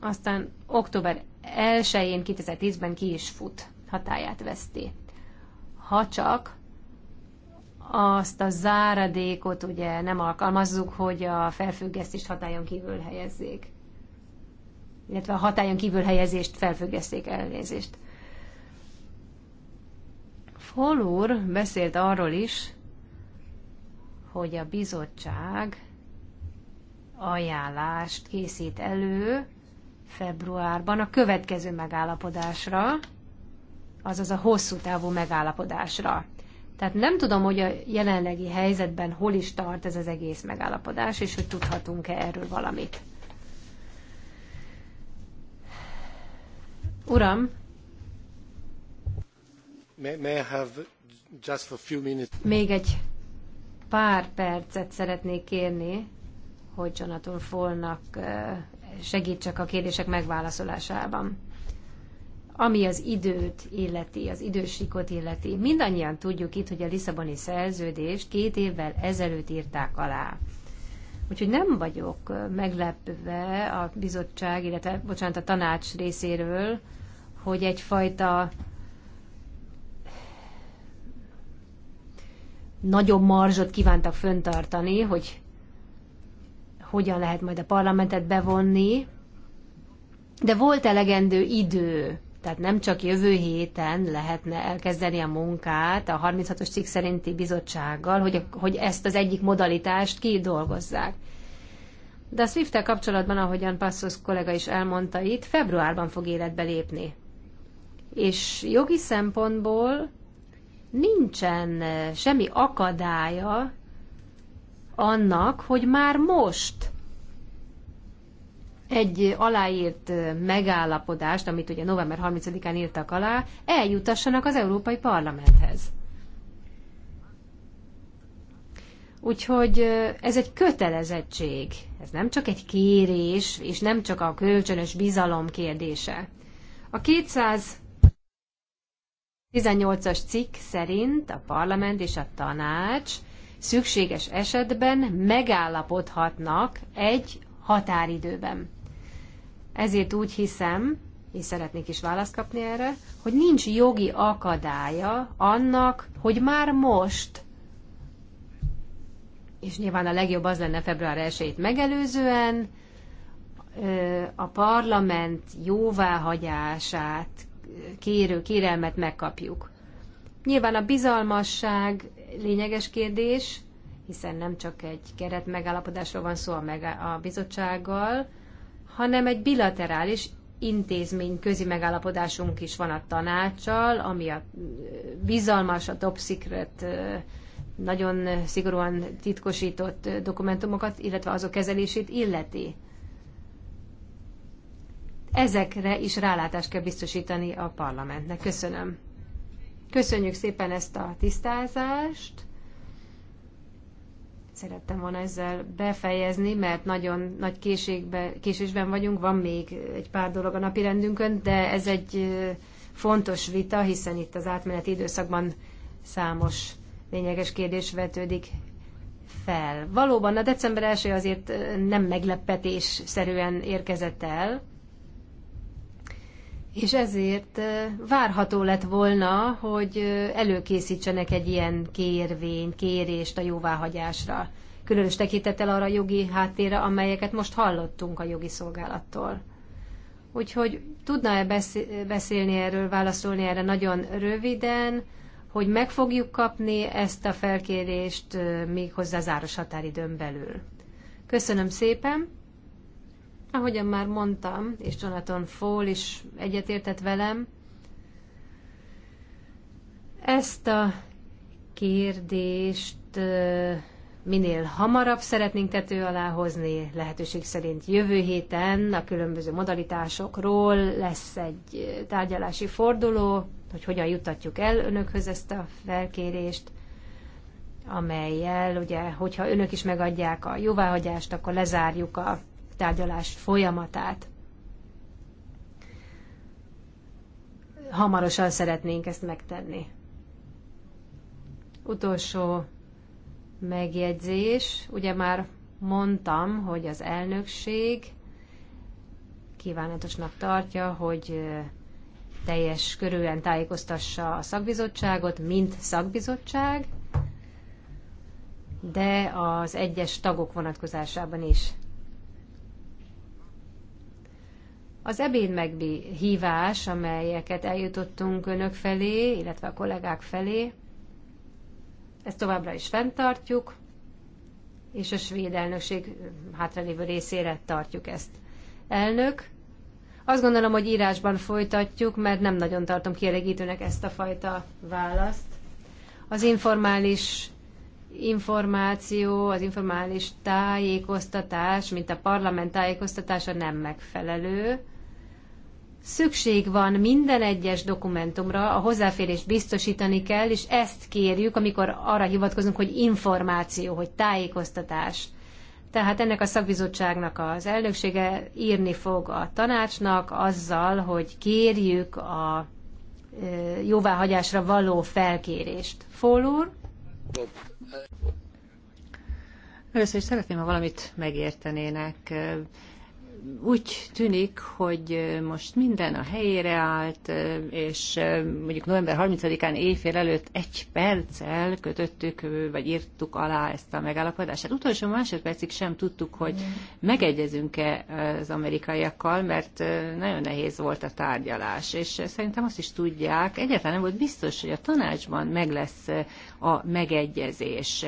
aztán október 1-én 2010-ben ki is fut, hatáját veszti. Ha csak azt a záradékot ugye nem alkalmazzuk, hogy a felfüggesztést hatályon kívül helyezzék. Illetve a hatályon kívül helyezést felfüggeszték elnézést. Folúr beszélt arról is, hogy a bizottság ajánlást készít elő februárban a következő megállapodásra, azaz a hosszú távú megállapodásra. Tehát nem tudom, hogy a jelenlegi helyzetben hol is tart ez az egész megállapodás, és hogy tudhatunk-e erről valamit. Uram! May, may I have just a few minutes? Még egy pár percet szeretnék kérni, hogy Jonathan Fallnak eh, segítsek a kérdések megválaszolásában. Ami az időt illeti, az idősíkot illeti, mindannyian tudjuk itt, hogy a Lisszaboni szerződést két évvel ezelőtt írták alá. Úgyhogy nem vagyok meglepve a bizottság, illetve bocsánat, a tanács részéről, hogy egyfajta nagyobb marzsot kívántak föntartani, hogy hogyan lehet majd a parlamentet bevonni, de volt elegendő idő, tehát nem csak jövő héten lehetne elkezdeni a munkát a 36-os cikk szerinti bizottsággal, hogy, hogy ezt az egyik modalitást kidolgozzák. De a swift kapcsolatban, ahogyan Passos kollega is elmondta itt, februárban fog életbe lépni. És jogi szempontból nincsen eh, semmi akadálya annak, hogy már most egy aláírt megállapodást, amit ugye november 30-án írtak alá, eljutassanak az Európai Parlamenthez. Úgyhogy ez egy kötelezettség, ez nem csak egy kérés, és nem csak a kölcsönös bizalom kérdése. A 218-as cikk szerint a parlament és a tanács szükséges esetben megállapodhatnak egy határidőben. Ezért úgy hiszem, és szeretnék is választ kapni erre, hogy nincs jogi akadálya annak, hogy már most, és nyilván a legjobb az lenne február 1 megelőzően, a parlament jóváhagyását kérő kérelmet megkapjuk. Nyilván a bizalmasság lényeges kérdés, hiszen nem csak egy keret megállapodásról van szó a, meg, a bizottsággal, hanem egy bilaterális intézmény közi megállapodásunk is van a tanácsal, ami a bizalmas, a top secret, nagyon szigorúan titkosított dokumentumokat, illetve azok kezelését illeti. Ezekre is rálátást kell biztosítani a parlamentnek. Köszönöm. Köszönjük szépen ezt a tisztázást. Szerettem volna ezzel befejezni, mert nagyon nagy késégbe, késésben vagyunk, van még egy pár dolog a napi rendünkön, de ez egy fontos vita, hiszen itt az átmeneti időszakban számos lényeges kérdés vetődik fel. Valóban a december első azért nem meglepetés szerűen érkezett el, és ezért várható lett volna, hogy előkészítsenek egy ilyen kérvény, kérést a jóváhagyásra. Különös tekintettel arra a jogi háttérre, amelyeket most hallottunk a jogi szolgálattól. Úgyhogy tudna-e beszélni erről, válaszolni erre nagyon röviden, hogy meg fogjuk kapni ezt a felkérést hozzá záros határidőn belül. Köszönöm szépen! Ahogyan már mondtam, és Jonathan Fall is egyetértett velem, ezt a kérdést minél hamarabb szeretnénk tető alá hozni, lehetőség szerint jövő héten a különböző modalitásokról lesz egy tárgyalási forduló, hogy hogyan juttatjuk el önökhöz ezt a felkérést, amelyel ugye, hogyha önök is megadják a jóváhagyást, akkor lezárjuk a tárgyalás folyamatát. Hamarosan szeretnénk ezt megtenni. Utolsó megjegyzés. Ugye már mondtam, hogy az elnökség kívánatosnak tartja, hogy teljes körülön tájékoztassa a szakbizottságot, mint szakbizottság, de az egyes tagok vonatkozásában is. Az ebéd meghívás, amelyeket eljutottunk önök felé, illetve a kollégák felé, ezt továbbra is fenntartjuk, és a svéd elnökség hátralévő részére tartjuk ezt. Elnök, azt gondolom, hogy írásban folytatjuk, mert nem nagyon tartom kielégítőnek ezt a fajta választ. Az informális információ, az informális tájékoztatás, mint a parlament tájékoztatása nem megfelelő. Szükség van minden egyes dokumentumra, a hozzáférést biztosítani kell, és ezt kérjük, amikor arra hivatkozunk, hogy információ, hogy tájékoztatás. Tehát ennek a szakbizottságnak az elnöksége írni fog a tanácsnak azzal, hogy kérjük a jóváhagyásra való felkérést. Fólúr? Először is szeretném, ha valamit megértenének úgy tűnik, hogy most minden a helyére állt, és mondjuk november 30-án éjfél előtt egy perccel kötöttük, vagy írtuk alá ezt a megállapodást. Hát utolsó másodpercig sem tudtuk, hogy megegyezünk-e az amerikaiakkal, mert nagyon nehéz volt a tárgyalás, és szerintem azt is tudják, egyáltalán nem volt biztos, hogy a tanácsban meg lesz a megegyezés,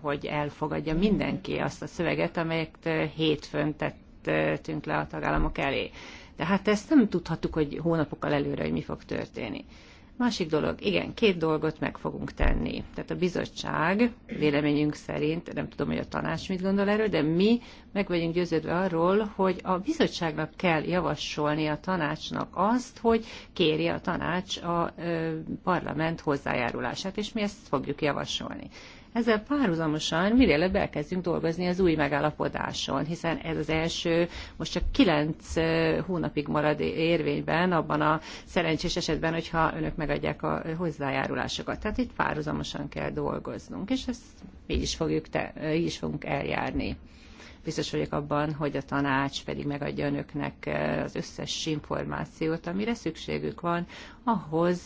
hogy elfogadja mindenki azt a szöveget, amelyet hétfőn tett töltünk le a tagállamok elé. De hát ezt nem tudhattuk, hogy hónapokkal előre, hogy mi fog történni. Másik dolog, igen, két dolgot meg fogunk tenni. Tehát a bizottság véleményünk szerint, nem tudom, hogy a tanács mit gondol erről, de mi meg vagyunk győződve arról, hogy a bizottságnak kell javasolni a tanácsnak azt, hogy kéri a tanács a ö, parlament hozzájárulását, és mi ezt fogjuk javasolni. Ezzel párhuzamosan minél elkezdjünk dolgozni az új megállapodáson, hiszen ez az első, most csak kilenc hónapig marad érvényben, abban a szerencsés esetben, hogyha önök megadják a hozzájárulásokat. Tehát itt párhuzamosan kell dolgoznunk, és ezt így is, fogjuk te, így is fogunk eljárni. Biztos vagyok abban, hogy a tanács pedig megadja önöknek az összes információt, amire szükségük van ahhoz,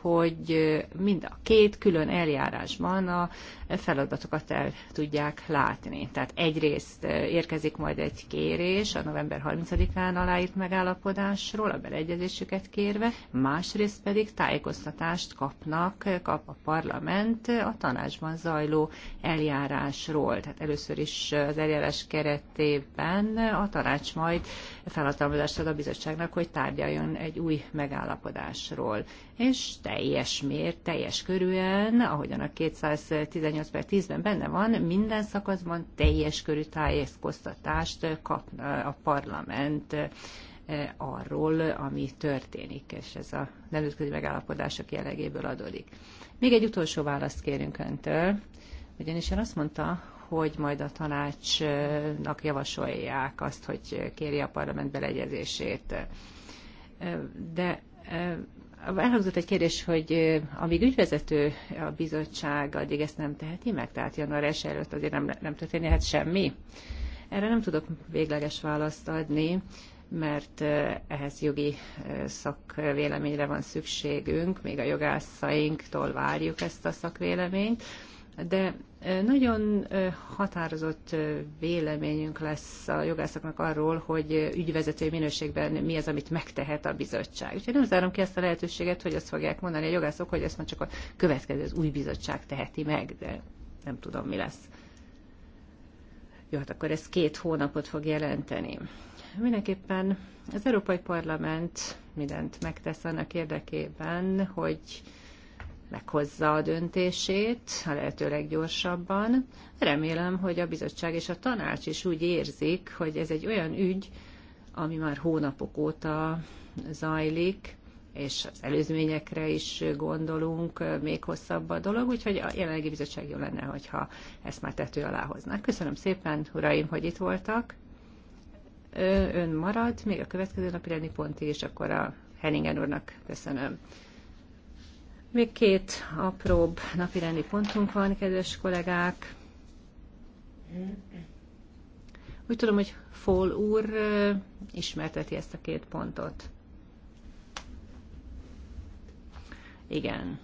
hogy mind a két külön eljárásban a feladatokat el tudják látni. Tehát egyrészt érkezik majd egy kérés a november 30-án aláírt megállapodásról, a beleegyezésüket kérve, másrészt pedig tájékoztatást kapnak, kap a parlament a tanácsban zajló eljárásról. Tehát először is az eljárás keretében a tanács majd felhatalmazást ad a bizottságnak, hogy tárgyaljon egy új megállapodásról. És teljes mért, teljes körűen, ahogyan a 218 per 10-ben benne van, minden szakaszban teljes körű tájékoztatást kap a parlament eh, arról, ami történik, és ez a nemzetközi megállapodások jellegéből adódik. Még egy utolsó választ kérünk Öntől, ugyanis én azt mondta, hogy majd a tanácsnak javasolják azt, hogy kéri a parlament beleegyezését. De eh, elhangzott egy kérdés, hogy eh, amíg ügyvezető a bizottság, addig ezt nem teheti meg, tehát január 1 előtt azért nem, nem történhet semmi. Erre nem tudok végleges választ adni, mert eh, ehhez jogi szakvéleményre van szükségünk, még a jogászainktól várjuk ezt a szakvéleményt, de nagyon határozott véleményünk lesz a jogászoknak arról, hogy ügyvezető minőségben mi az, amit megtehet a bizottság. Úgyhogy nem zárom ki ezt a lehetőséget, hogy azt fogják mondani a jogászok, hogy ezt már csak a következő, az új bizottság teheti meg, de nem tudom, mi lesz. Jó, hát akkor ez két hónapot fog jelenteni. Mindenképpen az Európai Parlament mindent megtesz annak érdekében, hogy meghozza a döntését a lehető leggyorsabban. Remélem, hogy a bizottság és a tanács is úgy érzik, hogy ez egy olyan ügy, ami már hónapok óta zajlik, és az előzményekre is gondolunk, még hosszabb a dolog, úgyhogy a jelenlegi bizottság jó lenne, hogyha ezt már tető alá hoznak. Köszönöm szépen, uraim, hogy itt voltak. Ön marad, még a következő napi rendi pont és akkor a Henningen úrnak köszönöm. Még két apróbb napirendi pontunk van, kedves kollégák. Úgy tudom, hogy Fól úr ismerteti ezt a két pontot. Igen.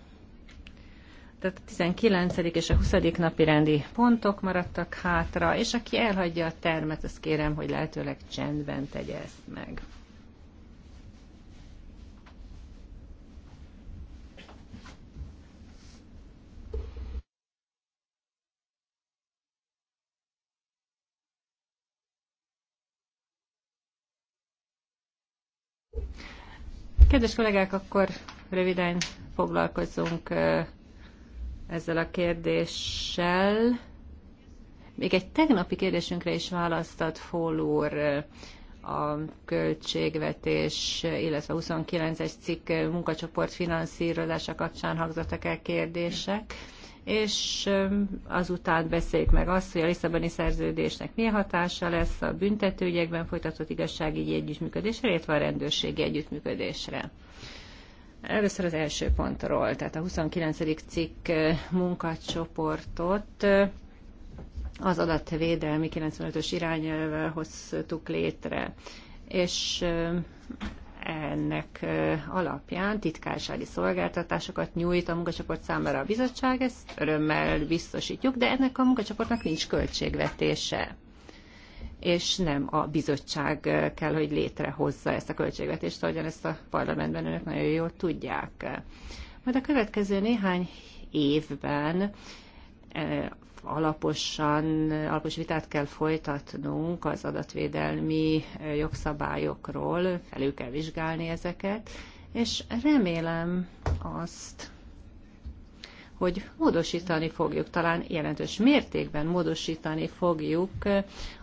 Tehát a 19. és a 20. napi rendi pontok maradtak hátra, és aki elhagyja a termet, azt kérem, hogy lehetőleg csendben tegye ezt meg. Kedves kollégák, akkor röviden foglalkozunk ezzel a kérdéssel. Még egy tegnapi kérdésünkre is választott Fólúr a költségvetés, illetve 29-es cikk munkacsoport finanszírozása kapcsán hangzottak el kérdések és azután beszéljük meg azt, hogy a Lisszaboni szerződésnek milyen hatása lesz a büntetőügyekben folytatott igazságügyi együttműködésre, illetve a rendőrségi együttműködésre. Először az első pontról, tehát a 29. cikk munkacsoportot az adatvédelmi 95-ös irányelvvel hoztuk létre, és ennek alapján titkársági szolgáltatásokat nyújt a munkacsoport számára a bizottság, ezt örömmel biztosítjuk, de ennek a munkacsoportnak nincs költségvetése és nem a bizottság kell, hogy létrehozza ezt a költségvetést, ahogyan ezt a parlamentben önök nagyon jól tudják. Majd a következő néhány évben alaposan, alapos vitát kell folytatnunk az adatvédelmi jogszabályokról, felül kell vizsgálni ezeket, és remélem azt, hogy módosítani fogjuk, talán jelentős mértékben módosítani fogjuk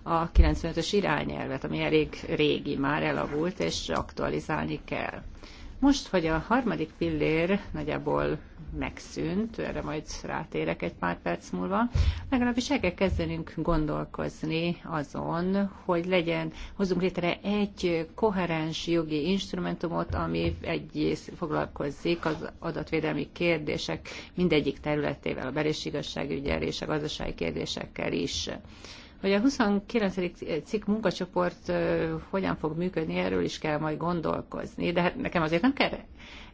a 95-ös irányelvet, ami elég régi, már elavult, és aktualizálni kell. Most, hogy a harmadik pillér nagyjából megszűnt, erre majd rátérek egy pár perc múlva, legalábbis el kell kezdenünk gondolkozni azon, hogy legyen, hozzunk létre egy koherens jogi instrumentumot, ami egy foglalkozik az adatvédelmi kérdések mindegyik területével, a belés igazságügyel és a gazdasági kérdésekkel is. Hogy a 29. cikk munkacsoport hogyan fog működni, erről is kell majd gondolkozni, de hát nekem azért nem kell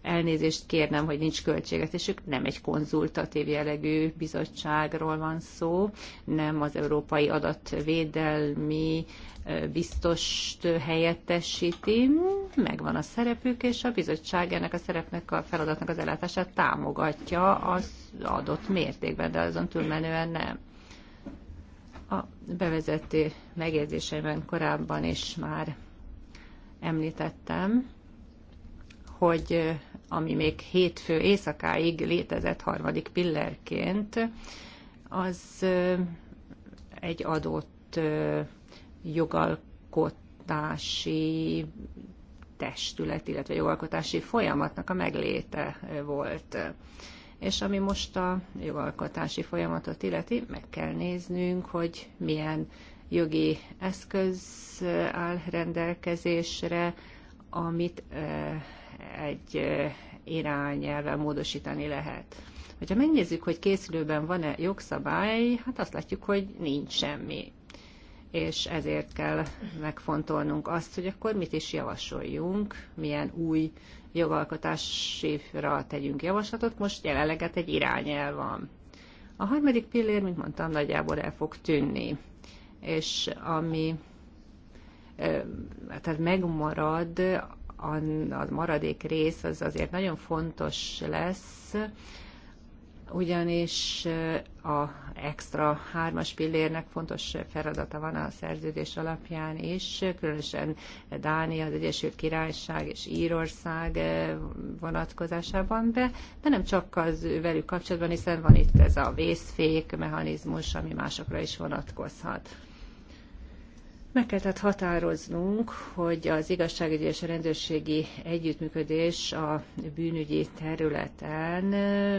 elnézést kérnem, hogy nincs költségvetésük, nem egy konzultatív jellegű bizottságról van szó, nem az Európai Adatvédelmi biztost helyettesíti, megvan a szerepük, és a bizottság ennek a szerepnek a feladatnak az ellátását támogatja az adott mértékben, de azon túlmenően nem. A bevezető megjegyzéseimben korábban is már említettem, hogy ami még hétfő éjszakáig létezett harmadik pillérként, az egy adott jogalkotási testület, illetve jogalkotási folyamatnak a megléte volt és ami most a jogalkotási folyamatot illeti, meg kell néznünk, hogy milyen jogi eszköz eh, áll rendelkezésre, amit eh, egy eh, irányelve módosítani lehet. Hogyha megnézzük, hogy készülőben van-e jogszabály, hát azt látjuk, hogy nincs semmi. És ezért kell megfontolnunk azt, hogy akkor mit is javasoljunk, milyen új jogalkotásra tegyünk javaslatot, most jelenleget egy irányel van. A harmadik pillér, mint mondtam, nagyjából el fog tűnni, és ami tehát megmarad, a maradék rész az azért nagyon fontos lesz, ugyanis a extra hármas pillérnek fontos feladata van a szerződés alapján is, különösen Dánia, az Egyesült Királyság és Írország vonatkozásában, de, de nem csak az velük kapcsolatban, hiszen van itt ez a vészfék mechanizmus, ami másokra is vonatkozhat. Meg kell tehát határoznunk, hogy az igazságügyi és a rendőrségi együttműködés a bűnügyi területen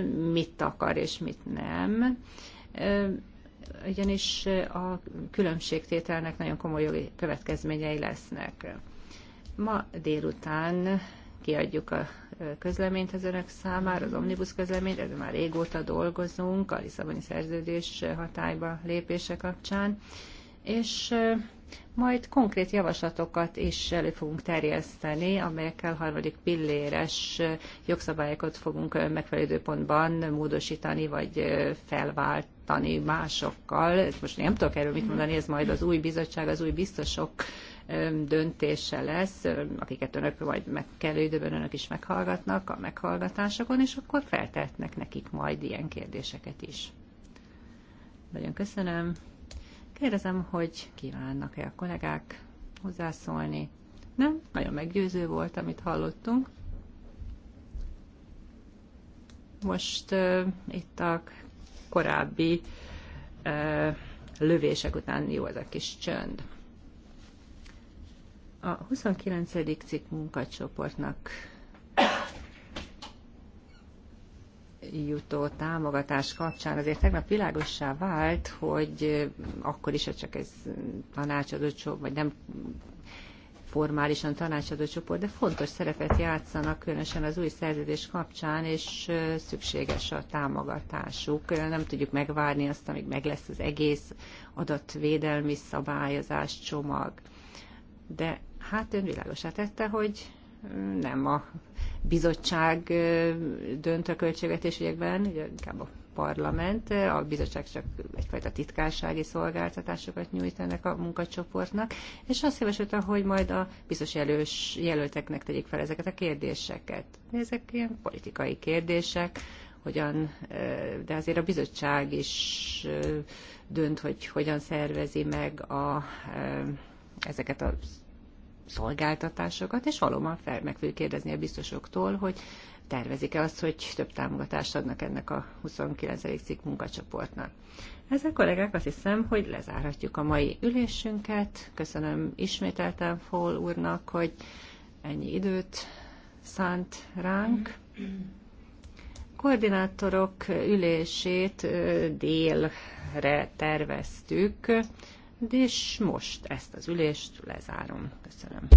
mit akar és mit nem ugyanis a különbségtételnek nagyon komoly jogi következményei lesznek. Ma délután kiadjuk a közleményt az önök számára, az omnibus közleményt, ezzel már régóta dolgozunk a Lisszaboni szerződés hatályba lépése kapcsán, és majd konkrét javaslatokat is elő fogunk terjeszteni, amelyekkel harmadik pilléres jogszabályokat fogunk megfelelő időpontban módosítani, vagy felváltani másokkal. most nem tudok erről mit mondani, ez majd az új bizottság, az új biztosok döntése lesz, akiket önök majd meg kellő időben önök is meghallgatnak a meghallgatásokon, és akkor feltehetnek nekik majd ilyen kérdéseket is. Nagyon köszönöm. Kérdezem, hogy kívánnak-e a kollégák hozzászólni. Nem? Nagyon meggyőző volt, amit hallottunk. Most uh, itt a korábbi uh, lövések után jó az a kis csönd. A 29. cikk munkacsoportnak jutó támogatás kapcsán azért tegnap világossá vált, hogy akkor is, hogy csak ez tanácsadó csoport, vagy nem formálisan tanácsadó csoport, de fontos szerepet játszanak, különösen az új szerződés kapcsán, és szükséges a támogatásuk. Nem tudjuk megvárni azt, amíg meg lesz az egész adatvédelmi szabályozás csomag. De hát ön világosá tette, hogy nem a bizottság dönt a költségvetés ügyekben, ugye inkább a parlament, a bizottság csak egyfajta titkársági szolgáltatásokat nyújt ennek a munkacsoportnak, és azt javasolta, hogy majd a biztos jelős jelölteknek tegyék fel ezeket a kérdéseket. Ezek ilyen politikai kérdések, hogyan, de azért a bizottság is dönt, hogy hogyan szervezi meg a, ezeket a szolgáltatásokat, és valóban fel, meg fogjuk kérdezni a biztosoktól, hogy tervezik-e azt, hogy több támogatást adnak ennek a 29. cikk munkacsoportnak. Ezzel kollégák azt hiszem, hogy lezárhatjuk a mai ülésünket. Köszönöm ismételten Fól úrnak, hogy ennyi időt szánt ránk. Koordinátorok ülését délre terveztük és most ezt az ülést lezárom. Köszönöm.